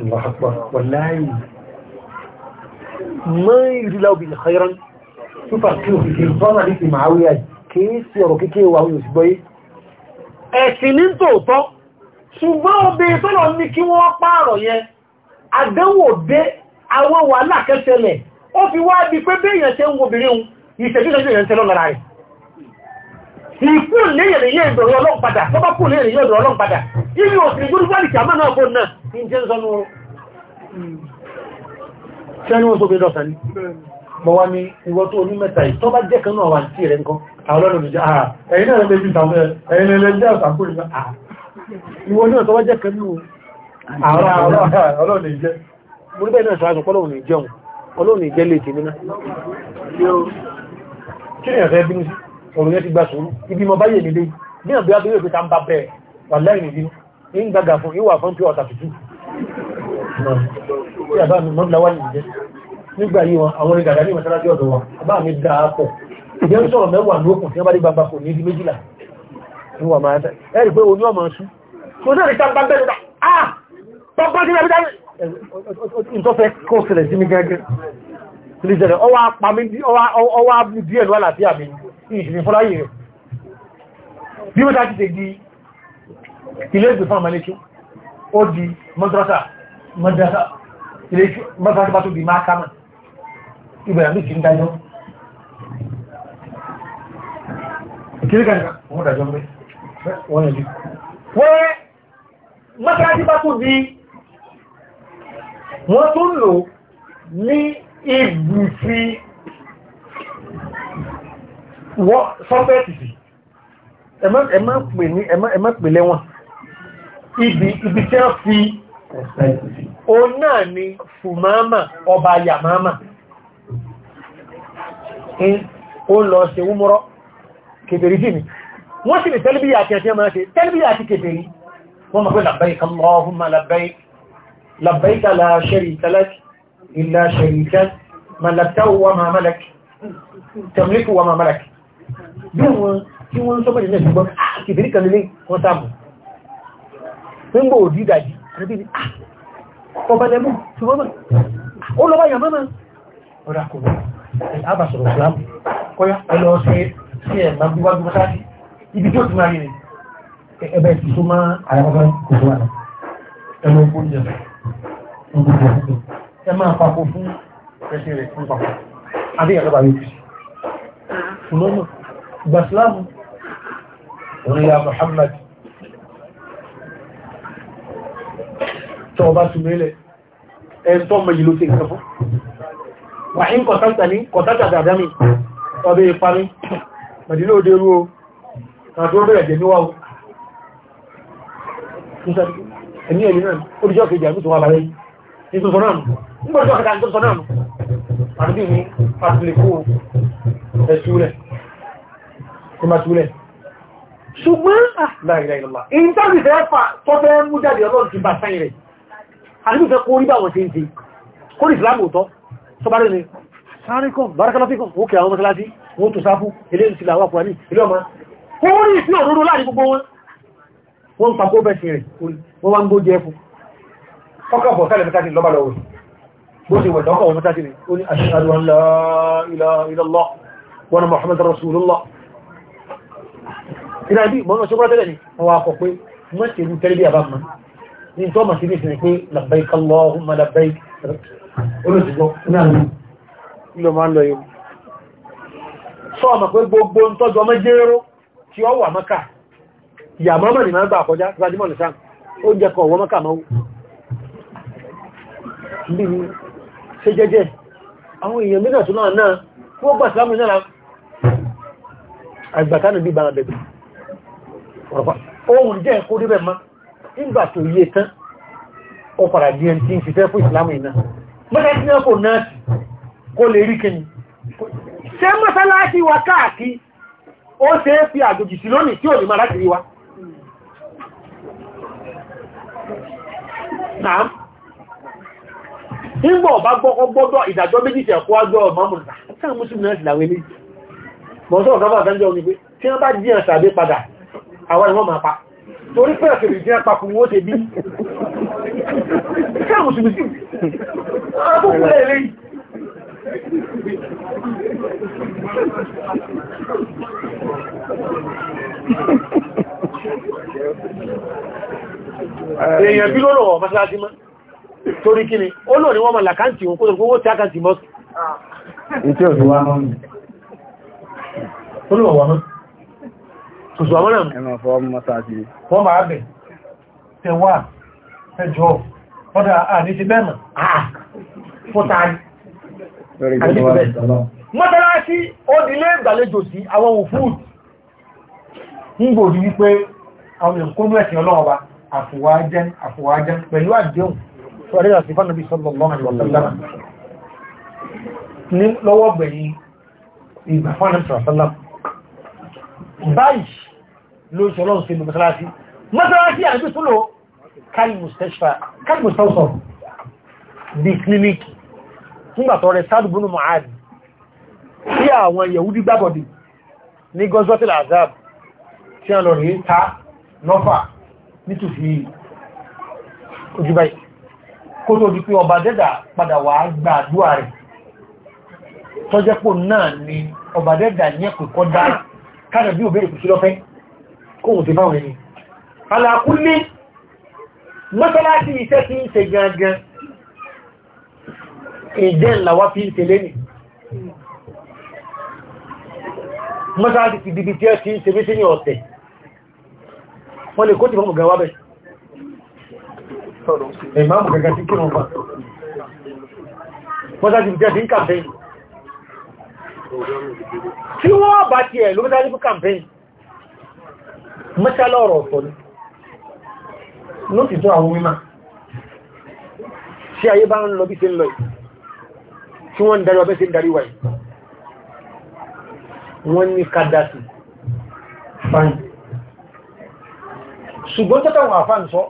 الله أكبر والله ما يريد الله به خيرا تفكره في الفضل عليك معاوية كيس يروكيكي وهو يسبوي ẹ̀sìnlẹ̀ tòótọ́ ṣùgbọ́n obìnrin tọ́lọ ní kí wọ́n pààrọ̀ yẹn àdánwò dé àwọn wàhálà kẹsẹ̀lẹ̀ ó fi wá bí pé bí èèyàn ṣe ń wo obìnrin ìṣẹ́jú ìṣẹ́jú ìyẹn tẹ́lọ́ lára rẹ̀ ikú léyìn ilé ìdọ̀rọ̀ ọlọ́run padà tó bá kú léyìn ilé ìdọ̀rọ̀ ọlọ́run padà inú òsìn ìjọ́ nígbàlì kìí àmàna ọgbọ̀n náà ní jẹ́ sọ́nù ṣẹ́ni wọ́n tó bí lọ́sàn ní mọ́ wá ní ìwọ́ tó ní mẹ́ta ì tó bá jẹ́ kan náà wà ní rẹ̀ nǹkan àwọn ọlọ́run jẹ́ àà ah, ẹ̀yìn náà lẹ́bí ìtàwọn ẹ̀yìn lẹ́jẹ́ àtàkùn ìgbà àà ah. ìwọ́ náà tó bá jẹ́ kan náà àwọn ọlọ́run jẹ́ mo ní bẹ́ẹ̀ náà ṣáájú pọ́lọ́run ìjẹun ọlọ́run ìjẹ́ lè tèmi náà kí ni ẹ̀fẹ́ bínú ọ̀rọ̀ yẹn ti gba sùúrù ibi mọ báyẹ̀ nílé ní àbí abẹ́rẹ́ òfin ta ń bá bẹ́ẹ̀ wà láì nìdí ní gbàgà fún ìwà fún tí ọ̀tà tútù tí àbá mi mọ́bílá wà nìjẹ́ nígbà yìí wọn àwọn ìgàgà ní ìmọ̀sára tí ọ̀dọ̀ wọn àbá mi dà á pọ̀ ìjẹ́ ń sọ̀rọ̀ mẹ́wàá ní òkùn tí wọ́n bá dé gbangba kò ní ibi méjìlá ìwà máa tẹ́ ẹ rí pé oní ọmọ ṣú kò náà rí ta bá bẹ́ẹ̀ ah tọ́gbọ́n ti rẹ̀ ìtọ́fẹ́ kó sílẹ̀ sí mi gẹ́gẹ́ ọwọ́ apá mi díẹ̀ lọ́wọ́ àlàáfíà mi ìṣẹ̀lẹ̀ fọ́láyé rẹ̀ bí mẹ́ta ti di ilé ìgbè fún àmàlẹ́kí ó di mọ́dúrọ́sà mọ́dúrọ́sà ilé mọ́dúrọ́sà bá tó di máa kámà ìbẹ̀rẹ̀ bí kí ń dájọ́ kíríkàríkà wọ́n dájọ́ mẹ́ wọ́n yẹ̀ wọ́ sọ́fẹ́ẹ̀tì sí ẹ̀mọ́ pèlẹ́ wọn ibi ibi tí wọ́n fi o náà ni fùmáàmà ọba yàmáàmà o lọ ṣe wúmọ́rọ́ kèbèrè sí ni wọ́n sì ni tẹ́lẹ̀bí àti àti ẹmọ́ ṣe tẹ́lẹ̀bí àti kèbèrè wọ́n mọ̀ pé labbaik Allahumma labbaik labbaik la sharika lak illa sharikan malaktahu wa ma malak tamliku wa ma malak bí wọn tí wọ́n ń sọ́bọ̀ nílẹ̀ ṣùgbọ́n ah, kìfìrí kan lélẹ̀ wọ́n sáàmù ń gbò òdí ìdàjí àti ní ah, ọba lẹ́mú ṣùgbọ́n ah, ó lọ́wọ́ yà mọ́mọ́ ọ̀rọ̀ àkọ́bọ̀ àbàṣọ̀rọ̀ ìsìlámù kọ́yá ẹlọ ṣe sí ẹ̀mà gbíwájú mọ́sáàtì ibi tí ó ti máa rí rẹ̀ ẹbẹ̀ ti tó máa àyàbọ̀bọ̀ kò tó wà náà ẹlọ ikú jẹ ẹ máa papọ̀ fún ẹsẹ̀ rẹ̀ fún papọ̀ gbàsílámù oníyà Muhammad tó ọba túnmílẹ̀ ẹ̀ntọ́ mọ̀ yìí ló ti gbẹ̀fú wà ní kọ̀tátà ní kọ̀tátà dàdámi ọbẹ̀ ìparí mẹ̀dínlẹ̀ òde rú o àti ó bẹ̀rẹ̀ jẹ́ níwáwó ẹ̀mí ẹ̀mí náà oríṣẹ́ kejì àti tó wà bàrẹ́ ní tó sọ náà nù ń bọ̀ kó máa túlẹ̀ ṣùgbọ́n láìláìlọ́lá èyí tó sì fẹ́ fà tó fẹ́ mú jáde ọlọ́run ti bá sáyìn rẹ̀ àti fẹ́ kó rí bá wọn ṣe ń ti kó rí ìsìlámù tọ́ tó bá rẹ̀ ni sáríkọ̀ bárakálọ́fíkọ̀ òkè àwọn mọ́sálásí wọ́n tó sáfú ilé ìsìlá wà fún ilé ọmọ kó rí ìsìn òróró láàrin gbogbo wọn wọ́n pa kó bẹ̀sì rẹ̀ wọ́n wá ń gbójẹ fún ọkọ̀ bọ̀ ìrìnàbí ìmọ̀nà ṣogúnrọ̀ tẹ́lẹ̀ ni wọ́n wá kọ̀ pé mọ́sẹ̀lú tẹ́lẹ̀ bí àbámọ́ ní tó mọ̀ sí ní ìsinmi pé labbaik Allahumma labbaik olóṣùgbọ́ ló máa ń lọ yóò sọ ọmọ pé gbogbo ń tọ́jú ọmọ jẹ́rọ tí ó wà mọ́kà ìyàmọ́ mọ̀ ní máa gbà kọjá gbajúmọ̀ ní sáà ó jẹ́ kọ̀ wọ́n mọ́kà mọ́wú bí i ṣe jẹ́jẹ́ àwọn èèyàn mìíràn tó náà náà wọ́n ọ̀rọ̀pá ohun jẹ́ kó rí bẹ̀ má nígbà tó yé tán ó fara di ẹni tí ń fifẹ́ fún ìsìlámù iná mọ́lá tí wọ́n kò náà sí kó lè rí kíni ṣé mọ́sálásí wa káàkiri ó ṣe é fi àjòjì sí lónìí tí ò ní máa láti rí wa náà nígbà ọba gbọ́kọ́ gbọ́dọ̀ ìdájọ́ méjì tẹ̀ kó ágbọ́ ọmọ mọ̀ta sáà mú sí mìíràn sí làwọn eléyìí mọ̀ sọ́rọ̀ àwọn ìwọ́n máa pa torí pé ọ̀sẹ̀ ìdí àpapọ̀ wọ́n ṣe bí ṣẹ́ mùsùlùmí sí àbúkù lẹ́ẹ̀lẹ́ èèyàn bí lọ́rọ̀ ọ̀ mọ́sálásí mọ́ torí kí ni ó lò ní wọ́n mọ̀ làkántì òun kó tó gbówó tí àkántì mọ́sí ìtí ọ̀dọ́wà mọ́ kùsùn àwọn náà ẹ̀mọ̀ fọ́ mọ́sáàtì wọ́n máa bẹ̀ tẹwà ẹjọ́ ọdá àní ti bẹ́ẹ̀mọ̀ fọ́tàrí mọ́sálásí ó dilé ìgbàlejò sí àwọn òfúùd ń gbòdì wípé àwọn ìkónú ẹ̀sìn ọlọ́ọ̀bá àfùwájẹ́ àfùwájẹ́ pẹ̀lú àdéhùn sọ́rẹ́ àti fánàbí sọ́lọ́lọ́ Báyìí, lóṣù ọlọ́run sí mọ́sálásí mọ́sálásí àti súnlọ káì mustashfa káì mustawsọ bí clinic fúngbàtọ̀ rẹ̀ sáàdù búnú mọ̀háàdì tí àwọn yẹ̀wúdí gbábọ̀dì ní gọ́sọ́tìlá azab tí a lọ rí ta nọ́fà nítòsí ojúbáyì kó tó di pé ọba dẹ́dà padà wà gbàdúrà rẹ̀ tọ́jẹ́pò náà ni ọba dẹ́dà ní kóhùn sí fáwọn ẹni alákúnlé mọ́sálásí iṣẹ́ tí ń ṣe gangan ìjẹ́ ìlàwá fi ń ṣe lẹ́nì mọ́sálásí ti dìbì tí ẹ ti ń ṣe bí sí ní ọ̀tẹ̀ wọ́n lè kó ti fọ́mù gan wábẹ̀ ìmáàmù gẹ̀gẹ̀ sí kírùn fa mọ́sálásí ti ń kàmpẹ́yìn tí wọ́n bá ti ẹ̀ lómítàlífù kàmpẹ́yìn mọ́ṣálá ọ̀rọ̀ ọ̀tọ̀ ni ló ti tún àwọn mímọ̀ ṣé ayé bá ń lọ bí ṣe ń lọ yìí tí wọ́n ń darí ọbẹ́ ṣe ń darí wáyé wọ́n ní kádásì fáyì ṣùgbọ́n tó táwọn àfáà ń sọ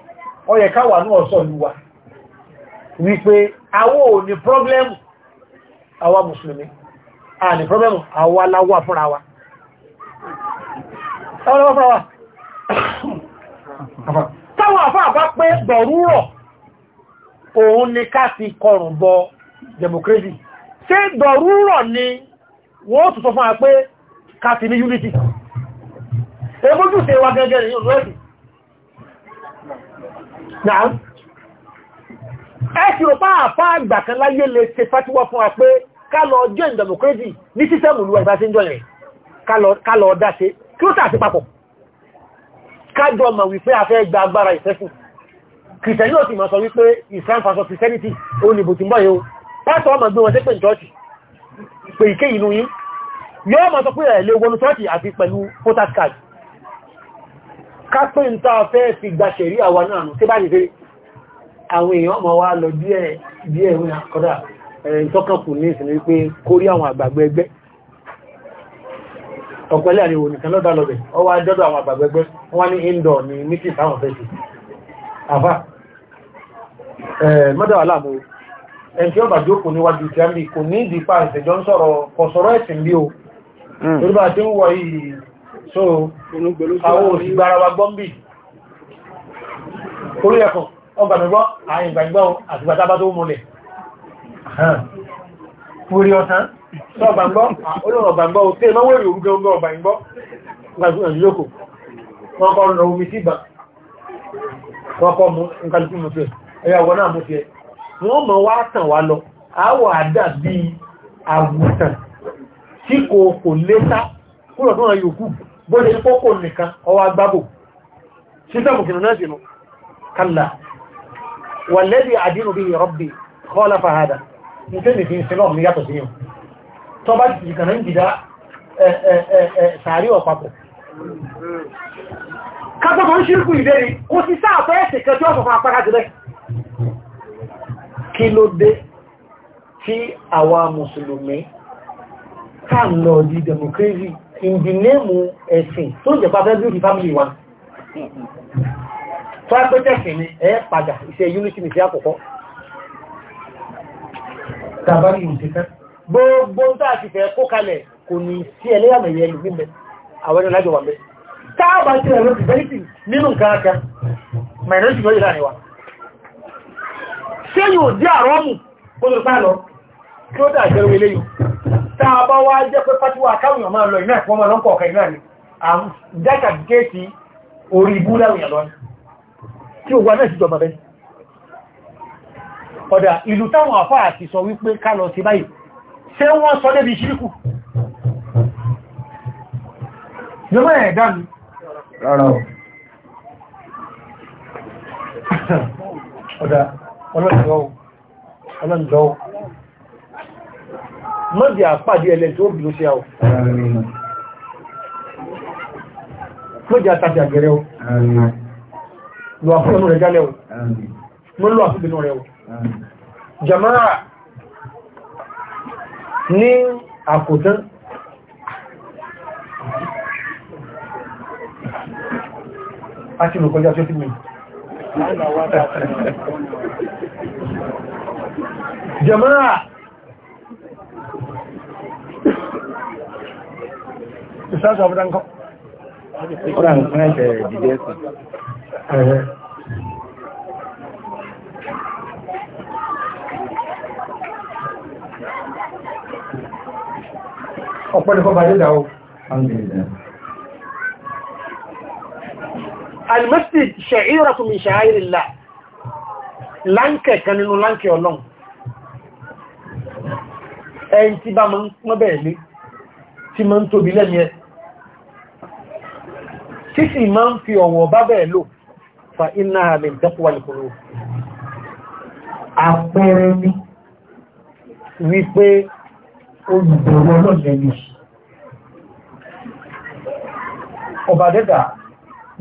ọyẹ káwà ní ọ̀sọ̀ lúwa wípé àwọn ò ní pọ́blẹ́mù àwa mùsùlùmí à ní pọ́blẹ́mù àwa láwà fúnra wa táwọn àfáà bá pé dọ̀rúrọ̀ òun ni ká fi kọrùn bọ democracy ṣé dọ̀rúrọ̀ ni wọ́n tún sọ fún a pé ká fi ní unity ebójú ṣe wa gẹ́gẹ́ rẹ̀ yóò lọ́ẹ̀sì náà ẹ̀sì ò bá àfá àgbà kan láyé lè ṣe fátíwọ́ fún wa pé ká lọ jẹ́ democracy ní sísẹ́mù lúwà ìbáṣẹ́jọ́ rẹ̀ ká lọ dá ṣe kí ó tà kájọ mọ̀ wípé afẹ́ gba agbára ìfẹ́sùn kìtẹ̀lú òsì mọ̀ sọ wípé Islam faso Christianity ó ní bòtúnbọ̀ yóò pátọ̀ ọmọ gbé wọn sí pé ìjọ́ọ̀tì pé ìké inú yí yóò mọ̀ sọ pé ẹ̀lẹ́ ogun tọ́ọ̀tì àti pẹ̀lú voters card kápẹ́ ìta fẹ́ fi gba ṣẹ̀rí àwa náà nù tí bá ní pé àwọn èèyàn mọ̀ wá lọ díẹ̀ díẹ̀ ìwé àkọ́dà ìtọ́kànkù ní ọ̀pẹ́lẹ̀ àríwò nìkan lọ́dá lọ́bẹ̀ ọ wá jọ́dọ̀ àwọn àgbàgbẹ́gbẹ́ wọ́n ní indoor ni mítì sáwọn fẹ́ sí àfá mọ́dàwà láàmú ẹn tí ó bà jókòó níwájú tí a ń bí kò ní ìdípa ìṣẹ̀jọ́ ń sọ̀rọ̀ kò sọ̀rọ̀ ẹ̀sìn bí o hmm. torí bá wa gbọ́n bì orí ẹ̀kọ́ ọgbà mẹ́gbọ́ àyìnbà sọ́gbàgbọ́ olóògbàgbọ́ òkè mọ́wọ́ èrè orúgbẹ́ ogún ọgbàgbọ́ gbàgbọ́n yóò wọ́n kọ́ lọ omi síbà wọ́n kọ́ mú nkàlùkù mú fẹ́ ẹ̀yàwó náà mú fẹ́ wọ́n mọ̀ wá tàn wá lọ àwọ̀ àdà bí àwùtàn tí kò kò létá kúrò tó wọn yòókù bóde kókò nìkan ọwọ́ agbábò sísàmù kìnnà náà sínú kàlà wà lẹ́dí àdínú bí rọ́bì kọ́lá fàhádà nítorí fi ń sinọ́ mi yàtọ̀ sí yàn tó bá jì kànáà ń jìdá sàárì ọ̀pàpọ̀ kápọ̀tọ̀ ń ṣírkù ìbẹ̀rẹ̀ kò sí sáà fẹ́ ẹ̀sẹ̀ kẹjọ ọ̀pọ̀ apára jẹ́ kí ló dé tí àwa mùsùlùmí kàn lọ di democracy in the name ẹ̀sìn tó jẹ́ pàfẹ́ bí ó di family wa tó ẹgbẹ́tẹ̀sìn ni ẹ padà iṣẹ́ unity ní sí àkọ́kọ́ tàbí ìrùsẹ̀kẹ́ gbogbo ń tàà ti fẹ́ kó kalẹ̀ kò ní sí ẹlẹ́yàmẹ̀yẹ ìlú mẹ́ àwọn ẹni lájọ wà mẹ́ káàbà tí ẹ̀rọ ti bẹ́ẹ̀tì nínú nǹkan aka minority lọ́yẹ̀ láàrin wa ṣé yóò dí àrọ́mù kó tó pàá lọ kí ó dàjẹ́ orí eléyìí tá a bá wá jẹ́ pé pátíwá káwọn èèyàn máa lọ iná ìpọ́nmọ́ lọ́nkọ̀ ọ̀kẹ́ iná ni à ń dákà géètì orí ibú láwọn èèyàn lọ tí òwú náà sì jọba bẹ́ẹ̀ ọ̀dà ìlú táwọn àfáà ti sọ wípé ká lọ sí báyìí ṣe wọ́n sọ débi ṣíríkù yọmọ́ ẹ̀dá mi rárá ọ̀dá ọlọ́dọ̀ mọ́dí àpàdé ẹlẹ́ tó bí ló ṣe àwọ̀ mọ́dí àtàdé àgẹ̀rẹ́ o lọ àfúnnú rẹ̀ jálẹ̀ o mọ́ lọ àfúnnú rẹ̀ o jama'a ní àkótán àti ìrùkọjá tó tí mi jama'a ìsáàtọ̀ ọ̀pọ̀dánkọ́ ọ̀rọ̀ àwọn ẹ̀ẹ̀dìdẹ́sì ọ̀pọ̀lọpọ̀ bá dédà ó almasjid sha'iratu min sha'airillah láńkẹ̀ kan nínú láńkẹ̀ ọlọ́run ẹ̀yìn tí bá mọ́ bẹ̀rẹ̀ lé tí mọ́ ń tóbi lẹ́ni ẹ tí sì máa ń fi ọ̀wọ̀ bá bẹ̀rẹ̀ lò fa iná àmì ìdẹ́kùwà nìkòrò àpẹẹrẹ ni wípé olùbẹ̀rù ọlọ́lẹ́ni ọba dẹ́dà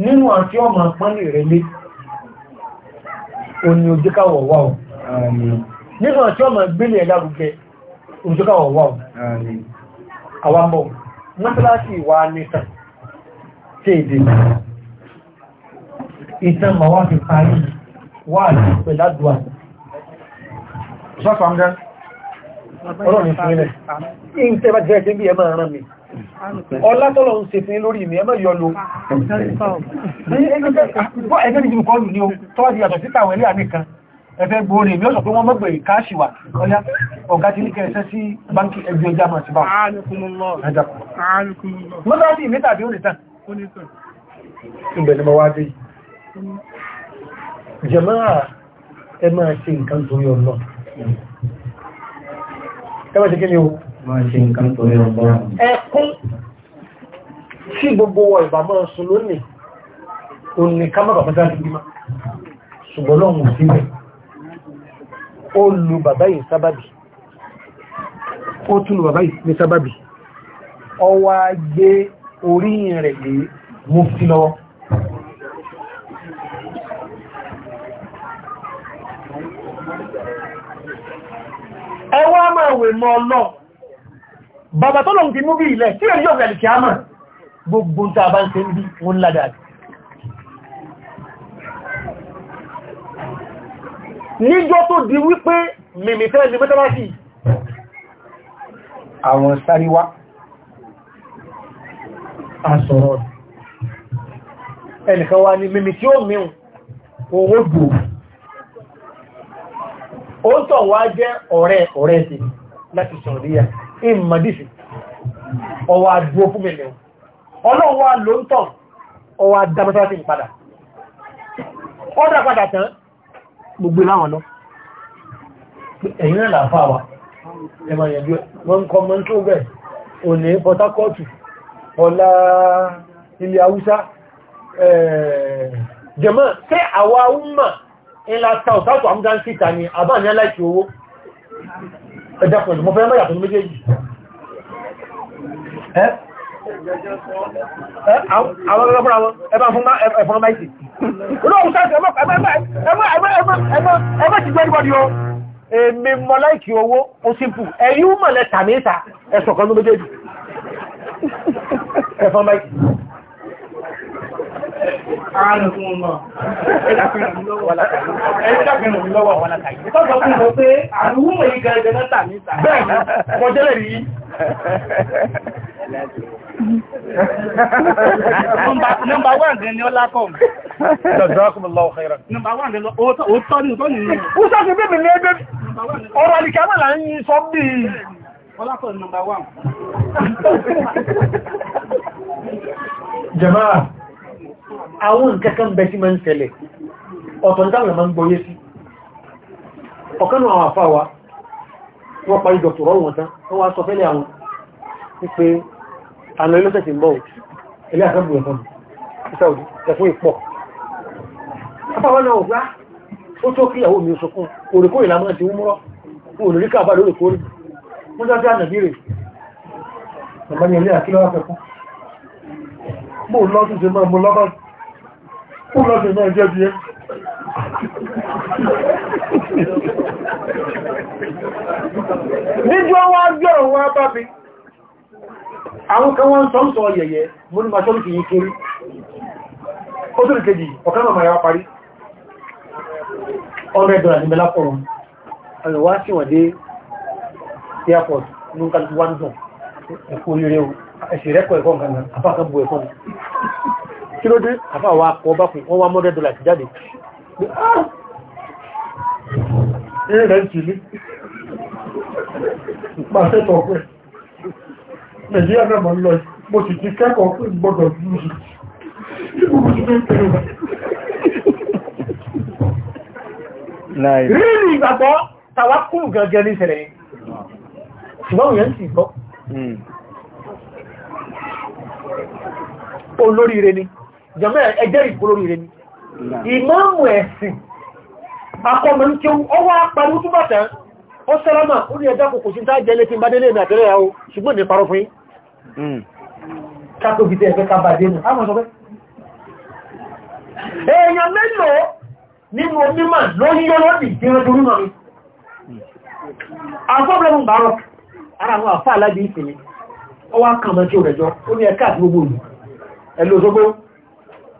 nínú àti ọmọ pánlẹ̀ rẹ̀ lé òní òjíkáwọ̀ wà o nínú àti ọmọ gbílẹ̀ lárugẹ òjíkáwọ̀ wà ọ̀ àwambọ̀ mọ́sálásí wà nìtàn tí èdè ìtàn ma wá fi parí wà pẹ̀lú àdúwà sọ́fàmdán ọlọ́run mi fún ilẹ̀ kí n tẹ́ bá jẹ́ ẹ̀ṣẹ́ bí ẹ máa rán mi ọlá tọ́lọ̀ ń ṣe fún lórí mi ẹ máa yọ lo ẹgbẹ́ ní jùmùkọ́ lù ní o tọ́wọ́ ti yàtọ̀ síta àwọn ẹlẹ́yà nìkan ẹfẹ́ gbóòrè mi ó sọ pé wọ́n mọ́gbẹ̀ káàṣì wà ọlá ọ̀gá ti ní kẹrẹsẹ́ sí báńkì ẹgbẹ́ ọjà máa ti bá mọ́sáàtì ìmẹ́ta àbí òrìtàn ẹwà ṣe kí ni o ẹkún tí gbogbo wọ ìbámọ́ ọ̀sùn lónìí o ní kámọ́bà pẹ́sà ti bímá ṣùgbọ́n lọ́wọ́ sí rẹ̀ ó lu bàbá yìí sábàbì ó tún lu bàbá yìí ní sábàbì ọwọ́ gbé orí rẹ̀ lé mú sí lọ́wọ́ ẹwọ́ a máa wè mọ́ lọ bàbá tó lòun ti mú bí ilẹ̀ tí èyí ọ̀gbẹ̀lì kí a mọ̀ gbogbo ń tàbá ń se ń bí wọ́n ládàdì níjọ́ tó di wípé mìmìfẹ́ ní mẹ́tàlásì àwọn sáríwá asọ̀rọ̀ ẹnìkan wá ní mìmì ó mìíràn owó gbòó ó tọ̀ wá jẹ́ ọ̀rẹ́ ọ̀rẹ́ ti láti sọ̀ríyà in ọwà àdúró fún mẹ́lẹ̀ ọlọ́wà ló ń tọ̀ ọwà padà ọ́dá padà tán gbogbo láwọn lọ ẹ̀yìn rẹ̀ làfà wa ẹmà yẹ̀dú wọn kọ mọ́ tó bẹ̀ òní pọtakọ́tù ọlá ilẹ̀ haúsá sí àwa ńlá ta ọ̀sáàtọ̀ amúdán síta ni àbá ní aláìsí owó ẹjá pẹ̀lú mọ́ fẹ́ mọ́ yàtọ̀ méjèèjì àwọn ọ̀rọ̀ fúnra wọn ẹbá fún ẹ̀fọ́n máìsì olóòwò sáàtì ẹmọ́ ti gbẹ́rìbọ́ di o èmi mọ́ láìkí owó ó símpù ẹ̀yí mọ̀lẹ̀ tàmíta ẹ̀sọ̀kan méjèèjì ẹ̀fọ́n máìsì ààrùn fún ọmọ ẹ̀ẹ́dàgbẹ̀rún lọ́wọ́ wọn látàrí tọ́jọ́ fún ọ pé àrùn wọ́n èyí gẹ̀ẹ́gẹ̀ náà tà níta bẹ́ẹ̀ ni kọjẹ́lẹ̀ rí nọmba wà ní ni ó lákọ̀m nọmba wà ní ó tọ́ ní ọ̀tọ́ nìyí ó sáfẹ́ bẹ́ẹ̀ ní ẹgbẹ́ ọ̀rọ̀ àlìkà náà là ń yin sọ bí ọlákọ̀ nọmba wà jẹ́máà àwọn nǹkan kan bẹ sí máa ń ṣẹlẹ̀ ọ̀tọ̀ ní táwọn máa ń gbọ́yé sí ọ̀kanù àwọn àfá wa wọ́n parí dọ̀tọ̀rọ̀ wọn tán wọ́n wá sọ fẹ́lẹ̀ àwọn wípé àná ilọ́sẹ̀ ti ń bọ̀ ilé àtàbù ẹ̀fọn ìsáòdì ẹ̀fún ìpọ̀ afáwọn náà wá ah, ó tó kí ìyàwó mi sọkún òrèkó ìlàmà ti ń múrọ́ òrèrí káàbà lórí kórì wọ́n dájú ànàbí rè bàbá ni ilé àkílọ́wà fẹ́kún mú lọ́dún ti máa mú lọ́bàdùn kú lọ́sẹ̀ náà jẹ́ ẹ́ níjọ́ wá gbọ́ wá bá àwọn kan wọ́n sọ ń sọ yẹ̀yẹ́ mú ní màṣọ́lù kìí kiri ó tó lè ọ̀kan mọ̀ ya parí ọ̀rẹ́ dọ̀rà ní mẹ́lá fọ́rọ̀ ọ̀rẹ́ sí wọ́n dé airport ní kálùkù wá ń dùn ẹ̀kú orí rẹ̀ ẹ̀sì rẹ́kọ̀ọ́ ẹ̀kọ́ kí ló dé àfà wa kọ bá fún wọn wá mọ́dẹ́ dọ́là ti jáde ẹ̀rẹ́ ah! rẹ̀ ti lé pàṣẹ tọ̀pẹ́ nàìjíríà náà mọ̀ lọ mo sì ti kẹ́kọ̀ọ́ pé gbọ́dọ̀ lùsù rí ní ìgbàgbọ́ tàwákùn gẹ́gẹ́ ní ìṣẹ̀lẹ̀ yìí ṣùgbọ́n òyìn sì gbọ́ hmm. ni jọmọ́ ẹjẹ́ ìpolórí rẹ̀ ni ìmáàmù ẹ̀sìn akọmọ̀ ní kí ọwọ́ apàrí tó bá tán ó sẹ́rọ́mà ó ní ẹjá kòkò sí táà jẹ́lé tí ń bá délé ìmì àtẹ́lẹ̀ àwọ ṣùgbọ́n ní parọ́ fún yí hmm. kátó bìtẹ́ ẹ̀fẹ́ kábà dénú èèyàn mélòó nínú onímọ̀ ló ń yọ́ lọ́dì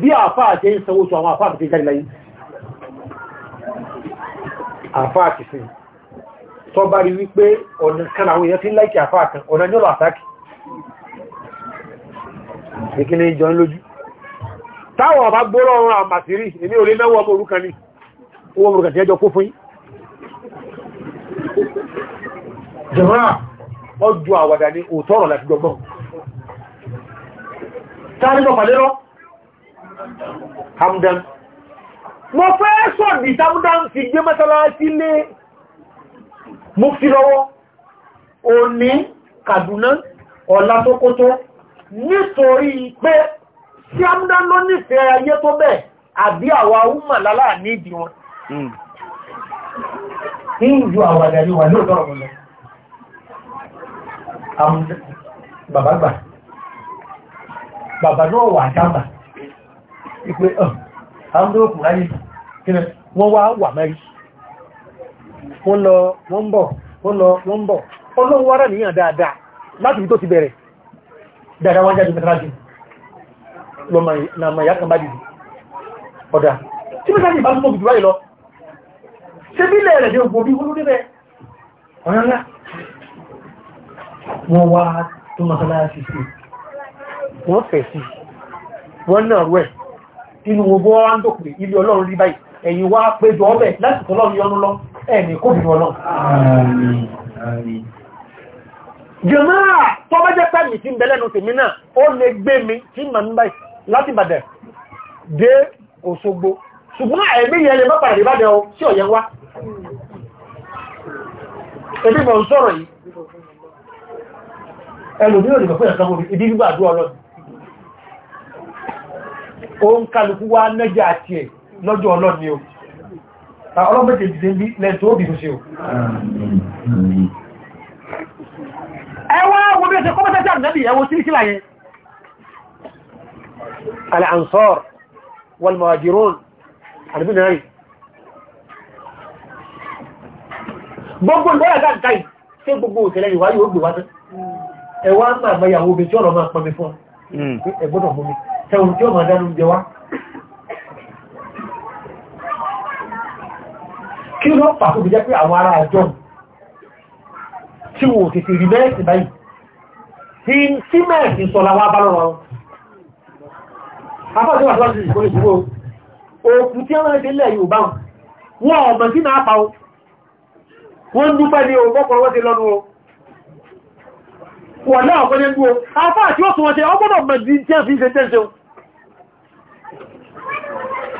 bí àfáà àti ẹ̀yìn sanwó sọ àwọn àfáà àti jáde láyé àfáà ti sin tó bá rí wípé ọ̀nà kan àwọn èèyàn fi ń láìkì àfáà kan ọ̀nà ní ọ̀lọ̀ àtàkì ìkíní ìjọ ń lójú táwọn ọba gbọ́rọ̀ ọ̀rọ̀ àmàtìrí èmi ò lè náwó ọmọ orúkan ní owó orúkan tí ẹjọ́ kó fún yín jẹ́mọ́ ọjọ́ àwàdà ní òótọ́ ọ̀rọ̀ láti gbọ́gbọ́n hamdan mo fẹ́ sọ̀dì hamdan ti gbé mẹ́sàlásí lé mufti lọ́wọ́ òní Kaduna ọ̀lá Sókótó nítorí pé sí hamdan ló nífẹ̀ẹ́ ayé tó bẹ́ẹ̀ àbí àwa ọmọ lálá ní ìdí wọn ìjú àwàdà ni wà lóòtọ́ ọ̀rọ̀ bàbá gbà bàbá náà wà dábàá ìpé oh, àmúrókù ráyé kílẹ̀ wọ́n wá wà mẹ́rí wọ́n lọ wọ́n bọ̀ wọ́n lọ wọ́n bọ̀ ọlọ́run wárà níyàn dáadáa láti ibi tó ti bẹ̀rẹ̀ dáadáa wọ́n jáde mẹ́tàlájì lọ́mọ ìnàmà ìyá kan bá dìdì ọ̀dà tí mẹ́tàlájì bá túnmọ̀ bìdúrà ìlọ ṣe bí lẹ́ẹ̀rẹ̀ jẹ́ ògbò bí wọ́n níbẹ̀ ọ̀rẹ́lá wọ́n wá tó sí wọ́n fẹ̀ sí wọ́n náà rẹ̀ inú gbogbo wá ń dòkùnrin ilé ọlọ́run rí báyìí ẹ̀yìn wá péjọ ọbẹ̀ láti tọ́lọ́run yọnu lọ ẹ̀mí kó bìí ọlọ́run jẹ́máà tó bá jẹ́ pẹ́mì tí ń bẹ lẹ́nu tèmi náà ó lè gbé mi tí mà ń báyìí láti bàdẹ̀ dé Òṣogbo ṣùgbọ́n ẹ̀mí yẹn lè mọ́pàá ìbádẹ́ o sí ọ̀yẹ́ wá ẹbí mọ̀ ń sọ̀rọ̀ yìí ó ń kálukú wá nẹ́jà àti ẹ̀ lọ́jọ́ ọlọ́ni o ọlọ́mọdé dìde bí lẹ́tọ́ òbí tó ṣe o ẹwà wo bí ẹ̀ṣẹ̀ kọ́mọ́sẹ́sẹ́ àdínábì ẹwọ sí ìṣílá yẹn al-ansar wal-muhajirun alìbìnrin gbogbo ìgbọ́yà gáàgáì tí ẹ̀wọ̀n tí ó máa dánú jẹ wá kí ló pàtó bí jẹ́ pé àwọn ará àjọ tí wò tètè rí mẹ́ẹ̀sì báyìí tí mẹ́ẹ̀sì sọ́lá wá bá lọ́rọ̀ afọ́sí wà sọ́lá ìkó ìṣúgbó òkú tí wọ́n rẹ̀ lẹ́ yóò bá wọn ọmọ tí náà pa o wọ́n dúpẹ́ ní o bọ́kọ̀ wọ́n ti lọ́nu o wọ̀lá ọ̀pẹ́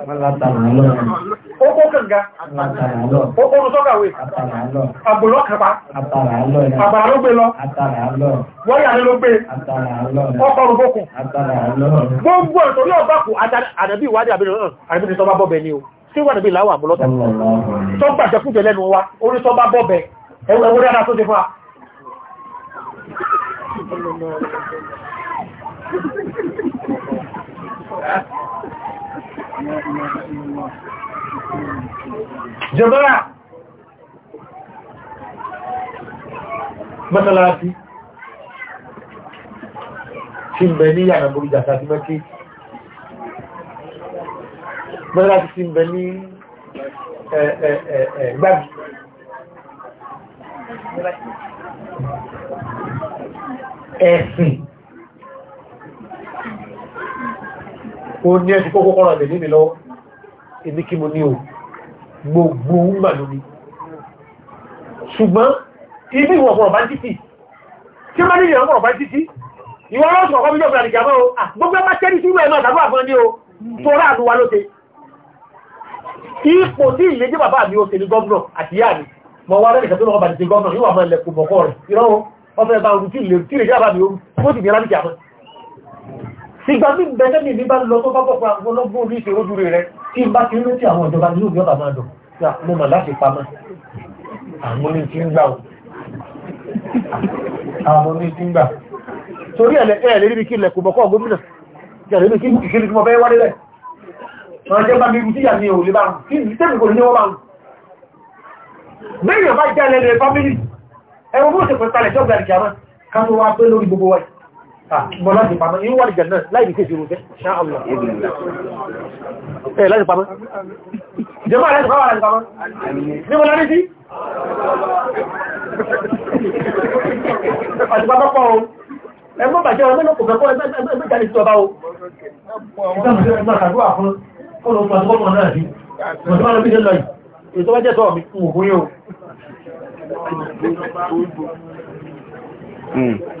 Ọkọ̀kọ̀gá, ọkọ̀rún sọ́kàwé, àbòlọ́kàpá, àbàràlógbé lọ, wọ́yà lé ló gbé, ọkọ̀rún fókùn, gbogbo ẹ̀tọ́ ní ọ̀bákù àdàbí ìwádìí àbí ìrìn tọ́bá bọ́bẹ̀ ni o, tí wà níbi láwà àbòlọ́kà. Tọ́ gbàjẹ́kújẹ lẹ́nu wa, orí tọ́bá bọ́bẹ̀, ẹwẹ́ orí ara tó ti fún wa jẹmọ́ra mọ́sálásí tí ń bẹ ní yàrá burújà tàbí mẹ́kí mọ́sálásí tí ń bẹ ní gbájú ẹ̀sìn ó ní ẹ̀sùn kókó kọ́rọ̀ lè níbi lọ́wọ́ èmi kí mo ní o gbogbo ń gbà lórí ṣùgbọ́n ibi ìwọ̀n fọ̀rọ̀ bá títì tí ó bá ní ìwọ̀n fọ̀rọ̀ bá títì ìwọ̀n lọ́wọ́ sọ̀rọ̀ bí lọ́pàá ìjàmọ́ o gbogbo ẹgbẹ́ tẹ́rí sí ìwọ̀n àtàbí àfọn ní o tó ráàdù wa lóte ipò tí ilé jẹ́ bàbá mi ó ṣe ní gọ́ọ̀nà àti yáà mi mọ̀ wá rẹ̀ ìṣẹ́tọ́ lọ́wọ́ bá ti ṣe gọ́ọ̀nà yíwà mọ́ sígbà bí bẹ́tẹ́ ní bí bá lọ tó bá pọ̀pọ̀ àwọn ọlọ́gbọ́n orí ìṣẹ́ ojú rẹ̀ tí bá ti ní tí àwọn ìjọba yóò yọba máa dùn mo mà láti pamọ́ àwọn ní ti ń gbà ó àwọn ní ti ń gbà torí ẹ̀lẹ́ ẹ̀ lérí bí kí ilẹ̀ kò bọ́kọ́ gómìnà jẹ̀rẹ̀ bí kí ìṣẹ́lẹ̀ tí mo fẹ́ wálé lẹ̀ wọ́n jẹ́ bá mi rú tíyà mi ò lè bá rùn kí ìṣẹ́lẹ̀ kò ní wọ́n bá rùn mẹ́rin ọba jẹ́ ẹlẹ́rẹ̀ fámílì ẹ̀rọ bó ṣe pẹ̀tàlẹ̀ jọ́gbẹ̀rẹ̀ kí a máa ká tó wá pé lórí gbogbo wáyé Ah, mọ́ láti pàmọ́ inú wà nìjẹ̀ náà láì dìkẹ́ ìṣòro jẹ́ ṣáàlùwà ẹ̀ láti pàmọ́ jẹ́mọ́ láti pàmọ́ láti pàmọ́ níbo láti sí àti pàmọ́ pọ̀ ohun ẹgbọ́n bàjẹ́ ọmọ mẹ́lọ́pọ̀ mẹ́kọ́ ẹgbẹ́ jáde sí ọba o ìgbàmọ̀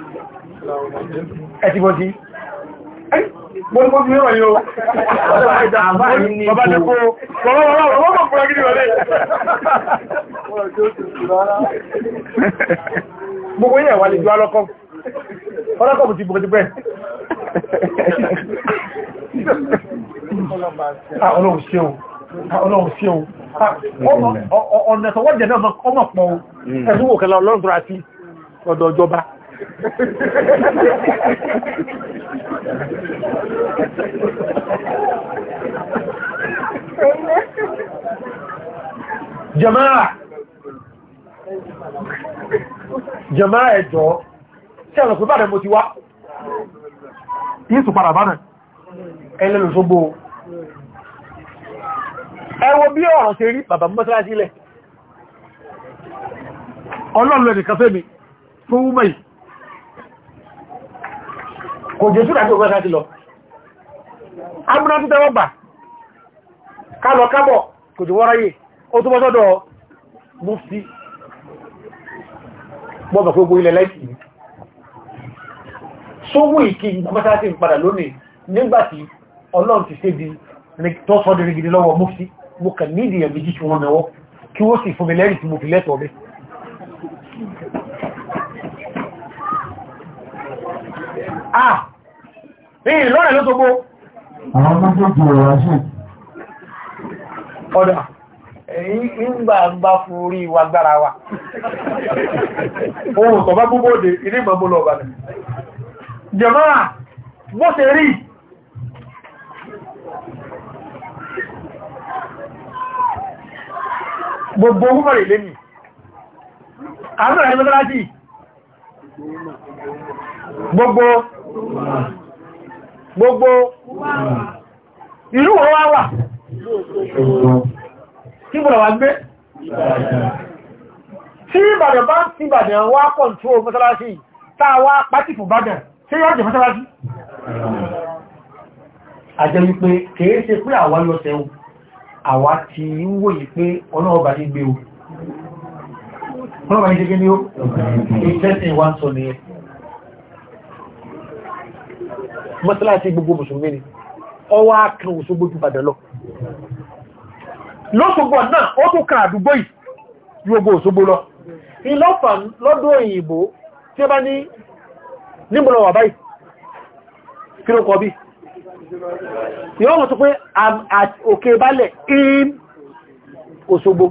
ẹ ti bọ́ sí gbogbo fi rọ̀ yóò bàbá dẹ́kọ́ ọlọ́pàá fúra gidi wọlé gbogbo yẹ̀ wà lè jọ alọ́kọ́ ọlọ́kọ́ bù ti bùkẹ́ ti pẹ́ ah, ọlọ́run o, ah, ọlọ́run ah, o, ọ̀nà ẹ̀sọ̀wọ́jẹ̀ náà ọmọ pọ̀ hmm. ẹ̀sùn òkèlà ọlọ́run tó rà sí ọ̀dọ̀ ìjọba jama'a jama'a ẹjọ́ tí a lọ pẹ́ bàdẹ̀ mo ti wá yíso padà bánà ẹlẹ́lù sógbó ẹwọ bí ọ̀rọ̀ ṣe rí bàbá mọ́sára sílẹ̀ ọlọ́run ẹ̀dẹ̀kafẹ́ mi fún wúmọ̀ yìí kò jésù láti ọgbẹ́ sáti lọ amúná tó tẹ́wọ́ gbà kálọ kábọ̀ kò jù wọ́ráyé ó tó bọ́sọ́dọ̀ mufti bọ́bà gbogbo ilẹ̀ láìsí sówó ìkí mọ́sáti padà lónìí nígbàtí ọlọ́run ti sébi tọ́sọ́dì rigidi lọ́wọ́ mufti mo kà nídìí ẹ̀mí jí kí wọ́n náwọ́ ah ìyìn lọ́rẹ̀ ló tógbó àwọn méjèèjì ọ̀rọ̀ ṣe ọ̀dà èyí ń fún orí wa gbára wa ohun tó bá gbogbo òde ilé ìgbàmọ́ lọ bàdà jẹ̀mọ́ra bó ṣe rí gbogbo owó mọ̀rẹ̀ lé àwọn gbogbo gbogbo ìlú wọ́n wá wà tí bọ̀rọ̀ wà gbé tí bá wá pọ̀ tí mọ́sálásí táa wá tí yọ́ jẹ́ mọ́sálásí àjẹ́ wípé kèé pé lọ́sẹ̀ o ti ń pé ọlọ́ọ̀bà gbé o ọlọ́ọ̀bà ó ìfẹ́sìn wá ń sọ mọ́sálásí gbogbo mùsùlùmí ni ọwọ́ akẹrùn Òṣogbo ju Ìbàdàn lọ lọ́sọ̀gbọ̀ náà ó tún ká àdúgbò yìí gbogbo Òṣogbo lọ ìlọ́fà lọ́dún òyìnbó tí ó bá ní níbùlọ̀ wà báyìí kí ló bí ìwọ́n tó pé òkè balẹ̀ in Òṣogbo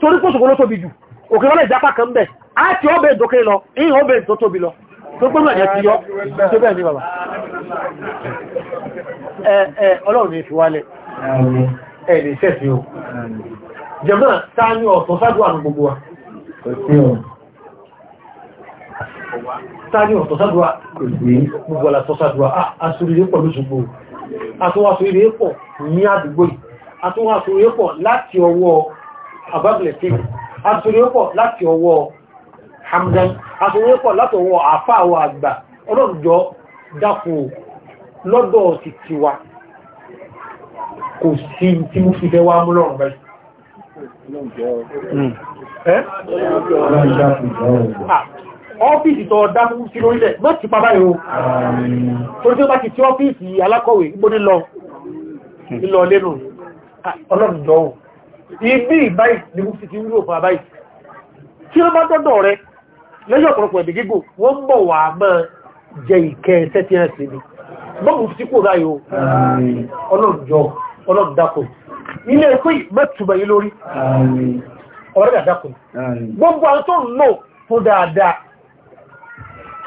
torí pé Òṣogbo ló tóbi jù òkè balẹ̀ jápá kan bẹ̀ á ti ọbẹ̀ in ọbẹ̀ tó tóbi tó gbọ́nà yẹ ti yọ́ tó bẹ́ẹ̀ ní bàbá ẹ̀ ọlọ́run ní fi wálẹ̀ ẹ̀ lè ṣẹ́ sí o jẹ́mọ́ ta ní ọ̀tọ̀ sádùn àrùn gbogbo wa ta ní ọ̀tọ̀ sádùn gbogbo alàtọ̀ sádùn àṣírí pọ̀ lóṣùgbò àtúnwàṣírí pọ̀ ní àdúgbò àtúnwàṣírí pọ̀ láti ọwọ́ àbábìlẹ̀ tí àṣírí pọ̀ láti ọwọ́ hamdan aṣòwòpọ̀ látọwọ́ àfà àwọn àgbà ọlọ́dọ̀ dákò lọ́dọ̀ ti ti wa kò sí tí mú fi fẹ́ wá mú lọ́rùn báyìí hmm. ah, ọ́fíìsì tọ́ dámú sí lórílẹ̀ mọ́ ti pa o torí tí ó bá ti tí ọ́fíìsì alákọ̀wé gbóní lọ ìlọ hmm. lẹ́nu ah, ọlọ́dọ̀ ibi ìbáyìí ni mú fi ti wúrò fún àbáyìí tí ó bá dọ́dọ̀ rẹ̀ lẹ́yìn ọ̀pọ̀lọpọ̀ ẹ̀bì gígùn wọ́n bọ̀ wà máa jẹ ìkẹ́ ẹsẹ́ tí a sì ní bọ́ọ̀mù tí kò ráyò ọlọ́jọ́ ọlọ́dàkùn ilé ẹ̀kọ́ mẹ́tùmọ̀ yìí lórí ọlọ́dàkùn gbogbo àwọn tó ń lò fún dáadáa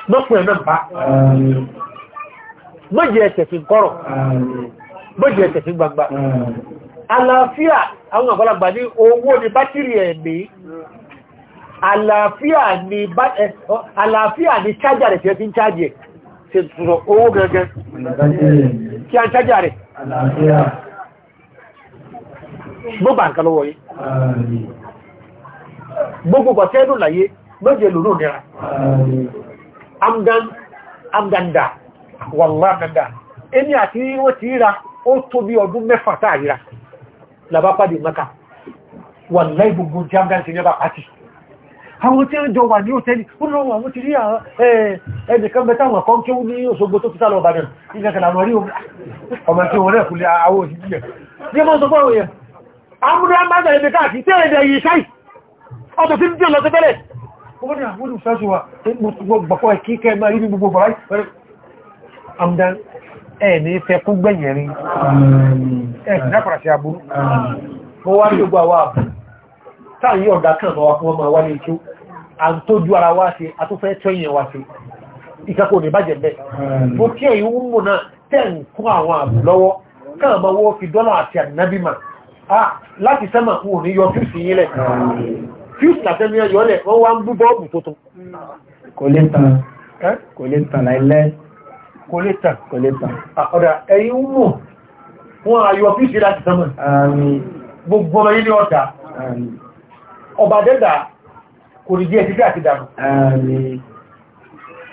mọ́kùn ẹ̀mẹ́ bá mọ́jẹ ẹ̀sẹ̀ fi kọ́rọ̀ mọ́jẹ ẹ̀sẹ̀ fi gbangba àlàáfíà àwọn àgbàlagbà ní owó ni bátìrì ẹ̀mí àlàáfíà ni chájà rẹ̀ tí ó fi ń chájì ẹ̀ ṣe tùrọ̀ owó gẹ́gẹ́ kí a ń chájà rẹ̀ gbogbo nǹkan lọ́wọ́ yìí gbogbo bọ̀tẹ́lù láyé méje lòrò nira amganda wàlá ganda ẹni àti wọ́n ti ríra ó tó bí ọdún mẹ́fà táàríra làbápàdé mẹ́ka wàlá ìgbogbo jamgan ti ní ọba pàtì àwọn tí ó jọ wà ní òtẹ́lì ó lọ́wọ́ àwọn ti rí ẹnìkan bẹ́ta àwọn kan kí ó ní Òṣogbo tó fítà lọ Ìbàdàn ìgbẹ̀kẹ̀lá wọn rí ọmọ tí wọ́n rẹ̀ kúlẹ̀ àwọn òṣìṣẹ́ ní mọ́ sọ fọ́wọ́ yẹn amúdá máa jẹ́ ẹgbẹ̀ káàkiri tí ẹ̀rẹ̀ yìí ṣáì ọ̀tọ̀ tí ń dí ọlọ́tẹ́ tẹ́lẹ̀ ó ní àwọn olùsáṣùwà gbọ́gbọ́kọ́ ẹ̀kíkẹ́ máa rí ní gbogbo bàbá àmdá ẹ̀ ní fẹ́ kú gbẹ̀yẹ̀rin ẹ̀ táàyí ọ̀dá kan ma wá fún ọmọ wá ní ikú à ń tójú ara wá ṣe àtúfẹ́ tẹ́yìn wá ṣe ìkàkò ní bàjẹ́ bẹ́ẹ̀ bó kí ẹ̀yìn ń mú náà tẹ́ ń kún àwọn àbù lọ́wọ́ káà ma wọ́ fi dọ́là àti ànábì mà á láti sẹ́mà ń wò ní yọ fíìsì yín lẹ̀ fíìsì àtẹ́mi ọyọ́ lẹ̀ wọ́n wá ń bú bọ́ọ̀bù láti sẹ́mà gbogbo ọmọ yìí ní ọba dẹ́dà kò ní jẹ́ títí àti dànù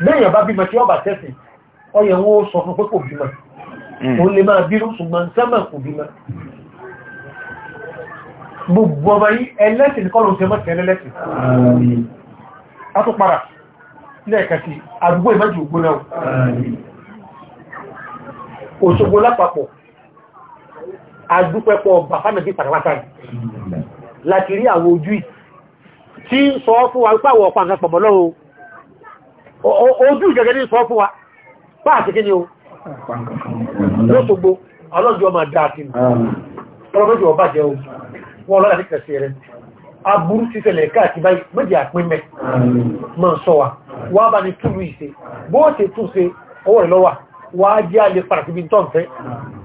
lẹ́yìn ọba bímọ tí ọba tẹ́sìn ọyẹ̀ wọn ó sọ fún pé kò bímọ o hmm. lè máa bírú ṣùgbọ́n sẹ́mà kò bímọ gbogbo ọmọ yí ẹlẹ́sìn kọ́ lóun ṣe Òṣogbo lápapọ̀ adúpẹ́pọ̀ bàfánà bí pàtàkì láti rí àwọn ojú tí ń sọ fún wa pàwọ̀ ọ̀pá nǹkan pọ̀mọ́ lọ́wọ́ ojú ìgẹ̀gẹ̀ ní sọ fún wa pàà sí kí ni o lóṣogbo ọlọ́jọ́ máa dáa tí ọlọ́jọ́ ọba jẹ́ o wọ́n lọ́la ní kẹsì rẹ̀ aburú ti ṣẹlẹ̀ káàkiri báyìí méjì àpínmẹ́ ma ń sọ wa wá bá ní túlù ìṣe bó ṣe túnṣe ọwọ́ rẹ̀ lọ́wà wá jẹ́ alẹ́ pàtàkì bí tọ́ǹfẹ́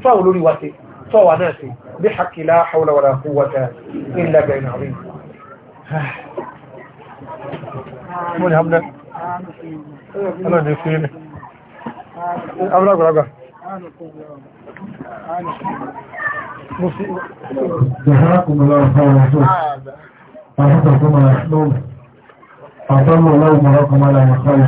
fáwọn olórí wa ṣe فواناتي بحق لا حول ولا قوة إلا بين عظيم من همنا أنا نفسيني أبرق رقا جزاكم الله خيرا أحبكم الأحلول أطلوا لهم رقم على مخالف